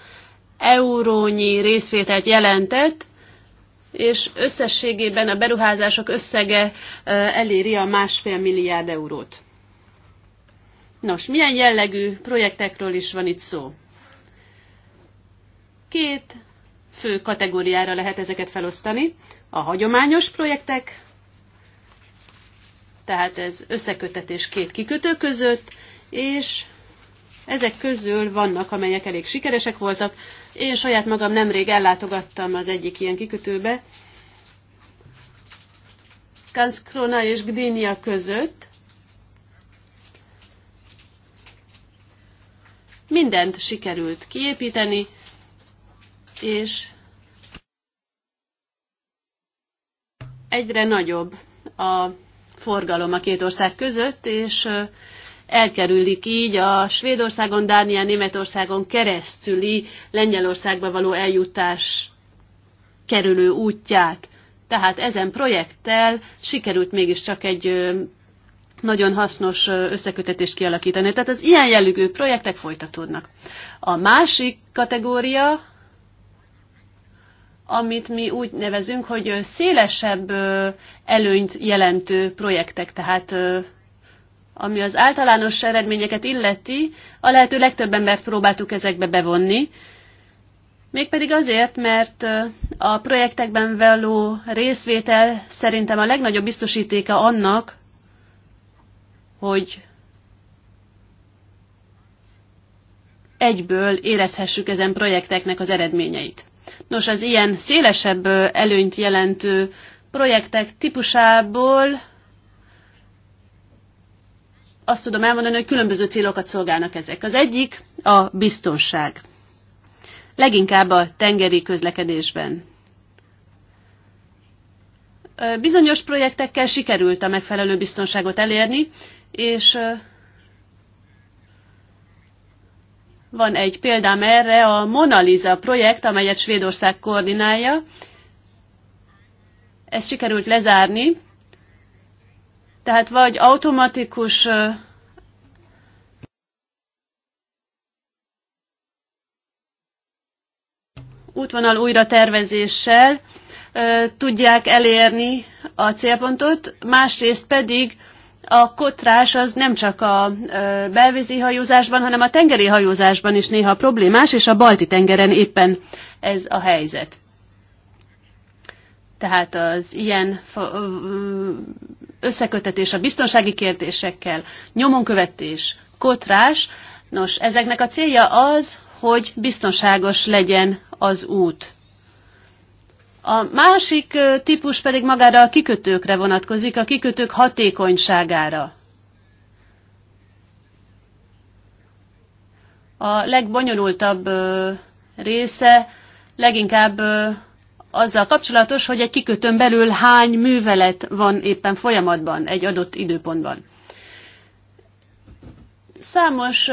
eurónyi részvételt jelentett, és összességében a beruházások összege eléri a másfél milliárd eurót. Nos, milyen jellegű projektekről is van itt szó? Két fő kategóriára lehet ezeket felosztani. A hagyományos projektek, tehát ez összekötetés két kikötő között, és ezek közül vannak, amelyek elég sikeresek voltak. Én saját magam nemrég ellátogattam az egyik ilyen kikötőbe, Kanskrona és Gdynia között. Mindent sikerült kiépíteni, és egyre nagyobb a forgalom a két ország között, és elkerülik így a Svédországon, Dánia, Németországon keresztüli Lengyelországba való eljutás kerülő útját. Tehát ezen projekttel sikerült mégiscsak egy nagyon hasznos összekötetést kialakítani. Tehát az ilyen jellegű projektek folytatódnak. A másik kategória, amit mi úgy nevezünk, hogy szélesebb előnyt jelentő projektek, tehát ami az általános eredményeket illeti, a lehető legtöbb embert próbáltuk ezekbe bevonni, mégpedig azért, mert a projektekben való részvétel szerintem a legnagyobb biztosítéka annak, hogy egyből érezhessük ezen projekteknek az eredményeit. Nos, az ilyen szélesebb előnyt jelentő projektek típusából azt tudom elmondani, hogy különböző célokat szolgálnak ezek. Az egyik a biztonság. Leginkább a tengeri közlekedésben. Bizonyos projektekkel sikerült a megfelelő biztonságot elérni, és van egy példám erre, a Mona Lisa projekt, amelyet Svédország koordinálja. Ezt sikerült lezárni, tehát vagy automatikus útvonal újra tervezéssel tudják elérni a célpontot, másrészt pedig a kotrás az nem csak a belvízi hajózásban, hanem a tengeri hajózásban is néha problémás, és a balti tengeren éppen ez a helyzet. Tehát az ilyen összekötetés a biztonsági kérdésekkel, nyomonkövetés, kotrás. Nos, ezeknek a célja az, hogy biztonságos legyen az út. A másik típus pedig magára a kikötőkre vonatkozik, a kikötők hatékonyságára. A legbonyolultabb része leginkább azzal kapcsolatos, hogy egy kikötőn belül hány művelet van éppen folyamatban egy adott időpontban. Számos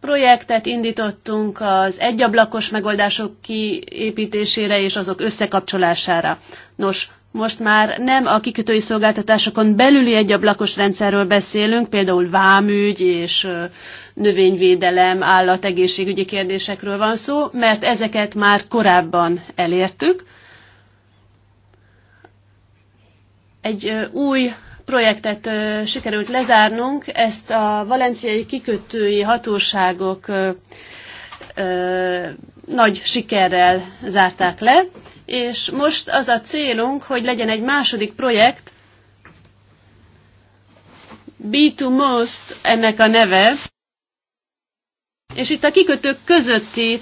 projektet indítottunk az egyablakos megoldások kiépítésére és azok összekapcsolására. Nos, most már nem a kikötői szolgáltatásokon belüli egy ablakos rendszerről beszélünk, például vámügy és növényvédelem, állategészségügyi kérdésekről van szó, mert ezeket már korábban elértük. Egy új projektet sikerült lezárnunk, ezt a valenciai kikötői hatóságok nagy sikerrel zárták le és most az a célunk, hogy legyen egy második projekt, B2Most ennek a neve, és itt a kikötők közötti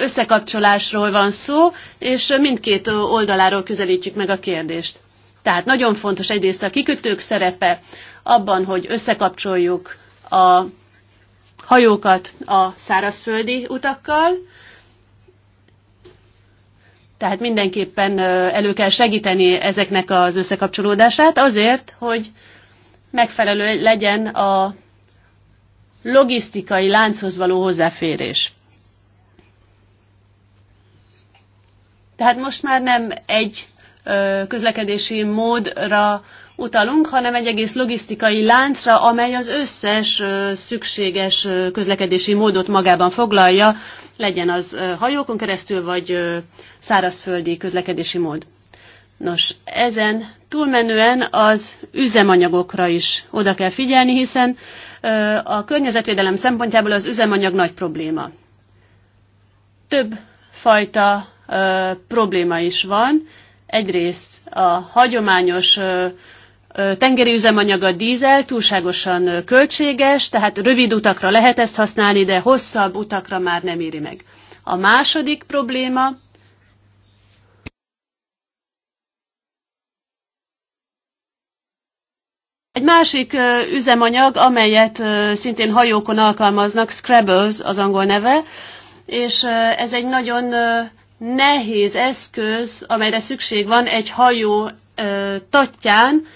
összekapcsolásról van szó, és mindkét oldaláról közelítjük meg a kérdést. Tehát nagyon fontos egyrészt a kikötők szerepe abban, hogy összekapcsoljuk a hajókat a szárazföldi utakkal, tehát mindenképpen elő kell segíteni ezeknek az összekapcsolódását azért, hogy megfelelő legyen a logisztikai lánchoz való hozzáférés. Tehát most már nem egy közlekedési módra utalunk, hanem egy egész logisztikai láncra, amely az összes szükséges közlekedési módot magában foglalja, legyen az hajókon keresztül, vagy szárazföldi közlekedési mód. Nos, ezen túlmenően az üzemanyagokra is oda kell figyelni, hiszen a környezetvédelem szempontjából az üzemanyag nagy probléma. Több fajta probléma is van. Egyrészt a hagyományos tengeri üzemanyag a dízel túlságosan költséges, tehát rövid utakra lehet ezt használni, de hosszabb utakra már nem éri meg. A második probléma, Egy másik üzemanyag, amelyet szintén hajókon alkalmaznak, Scrabbles az angol neve, és ez egy nagyon nehéz eszköz, amelyre szükség van egy hajó tatján,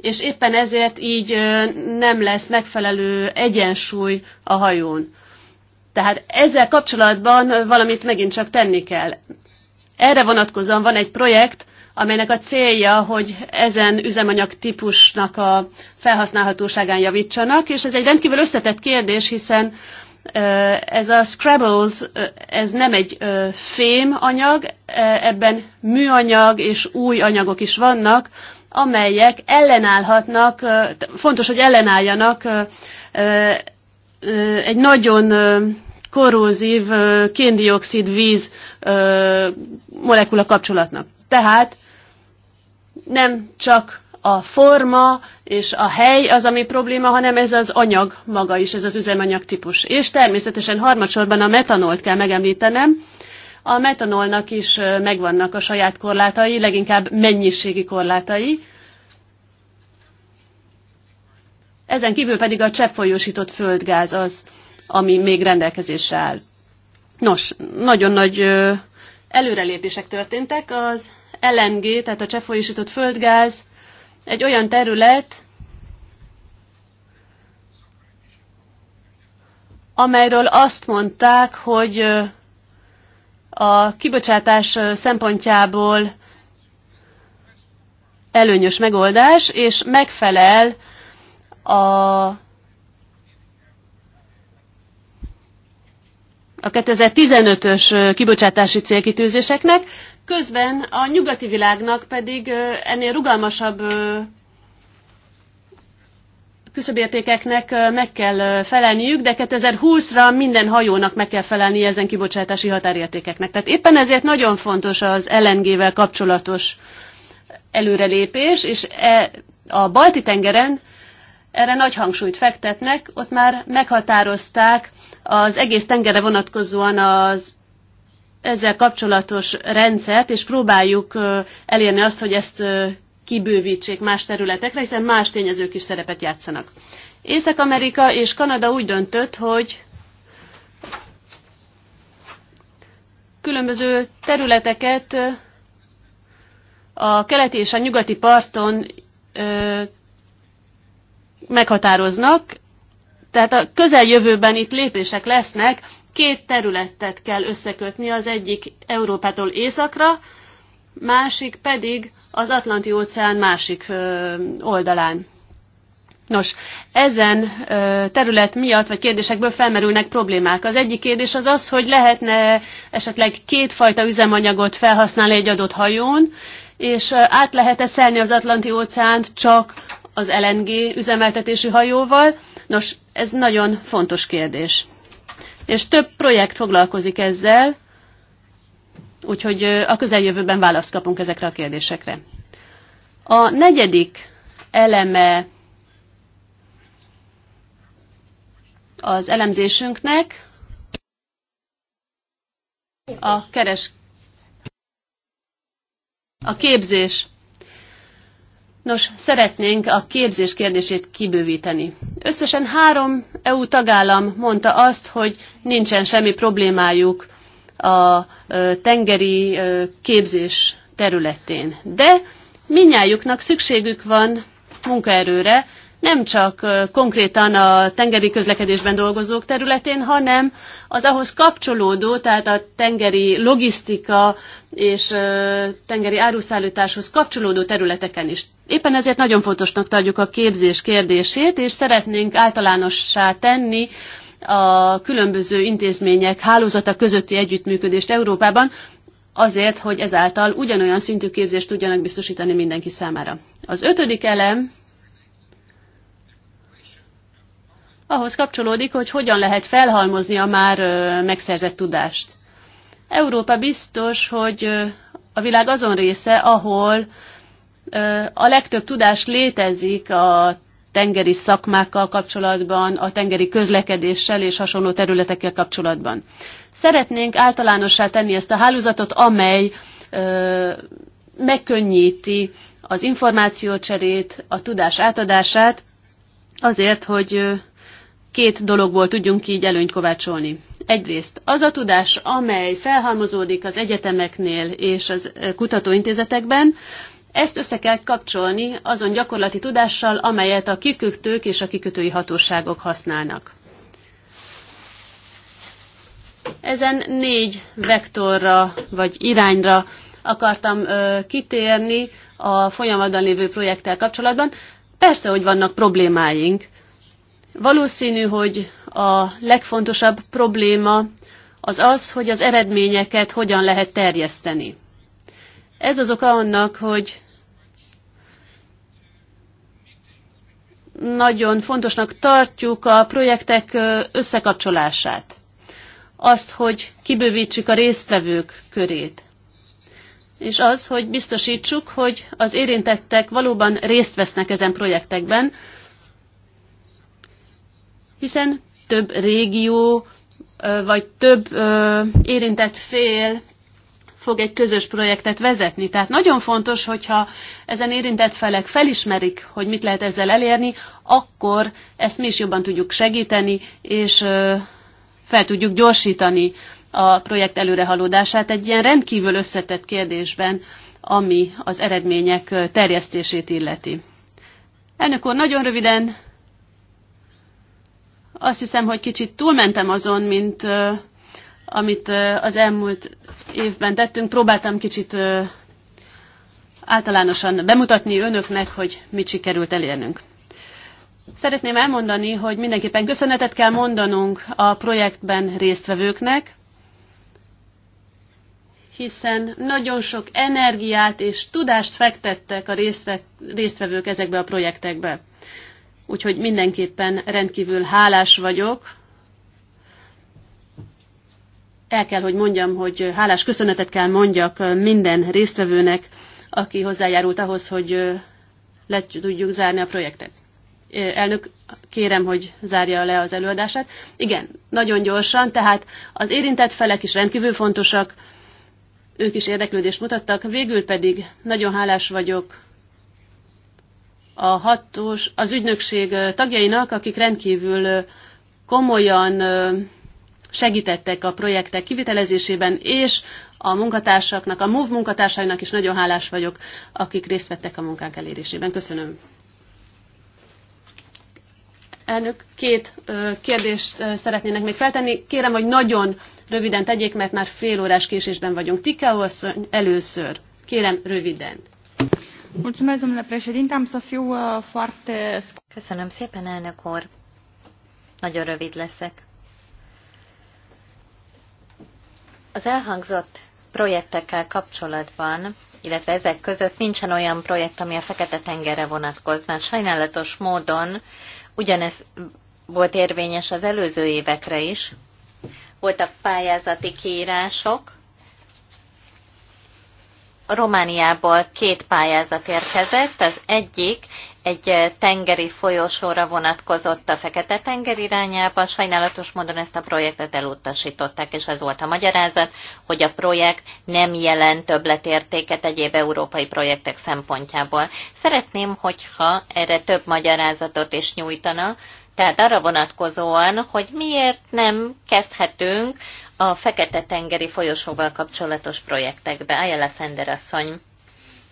és éppen ezért így nem lesz megfelelő egyensúly a hajón. Tehát ezzel kapcsolatban valamit megint csak tenni kell. Erre vonatkozóan van egy projekt, amelynek a célja, hogy ezen üzemanyag típusnak a felhasználhatóságán javítsanak, és ez egy rendkívül összetett kérdés, hiszen ez a Scrabbles, ez nem egy fém anyag, ebben műanyag és új anyagok is vannak, amelyek ellenállhatnak, fontos, hogy ellenálljanak egy nagyon korrózív kéndioxid víz molekula kapcsolatnak. Tehát nem csak a forma és a hely az, ami probléma, hanem ez az anyag maga is, ez az üzemanyag típus. És természetesen harmadsorban a metanolt kell megemlítenem, a metanolnak is megvannak a saját korlátai, leginkább mennyiségi korlátai. Ezen kívül pedig a cseppfolyósított földgáz az, ami még rendelkezésre áll. Nos, nagyon nagy előrelépések történtek. Az LNG, tehát a cseppfolyósított földgáz egy olyan terület, amelyről azt mondták, hogy a kibocsátás szempontjából előnyös megoldás, és megfelel a a 2015-ös kibocsátási célkitűzéseknek, közben a nyugati világnak pedig ennél rugalmasabb küszöbértékeknek meg kell felelniük, de 2020-ra minden hajónak meg kell felelni ezen kibocsátási határértékeknek. Tehát éppen ezért nagyon fontos az LNG-vel kapcsolatos előrelépés, és e, a Balti-tengeren erre nagy hangsúlyt fektetnek, ott már meghatározták az egész tengerre vonatkozóan az ezzel kapcsolatos rendszert, és próbáljuk elérni azt, hogy ezt kibővítsék más területekre, hiszen más tényezők is szerepet játszanak. Észak-Amerika és Kanada úgy döntött, hogy különböző területeket a keleti és a nyugati parton ö, meghatároznak, tehát a közeljövőben itt lépések lesznek, két területet kell összekötni, az egyik Európától északra, másik pedig az Atlanti-óceán másik oldalán. Nos, ezen terület miatt, vagy kérdésekből felmerülnek problémák. Az egyik kérdés az az, hogy lehetne esetleg kétfajta üzemanyagot felhasználni egy adott hajón, és át lehet-e szelni az Atlanti-óceánt csak az LNG üzemeltetésű hajóval? Nos, ez nagyon fontos kérdés. És több projekt foglalkozik ezzel, Úgyhogy a közeljövőben választ kapunk ezekre a kérdésekre. A negyedik eleme az elemzésünknek a keres a képzés. Nos, szeretnénk a képzés kérdését kibővíteni. Összesen három EU tagállam mondta azt, hogy nincsen semmi problémájuk a tengeri képzés területén. De minnyájuknak szükségük van munkaerőre, nem csak konkrétan a tengeri közlekedésben dolgozók területén, hanem az ahhoz kapcsolódó, tehát a tengeri logisztika és tengeri áruszállításhoz kapcsolódó területeken is. Éppen ezért nagyon fontosnak tartjuk a képzés kérdését, és szeretnénk általánossá tenni a különböző intézmények hálózata közötti együttműködést Európában, azért, hogy ezáltal ugyanolyan szintű képzést tudjanak biztosítani mindenki számára. Az ötödik elem ahhoz kapcsolódik, hogy hogyan lehet felhalmozni a már megszerzett tudást. Európa biztos, hogy a világ azon része, ahol a legtöbb tudás létezik a tengeri szakmákkal kapcsolatban, a tengeri közlekedéssel és hasonló területekkel kapcsolatban. Szeretnénk általánossá tenni ezt a hálózatot, amely ö, megkönnyíti az információcserét, a tudás átadását, azért, hogy két dologból tudjunk így előnyt kovácsolni. Egyrészt az a tudás, amely felhalmozódik az egyetemeknél és az kutatóintézetekben, ezt össze kell kapcsolni azon gyakorlati tudással, amelyet a kikötők és a kikötői hatóságok használnak. Ezen négy vektorra vagy irányra akartam ö, kitérni a folyamatban lévő projekttel kapcsolatban. Persze, hogy vannak problémáink. Valószínű, hogy a legfontosabb probléma az az, hogy az eredményeket hogyan lehet terjeszteni. Ez az oka annak, hogy nagyon fontosnak tartjuk a projektek összekapcsolását. Azt, hogy kibővítsük a résztvevők körét. És az, hogy biztosítsuk, hogy az érintettek valóban részt vesznek ezen projektekben, hiszen több régió vagy több érintett fél fog egy közös projektet vezetni. Tehát nagyon fontos, hogyha ezen érintett felek felismerik, hogy mit lehet ezzel elérni, akkor ezt mi is jobban tudjuk segíteni, és fel tudjuk gyorsítani a projekt előrehaladását egy ilyen rendkívül összetett kérdésben, ami az eredmények terjesztését illeti. Elnök úr, nagyon röviden, azt hiszem, hogy kicsit túlmentem azon, mint amit az elmúlt évben tettünk. Próbáltam kicsit általánosan bemutatni önöknek, hogy mit sikerült elérnünk. Szeretném elmondani, hogy mindenképpen köszönetet kell mondanunk a projektben résztvevőknek, hiszen nagyon sok energiát és tudást fektettek a résztvevők ezekbe a projektekbe. Úgyhogy mindenképpen rendkívül hálás vagyok el kell, hogy mondjam, hogy hálás köszönetet kell mondjak minden résztvevőnek, aki hozzájárult ahhoz, hogy le tudjuk zárni a projektet. Elnök, kérem, hogy zárja le az előadását. Igen, nagyon gyorsan, tehát az érintett felek is rendkívül fontosak, ők is érdeklődést mutattak, végül pedig nagyon hálás vagyok a hatós, az ügynökség tagjainak, akik rendkívül komolyan segítettek a projektek kivitelezésében, és a munkatársaknak, a MOV munkatársainak is nagyon hálás vagyok, akik részt vettek a munkánk elérésében. Köszönöm. Elnök, két kérdést szeretnének még feltenni. Kérem, hogy nagyon röviden tegyék, mert már fél órás késésben vagyunk. Tikeo először. Kérem, röviden. Uh, Köszönöm szépen, elnök úr. Nagyon rövid leszek. Az elhangzott projektekkel kapcsolatban, illetve ezek között nincsen olyan projekt, ami a Fekete-tengerre vonatkozna. Sajnálatos módon ugyanez volt érvényes az előző évekre is. Voltak pályázati kiírások. Romániából két pályázat érkezett, az egyik egy eh, tengeri folyosóra vonatkozott a Fekete-tenger irányába. Sajnálatos módon ezt a projektet elutasították, és ez volt a magyarázat, hogy a projekt nem jelent többletértéket egyéb európai projektek szempontjából. Szeretném, hogyha erre több magyarázatot is nyújtana, tehát arra vonatkozóan, hogy miért nem kezdhetünk a Fekete-tengeri folyosóval kapcsolatos projektekbe. a Szender asszony.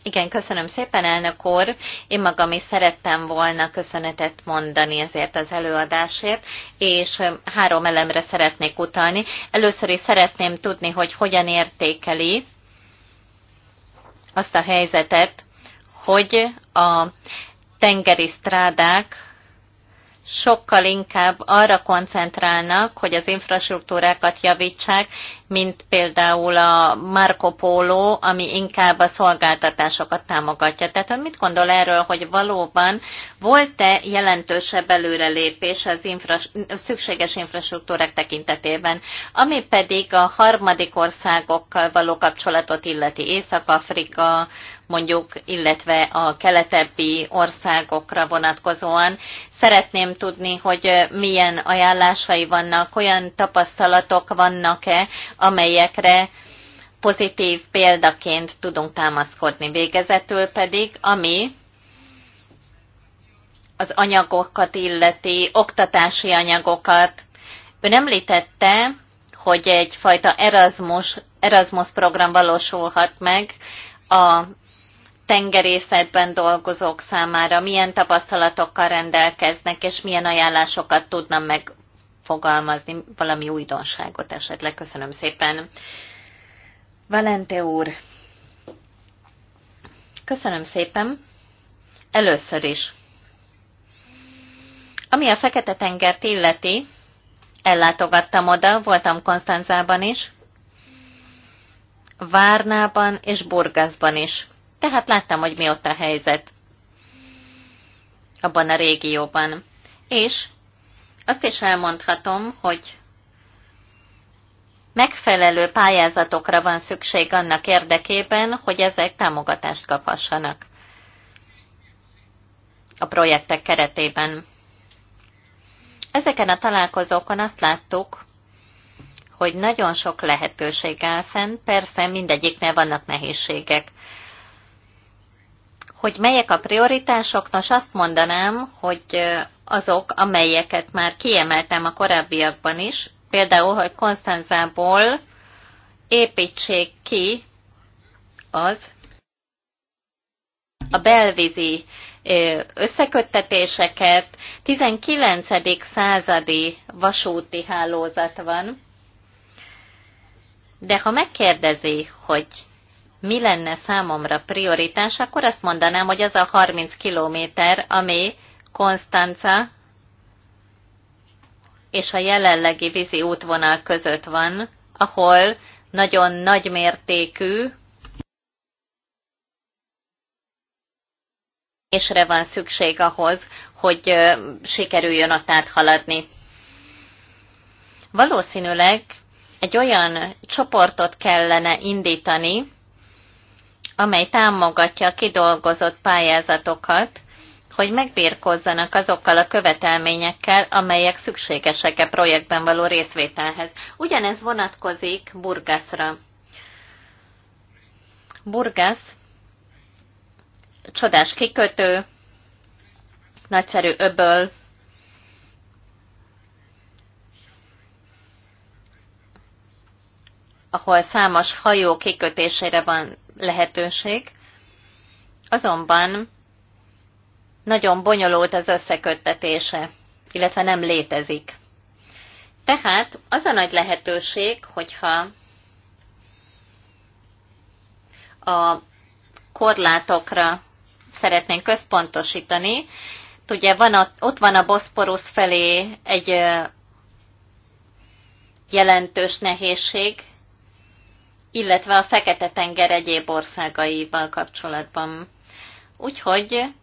Igen, köszönöm szépen, elnök úr. Én magam is szerettem volna köszönetet mondani ezért az előadásért, és három elemre szeretnék utalni. Először is szeretném tudni, hogy hogyan értékeli azt a helyzetet, hogy a tengeri strádák sokkal inkább arra koncentrálnak, hogy az infrastruktúrákat javítsák, mint például a Marco Polo, ami inkább a szolgáltatásokat támogatja. Tehát ön mit gondol erről, hogy valóban volt-e jelentősebb előrelépés az infras- szükséges infrastruktúrák tekintetében, ami pedig a harmadik országokkal való kapcsolatot illeti Észak-Afrika, mondjuk, illetve a keletebbi országokra vonatkozóan. Szeretném tudni, hogy milyen ajánlásai vannak, olyan tapasztalatok vannak-e, amelyekre pozitív példaként tudunk támaszkodni. Végezetül pedig, ami az anyagokat illeti, oktatási anyagokat. Ön említette, hogy egyfajta Erasmus, Erasmus program valósulhat meg a tengerészetben dolgozók számára milyen tapasztalatokkal rendelkeznek, és milyen ajánlásokat tudna megfogalmazni, valami újdonságot esetleg. Köszönöm szépen. Valente úr, köszönöm szépen. Először is. Ami a Fekete-tengert illeti, ellátogattam oda, voltam Konstanzában is, Várnában és Burgaszban is. Tehát láttam, hogy mi ott a helyzet abban a régióban. És azt is elmondhatom, hogy megfelelő pályázatokra van szükség annak érdekében, hogy ezek támogatást kaphassanak a projektek keretében. Ezeken a találkozókon azt láttuk, hogy nagyon sok lehetőség áll fenn, persze mindegyiknél vannak nehézségek hogy melyek a prioritások, nos azt mondanám, hogy azok, amelyeket már kiemeltem a korábbiakban is, például, hogy Konstanzából építsék ki az a belvízi összeköttetéseket, 19. századi vasúti hálózat van, de ha megkérdezi, hogy mi lenne számomra prioritás, akkor azt mondanám, hogy az a 30 kilométer, ami Konstanca és a jelenlegi vízi útvonal között van, ahol nagyon nagymértékű ésre van szükség ahhoz, hogy sikerüljön ott áthaladni. Valószínűleg egy olyan csoportot kellene indítani, amely támogatja a kidolgozott pályázatokat, hogy megbírkozzanak azokkal a követelményekkel, amelyek szükségesek a e projektben való részvételhez. Ugyanez vonatkozik Burgaszra. burgas, csodás kikötő, nagyszerű öböl, ahol számos hajó kikötésére van lehetőség, azonban nagyon bonyolult az összeköttetése, illetve nem létezik. Tehát az a nagy lehetőség, hogyha a korlátokra szeretnénk központosítani, ugye van a, ott van a Boszporusz felé egy jelentős nehézség, illetve a Fekete-tenger egyéb országaival kapcsolatban. Úgyhogy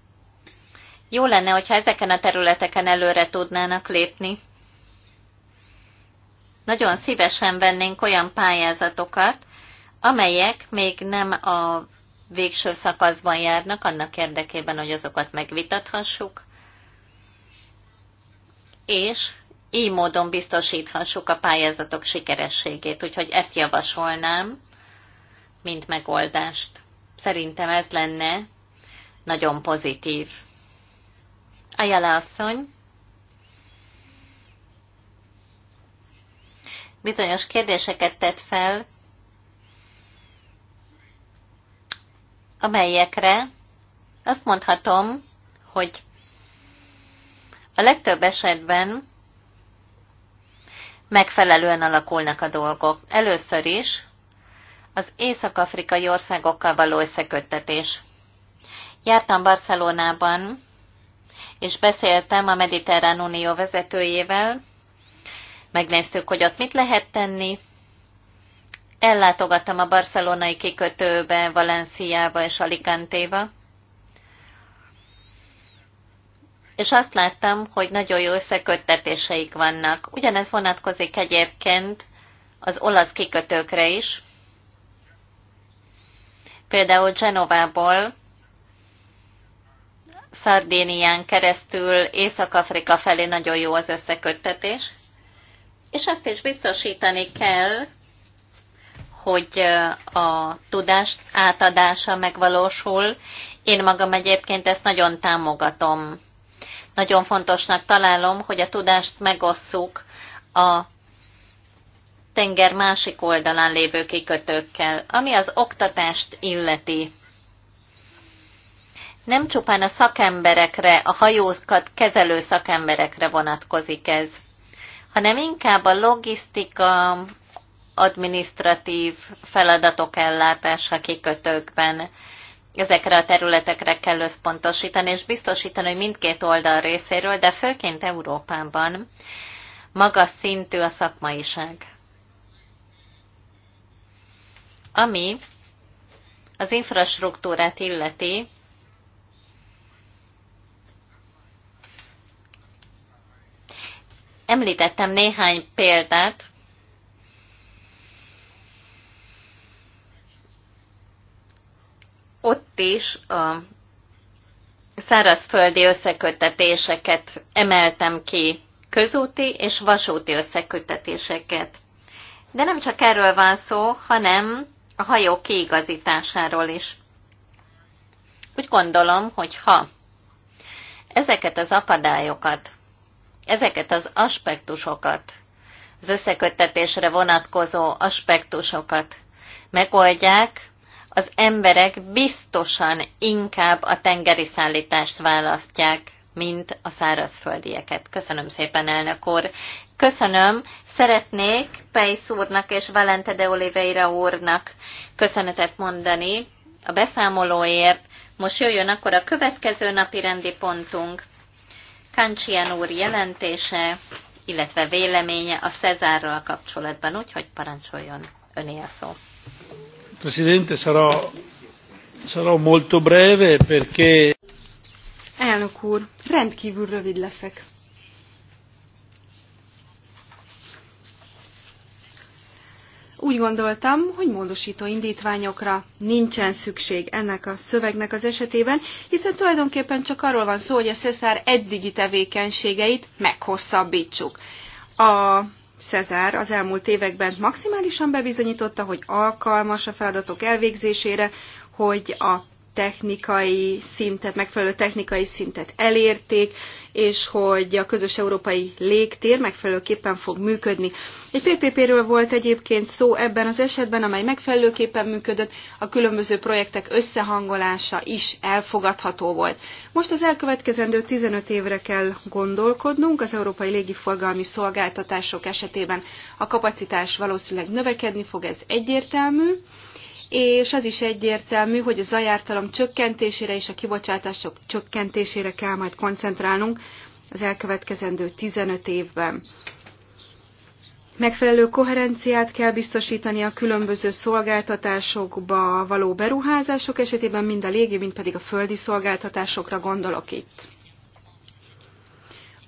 jó lenne, hogyha ezeken a területeken előre tudnának lépni. Nagyon szívesen vennénk olyan pályázatokat, amelyek még nem a végső szakaszban járnak, annak érdekében, hogy azokat megvitathassuk, és így módon biztosíthassuk a pályázatok sikerességét. Úgyhogy ezt javasolnám, mint megoldást. Szerintem ez lenne nagyon pozitív. Ajala asszony. Bizonyos kérdéseket tett fel, amelyekre azt mondhatom, hogy a legtöbb esetben megfelelően alakulnak a dolgok. Először is az észak-afrikai országokkal való összeköttetés. Jártam Barcelonában, és beszéltem a Mediterrán Unió vezetőjével, megnéztük, hogy ott mit lehet tenni. Ellátogattam a barcelonai kikötőbe, Valenciába és Alicantéba, és azt láttam, hogy nagyon jó összeköttetéseik vannak. Ugyanez vonatkozik egyébként az olasz kikötőkre is. Például Genovából Szardénián keresztül Észak-Afrika felé nagyon jó az összeköttetés, és azt is biztosítani kell, hogy a tudást átadása megvalósul. Én magam egyébként ezt nagyon támogatom nagyon fontosnak találom, hogy a tudást megosszuk a tenger másik oldalán lévő kikötőkkel, ami az oktatást illeti. Nem csupán a szakemberekre, a hajókat kezelő szakemberekre vonatkozik ez, hanem inkább a logisztika, adminisztratív feladatok ellátása kikötőkben ezekre a területekre kell összpontosítani, és biztosítani, hogy mindkét oldal részéről, de főként Európában magas szintű a szakmaiság. Ami az infrastruktúrát illeti, említettem néhány példát, ott is a szárazföldi összekötetéseket emeltem ki, közúti és vasúti összekötetéseket, De nem csak erről van szó, hanem a hajó kiigazításáról is. Úgy gondolom, hogy ha ezeket az akadályokat, ezeket az aspektusokat, az összeköttetésre vonatkozó aspektusokat megoldják, az emberek biztosan inkább a tengeri szállítást választják, mint a szárazföldieket. Köszönöm szépen, elnök úr. Köszönöm. Szeretnék Pejsz úrnak és Valente de Oliveira úrnak köszönetet mondani a beszámolóért. Most jöjjön akkor a következő napi rendi pontunk. Kancsian úr jelentése, illetve véleménye a Cezárral kapcsolatban, úgyhogy parancsoljon öné a szó. Presidente, sarò, sarò molto breve perché... Elnök úr, rendkívül rövid leszek. Úgy gondoltam, hogy módosító indítványokra nincsen szükség ennek a szövegnek az esetében, hiszen tulajdonképpen csak arról van szó, hogy a Szeszár eddigi tevékenységeit meghosszabbítsuk. A Cezár az elmúlt években maximálisan bebizonyította, hogy alkalmas a feladatok elvégzésére, hogy a technikai szintet, megfelelő technikai szintet elérték, és hogy a közös európai légtér megfelelőképpen fog működni. Egy PPP-ről volt egyébként szó ebben az esetben, amely megfelelőképpen működött, a különböző projektek összehangolása is elfogadható volt. Most az elkövetkezendő 15 évre kell gondolkodnunk az európai légiforgalmi szolgáltatások esetében. A kapacitás valószínűleg növekedni fog, ez egyértelmű és az is egyértelmű, hogy a zajártalom csökkentésére és a kibocsátások csökkentésére kell majd koncentrálnunk az elkövetkezendő 15 évben. Megfelelő koherenciát kell biztosítani a különböző szolgáltatásokba való beruházások esetében, mind a légi, mind pedig a földi szolgáltatásokra gondolok itt.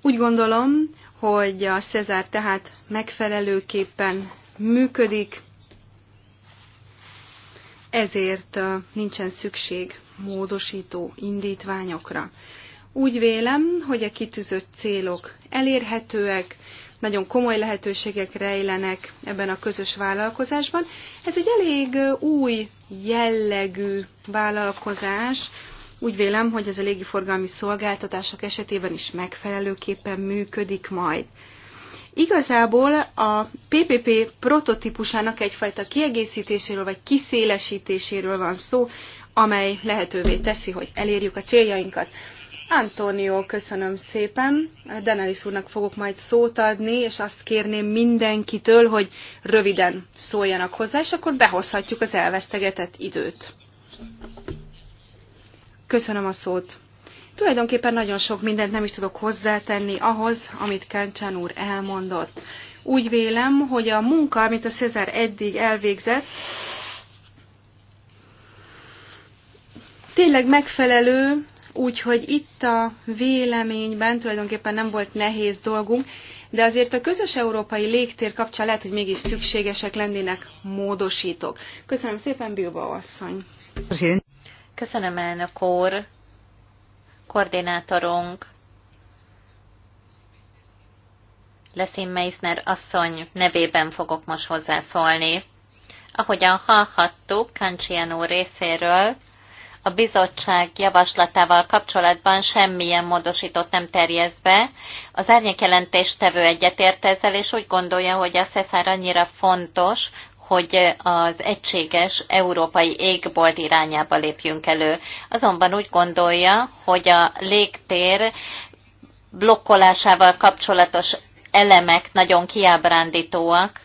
Úgy gondolom, hogy a Cezár tehát megfelelőképpen működik, ezért nincsen szükség módosító indítványokra. Úgy vélem, hogy a kitűzött célok elérhetőek, nagyon komoly lehetőségek rejlenek ebben a közös vállalkozásban. Ez egy elég új jellegű vállalkozás. Úgy vélem, hogy ez a légiforgalmi szolgáltatások esetében is megfelelőképpen működik majd. Igazából a PPP prototípusának egyfajta kiegészítéséről vagy kiszélesítéséről van szó, amely lehetővé teszi, hogy elérjük a céljainkat. Antonio, köszönöm szépen. Denelis úrnak fogok majd szót adni, és azt kérném mindenkitől, hogy röviden szóljanak hozzá, és akkor behozhatjuk az elvesztegetett időt. Köszönöm a szót. Tulajdonképpen nagyon sok mindent nem is tudok hozzátenni ahhoz, amit Kencsán úr elmondott. Úgy vélem, hogy a munka, amit a Cezár eddig elvégzett, tényleg megfelelő, úgyhogy itt a véleményben tulajdonképpen nem volt nehéz dolgunk, de azért a közös európai légtér kapcsán lehet, hogy mégis szükségesek lennének módosítók. Köszönöm szépen, Bilba asszony! Köszönöm, elnök úr! koordinátorunk Leszín Meisner asszony nevében fogok most hozzászólni. Ahogyan hallhattuk Kancsian úr részéről, a bizottság javaslatával kapcsolatban semmilyen módosítót nem terjez be. Az árnyékjelentéstevő egyetért ezzel, és úgy gondolja, hogy a Szeszár annyira fontos, hogy az egységes európai égbolt irányába lépjünk elő. Azonban úgy gondolja, hogy a légtér blokkolásával kapcsolatos elemek nagyon kiábrándítóak,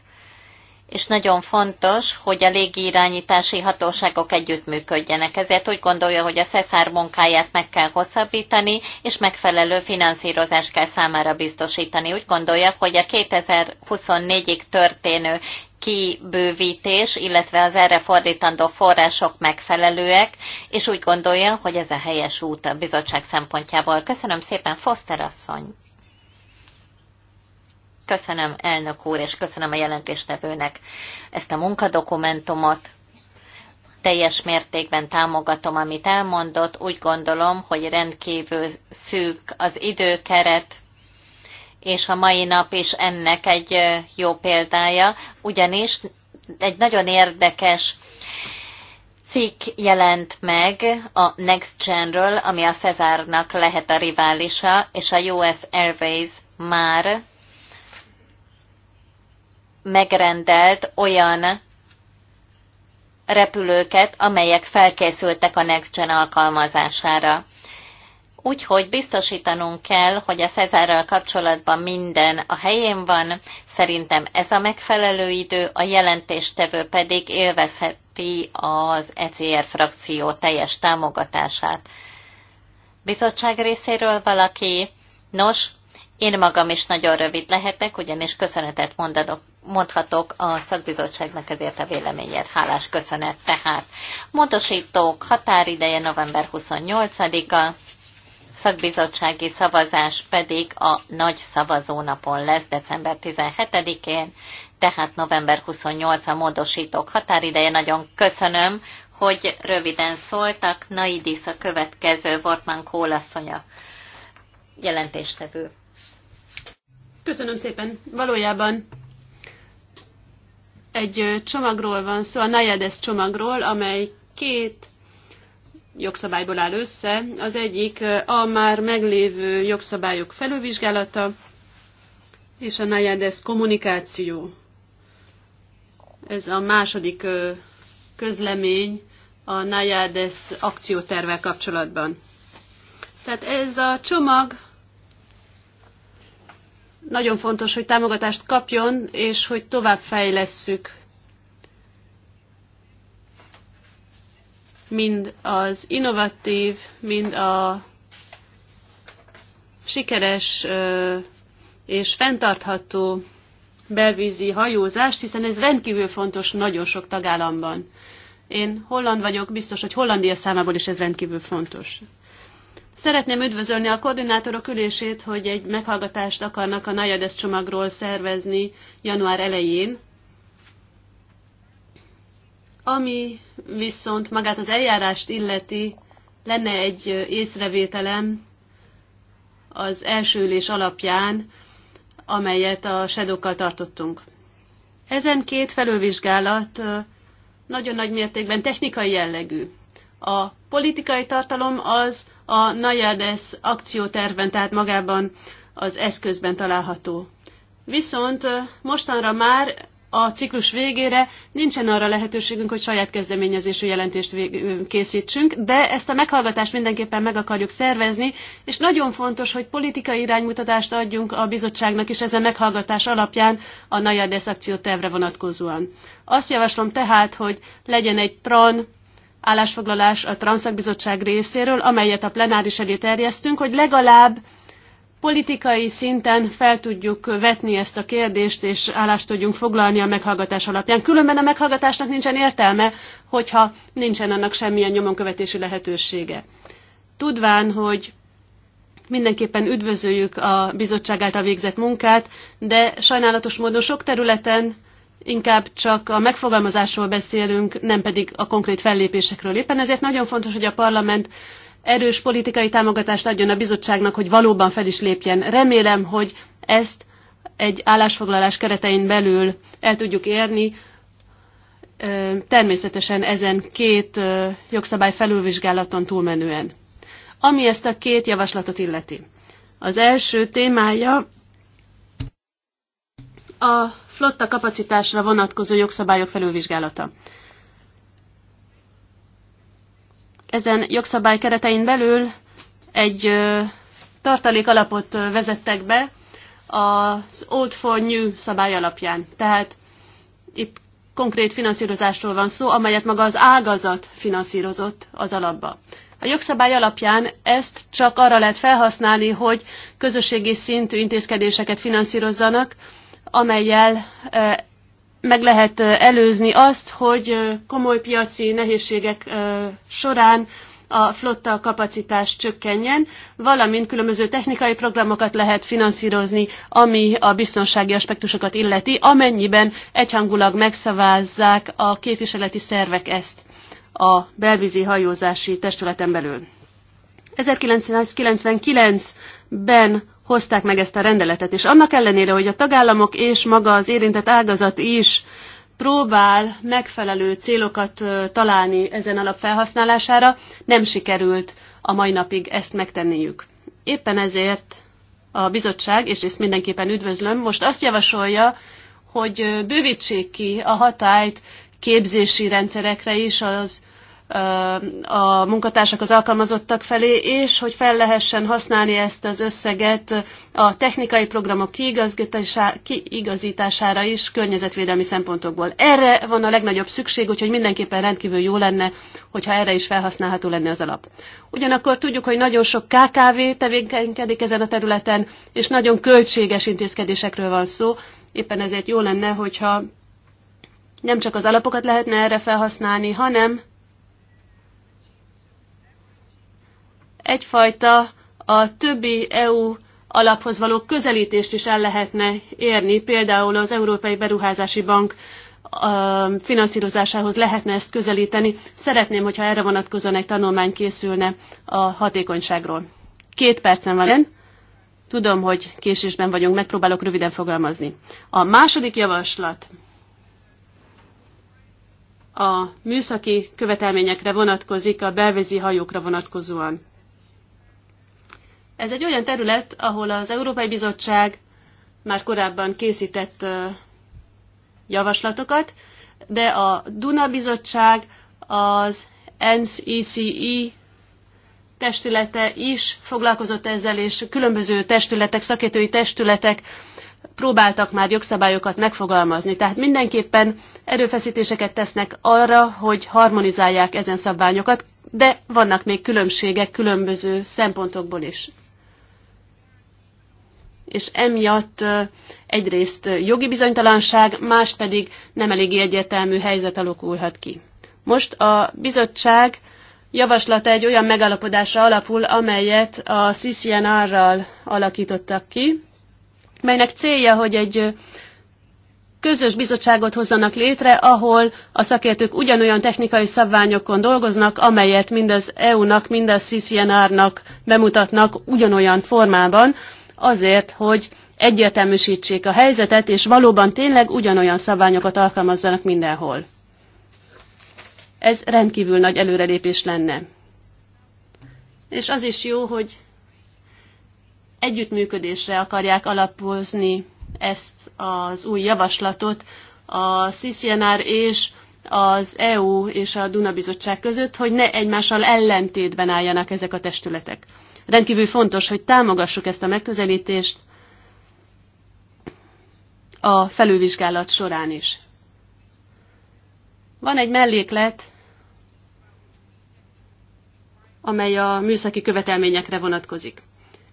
és nagyon fontos, hogy a légirányítási hatóságok együttműködjenek. Ezért úgy gondolja, hogy a SESZÁR munkáját meg kell hosszabbítani, és megfelelő finanszírozást kell számára biztosítani. Úgy gondolja, hogy a 2024-ig történő kibővítés, illetve az erre fordítandó források megfelelőek, és úgy gondolja, hogy ez a helyes út a bizottság szempontjából. Köszönöm szépen, Foster asszony! Köszönöm elnök úr, és köszönöm a jelentéstevőnek ezt a munkadokumentumot. Teljes mértékben támogatom, amit elmondott. Úgy gondolom, hogy rendkívül szűk az időkeret, és a mai nap is ennek egy jó példája, ugyanis egy nagyon érdekes cikk jelent meg a Next Genről, ami a Cezárnak lehet a riválisa, és a US Airways már megrendelt olyan repülőket, amelyek felkészültek a Next Gen alkalmazására. Úgyhogy biztosítanunk kell, hogy a Cezárral kapcsolatban minden a helyén van, szerintem ez a megfelelő idő, a jelentéstevő pedig élvezheti az ECR frakció teljes támogatását. Bizottság részéről valaki? Nos, én magam is nagyon rövid lehetek, ugyanis köszönetet mondanok, mondhatok a szakbizottságnak ezért a véleményért. Hálás köszönet tehát. Módosítók határideje november 28-a szakbizottsági szavazás pedig a nagy szavazónapon lesz december 17-én, tehát november 28 a módosítók határideje. Nagyon köszönöm, hogy röviden szóltak. Naidis a következő, Wortmann Kólaszonya jelentéstevő. Köszönöm szépen. Valójában egy csomagról van szó, a Nayades csomagról, amely két jogszabályból áll össze. Az egyik a már meglévő jogszabályok felülvizsgálata, és a NAJADESZ kommunikáció. Ez a második közlemény a NAJADESZ akciótervel kapcsolatban. Tehát ez a csomag nagyon fontos, hogy támogatást kapjon, és hogy tovább fejlesszük mind az innovatív, mind a sikeres és fenntartható belvízi hajózást, hiszen ez rendkívül fontos nagyon sok tagállamban. Én holland vagyok, biztos, hogy Hollandia számából is ez rendkívül fontos. Szeretném üdvözölni a koordinátorok ülését, hogy egy meghallgatást akarnak a Najades csomagról szervezni január elején, ami viszont magát az eljárást illeti, lenne egy észrevételem az első ülés alapján, amelyet a sedokkal tartottunk. Ezen két felülvizsgálat nagyon nagy mértékben technikai jellegű. A politikai tartalom az a Nayades akcióterven, tehát magában az eszközben található. Viszont mostanra már a ciklus végére nincsen arra lehetőségünk, hogy saját kezdeményezésű jelentést készítsünk, de ezt a meghallgatást mindenképpen meg akarjuk szervezni, és nagyon fontos, hogy politikai iránymutatást adjunk a bizottságnak is ezen meghallgatás alapján a akció tervre vonatkozóan. Azt javaslom tehát, hogy legyen egy TRAN állásfoglalás a Transzakbizottság részéről, amelyet a plenáris elé terjesztünk, hogy legalább politikai szinten fel tudjuk vetni ezt a kérdést, és állást tudjunk foglalni a meghallgatás alapján. Különben a meghallgatásnak nincsen értelme, hogyha nincsen annak semmilyen nyomonkövetési lehetősége. Tudván, hogy mindenképpen üdvözöljük a bizottság által végzett munkát, de sajnálatos módon sok területen inkább csak a megfogalmazásról beszélünk, nem pedig a konkrét fellépésekről. Éppen ezért nagyon fontos, hogy a parlament erős politikai támogatást adjon a bizottságnak, hogy valóban fel is lépjen. Remélem, hogy ezt egy állásfoglalás keretein belül el tudjuk érni. Természetesen ezen két jogszabály felülvizsgálaton túlmenően. Ami ezt a két javaslatot illeti. Az első témája a flotta kapacitásra vonatkozó jogszabályok felülvizsgálata. ezen jogszabály keretein belül egy tartalék alapot vezettek be az Old for New szabály alapján. Tehát itt konkrét finanszírozásról van szó, amelyet maga az ágazat finanszírozott az alapba. A jogszabály alapján ezt csak arra lehet felhasználni, hogy közösségi szintű intézkedéseket finanszírozzanak, amelyel meg lehet előzni azt, hogy komoly piaci nehézségek során a flotta kapacitás csökkenjen, valamint különböző technikai programokat lehet finanszírozni, ami a biztonsági aspektusokat illeti, amennyiben egyhangulag megszavázzák a képviseleti szervek ezt a belvízi hajózási testületen belül. 1999-ben hozták meg ezt a rendeletet. És annak ellenére, hogy a tagállamok és maga az érintett ágazat is próbál megfelelő célokat találni ezen alap felhasználására, nem sikerült a mai napig ezt megtenniük. Éppen ezért a bizottság, és ezt mindenképpen üdvözlöm, most azt javasolja, hogy bővítsék ki a hatályt képzési rendszerekre is az a munkatársak az alkalmazottak felé, és hogy fel lehessen használni ezt az összeget a technikai programok kiigazítására is környezetvédelmi szempontokból. Erre van a legnagyobb szükség, úgyhogy mindenképpen rendkívül jó lenne, hogyha erre is felhasználható lenne az alap. Ugyanakkor tudjuk, hogy nagyon sok KKV tevékenykedik ezen a területen, és nagyon költséges intézkedésekről van szó, éppen ezért jó lenne, hogyha nem csak az alapokat lehetne erre felhasználni, hanem egyfajta a többi EU alaphoz való közelítést is el lehetne érni, például az Európai Beruházási Bank finanszírozásához lehetne ezt közelíteni. Szeretném, hogyha erre vonatkozóan egy tanulmány készülne a hatékonyságról. Két percen van. Tudom, hogy késésben vagyunk, megpróbálok röviden fogalmazni. A második javaslat a műszaki követelményekre vonatkozik, a belvezi hajókra vonatkozóan. Ez egy olyan terület, ahol az Európai Bizottság már korábban készített javaslatokat, de a Duna Bizottság, az NCCE testülete is foglalkozott ezzel, és különböző testületek, szakértői testületek próbáltak már jogszabályokat megfogalmazni. Tehát mindenképpen erőfeszítéseket tesznek arra, hogy harmonizálják ezen szabványokat, de vannak még különbségek különböző szempontokból is és emiatt egyrészt jogi bizonytalanság, más pedig nem eléggé egyértelmű helyzet alakulhat ki. Most a bizottság javaslata egy olyan megállapodásra alapul, amelyet a CCNR-ral alakítottak ki, melynek célja, hogy egy közös bizottságot hozzanak létre, ahol a szakértők ugyanolyan technikai szabványokon dolgoznak, amelyet mind az EU-nak, mind a CCNR-nak bemutatnak ugyanolyan formában, azért, hogy egyértelműsítsék a helyzetet, és valóban tényleg ugyanolyan szabványokat alkalmazzanak mindenhol. Ez rendkívül nagy előrelépés lenne. És az is jó, hogy együttműködésre akarják alapozni ezt az új javaslatot a CCNR és az EU és a Duna Bizottság között, hogy ne egymással ellentétben álljanak ezek a testületek. Rendkívül fontos, hogy támogassuk ezt a megközelítést a felülvizsgálat során is. Van egy melléklet, amely a műszaki követelményekre vonatkozik.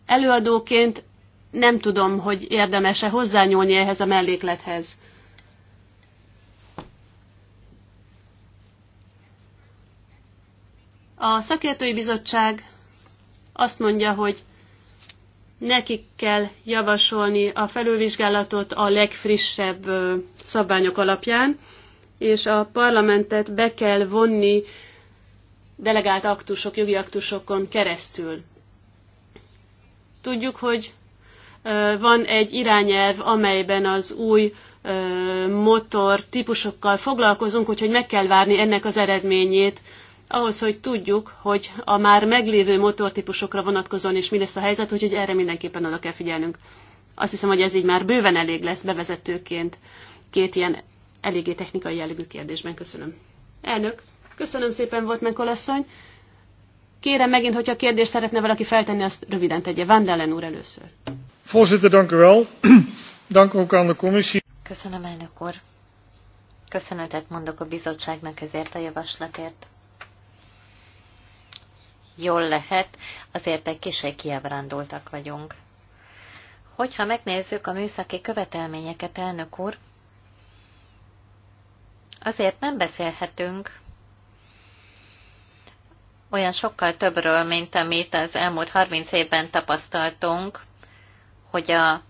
Előadóként nem tudom, hogy érdemese hozzányúlni ehhez a melléklethez. A szakértői bizottság azt mondja, hogy nekik kell javasolni a felülvizsgálatot a legfrissebb szabványok alapján, és a parlamentet be kell vonni delegált aktusok, jogi aktusokon keresztül. Tudjuk, hogy van egy irányelv, amelyben az új motor típusokkal foglalkozunk, úgyhogy meg kell várni ennek az eredményét ahhoz, hogy tudjuk, hogy a már meglévő motortípusokra vonatkozóan is mi lesz a helyzet, úgyhogy erre mindenképpen oda kell figyelnünk. Azt hiszem, hogy ez így már bőven elég lesz bevezetőként két ilyen eléggé technikai jellegű kérdésben. Köszönöm. Elnök, köszönöm szépen, volt megkolasszony. Kérem megint, hogyha kérdést szeretne valaki feltenni, azt röviden tegye. Van Dellen úr először. Voorzitter, dank u wel. Dank ook aan de commissie. Köszönöm, elnök úr. Köszönetet mondok a bizottságnak ezért a javaslatért jól lehet, azért egy kicsit kiábrándultak vagyunk. Hogyha megnézzük a műszaki követelményeket, elnök úr, azért nem beszélhetünk olyan sokkal többről, mint amit az elmúlt 30 évben tapasztaltunk, hogy a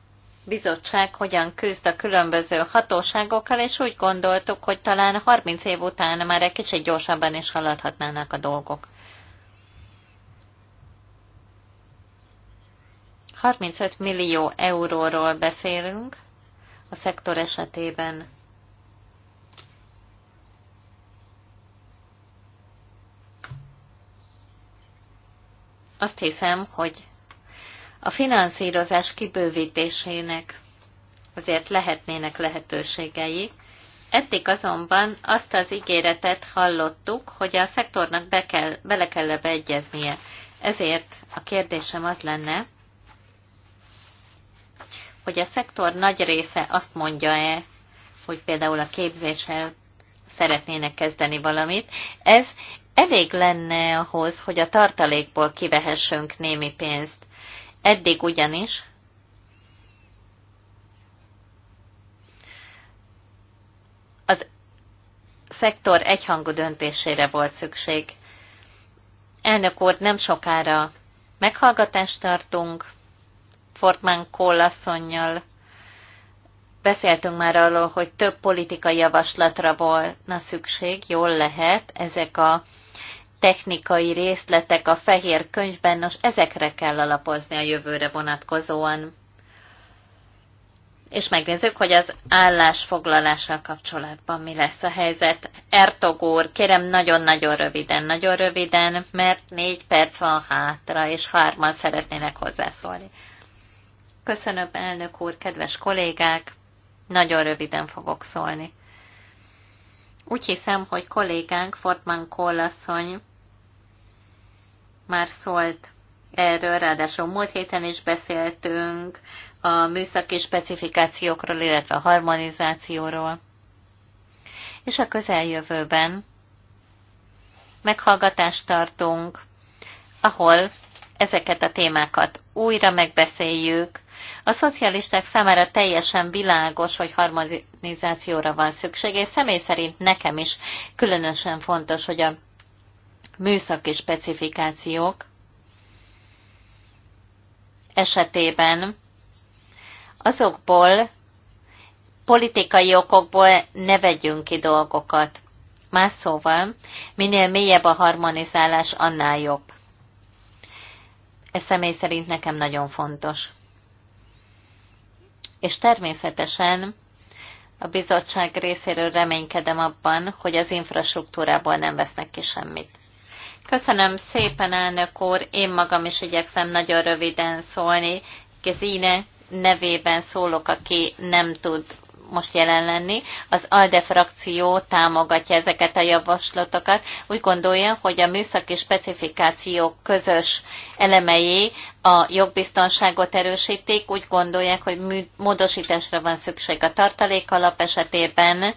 bizottság hogyan küzd a különböző hatóságokkal, és úgy gondoltuk, hogy talán 30 év után már egy kicsit gyorsabban is haladhatnának a dolgok. 35 millió euróról beszélünk a szektor esetében. Azt hiszem, hogy a finanszírozás kibővítésének azért lehetnének lehetőségei. Eddig azonban azt az ígéretet hallottuk, hogy a szektornak be kell, bele kell -e beegyeznie. Ezért a kérdésem az lenne, hogy a szektor nagy része azt mondja-e, hogy például a képzéssel szeretnének kezdeni valamit. Ez elég lenne ahhoz, hogy a tartalékból kivehessünk némi pénzt. Eddig ugyanis az szektor egyhangú döntésére volt szükség. Elnök úr, nem sokára meghallgatást tartunk, Fortman Kollasszonynal beszéltünk már arról, hogy több politikai javaslatra volna szükség, jól lehet, ezek a technikai részletek a fehér könyvben, nos ezekre kell alapozni a jövőre vonatkozóan. És megnézzük, hogy az állásfoglalással kapcsolatban mi lesz a helyzet. Ertog úr, kérem nagyon-nagyon röviden, nagyon röviden, mert négy perc van hátra, és hárman szeretnének hozzászólni. Köszönöm, elnök úr, kedves kollégák! Nagyon röviden fogok szólni. Úgy hiszem, hogy kollégánk Fortman Kollasszony már szólt erről, ráadásul múlt héten is beszéltünk a műszaki specifikációkról, illetve a harmonizációról. És a közeljövőben meghallgatást tartunk, ahol ezeket a témákat újra megbeszéljük, a szocialisták számára teljesen világos, hogy harmonizációra van szükség, és személy szerint nekem is különösen fontos, hogy a műszaki specifikációk esetében azokból politikai okokból ne vegyünk ki dolgokat. Más szóval, minél mélyebb a harmonizálás, annál jobb. Ez személy szerint nekem nagyon fontos. És természetesen a bizottság részéről reménykedem abban, hogy az infrastruktúrából nem vesznek ki semmit. Köszönöm szépen, elnök úr. Én magam is igyekszem nagyon röviden szólni. Kezine nevében szólok, aki nem tud most jelen lenni. Az ALDE frakció támogatja ezeket a javaslatokat. Úgy gondolja, hogy a műszaki specifikációk közös elemei a jogbiztonságot erősítik. Úgy gondolják, hogy módosításra van szükség a alap esetében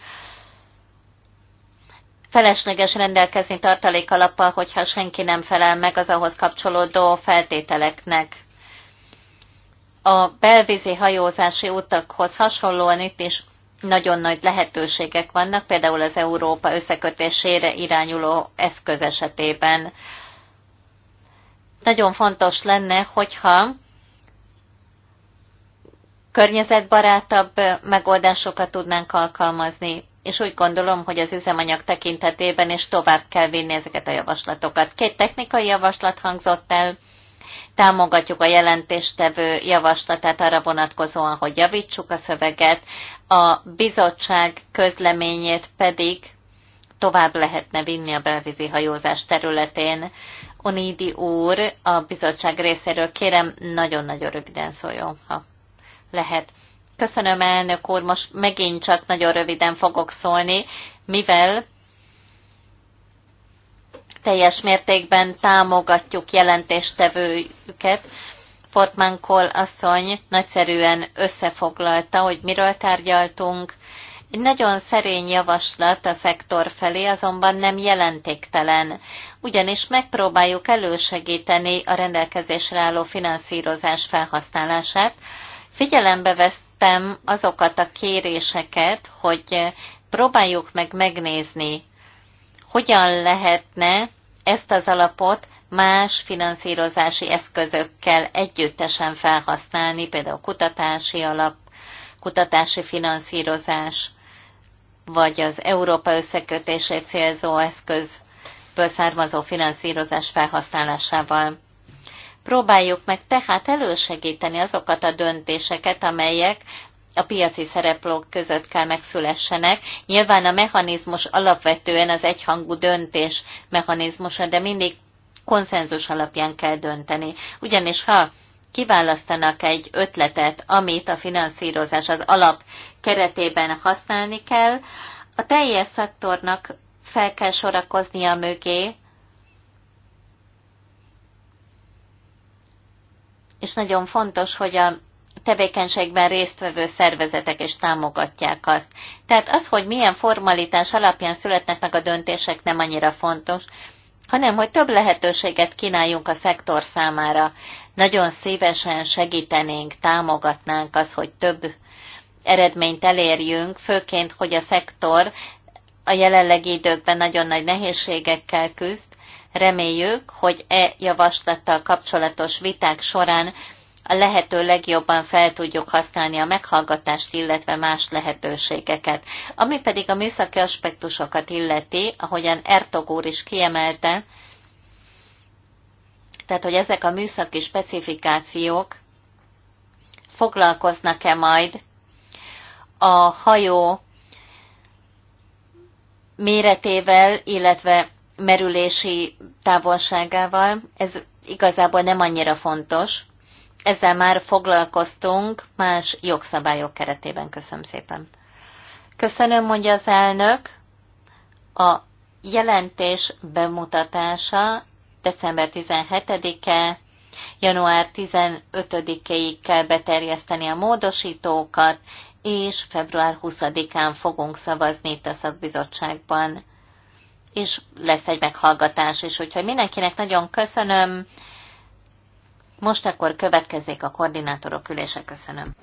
felesleges rendelkezni alappal, hogyha senki nem felel meg az ahhoz kapcsolódó feltételeknek a belvízi hajózási utakhoz hasonlóan itt is nagyon nagy lehetőségek vannak, például az Európa összekötésére irányuló eszköz esetében. Nagyon fontos lenne, hogyha környezetbarátabb megoldásokat tudnánk alkalmazni, és úgy gondolom, hogy az üzemanyag tekintetében is tovább kell vinni ezeket a javaslatokat. Két technikai javaslat hangzott el, támogatjuk a jelentéstevő javaslatát arra vonatkozóan, hogy javítsuk a szöveget, a bizottság közleményét pedig tovább lehetne vinni a belvízi hajózás területén. Onidi úr, a bizottság részéről kérem, nagyon-nagyon röviden szóljon, ha lehet. Köszönöm, elnök úr, most megint csak nagyon röviden fogok szólni, mivel teljes mértékben támogatjuk jelentéstevőjüket. Fortman Kohl asszony nagyszerűen összefoglalta, hogy miről tárgyaltunk. Egy nagyon szerény javaslat a szektor felé azonban nem jelentéktelen, ugyanis megpróbáljuk elősegíteni a rendelkezésre álló finanszírozás felhasználását. Figyelembe vesztem azokat a kéréseket, hogy próbáljuk meg megnézni hogyan lehetne ezt az alapot más finanszírozási eszközökkel együttesen felhasználni, például kutatási alap, kutatási finanszírozás, vagy az Európa összekötését célzó eszközből származó finanszírozás felhasználásával. Próbáljuk meg tehát elősegíteni azokat a döntéseket, amelyek a piaci szereplők között kell megszülessenek. Nyilván a mechanizmus alapvetően az egyhangú döntés mechanizmusa, de mindig konszenzus alapján kell dönteni. Ugyanis ha kiválasztanak egy ötletet, amit a finanszírozás az alap keretében használni kell, a teljes szektornak fel kell sorakoznia mögé, és nagyon fontos, hogy a tevékenységben résztvevő szervezetek is támogatják azt. Tehát az, hogy milyen formalitás alapján születnek meg a döntések nem annyira fontos, hanem hogy több lehetőséget kínáljunk a szektor számára. Nagyon szívesen segítenénk, támogatnánk az, hogy több eredményt elérjünk, főként, hogy a szektor a jelenlegi időkben nagyon nagy nehézségekkel küzd. Reméljük, hogy e javaslattal kapcsolatos viták során a lehető legjobban fel tudjuk használni a meghallgatást, illetve más lehetőségeket. Ami pedig a műszaki aspektusokat illeti, ahogyan Ertog úr is kiemelte, tehát hogy ezek a műszaki specifikációk foglalkoznak-e majd a hajó méretével, illetve merülési távolságával, ez igazából nem annyira fontos, ezzel már foglalkoztunk más jogszabályok keretében. Köszönöm szépen. Köszönöm, mondja az elnök. A jelentés bemutatása december 17-e, január 15 éig kell beterjeszteni a módosítókat, és február 20-án fogunk szavazni itt a szakbizottságban. És lesz egy meghallgatás is, úgyhogy mindenkinek nagyon köszönöm. Most akkor következzék a koordinátorok ülése. Köszönöm.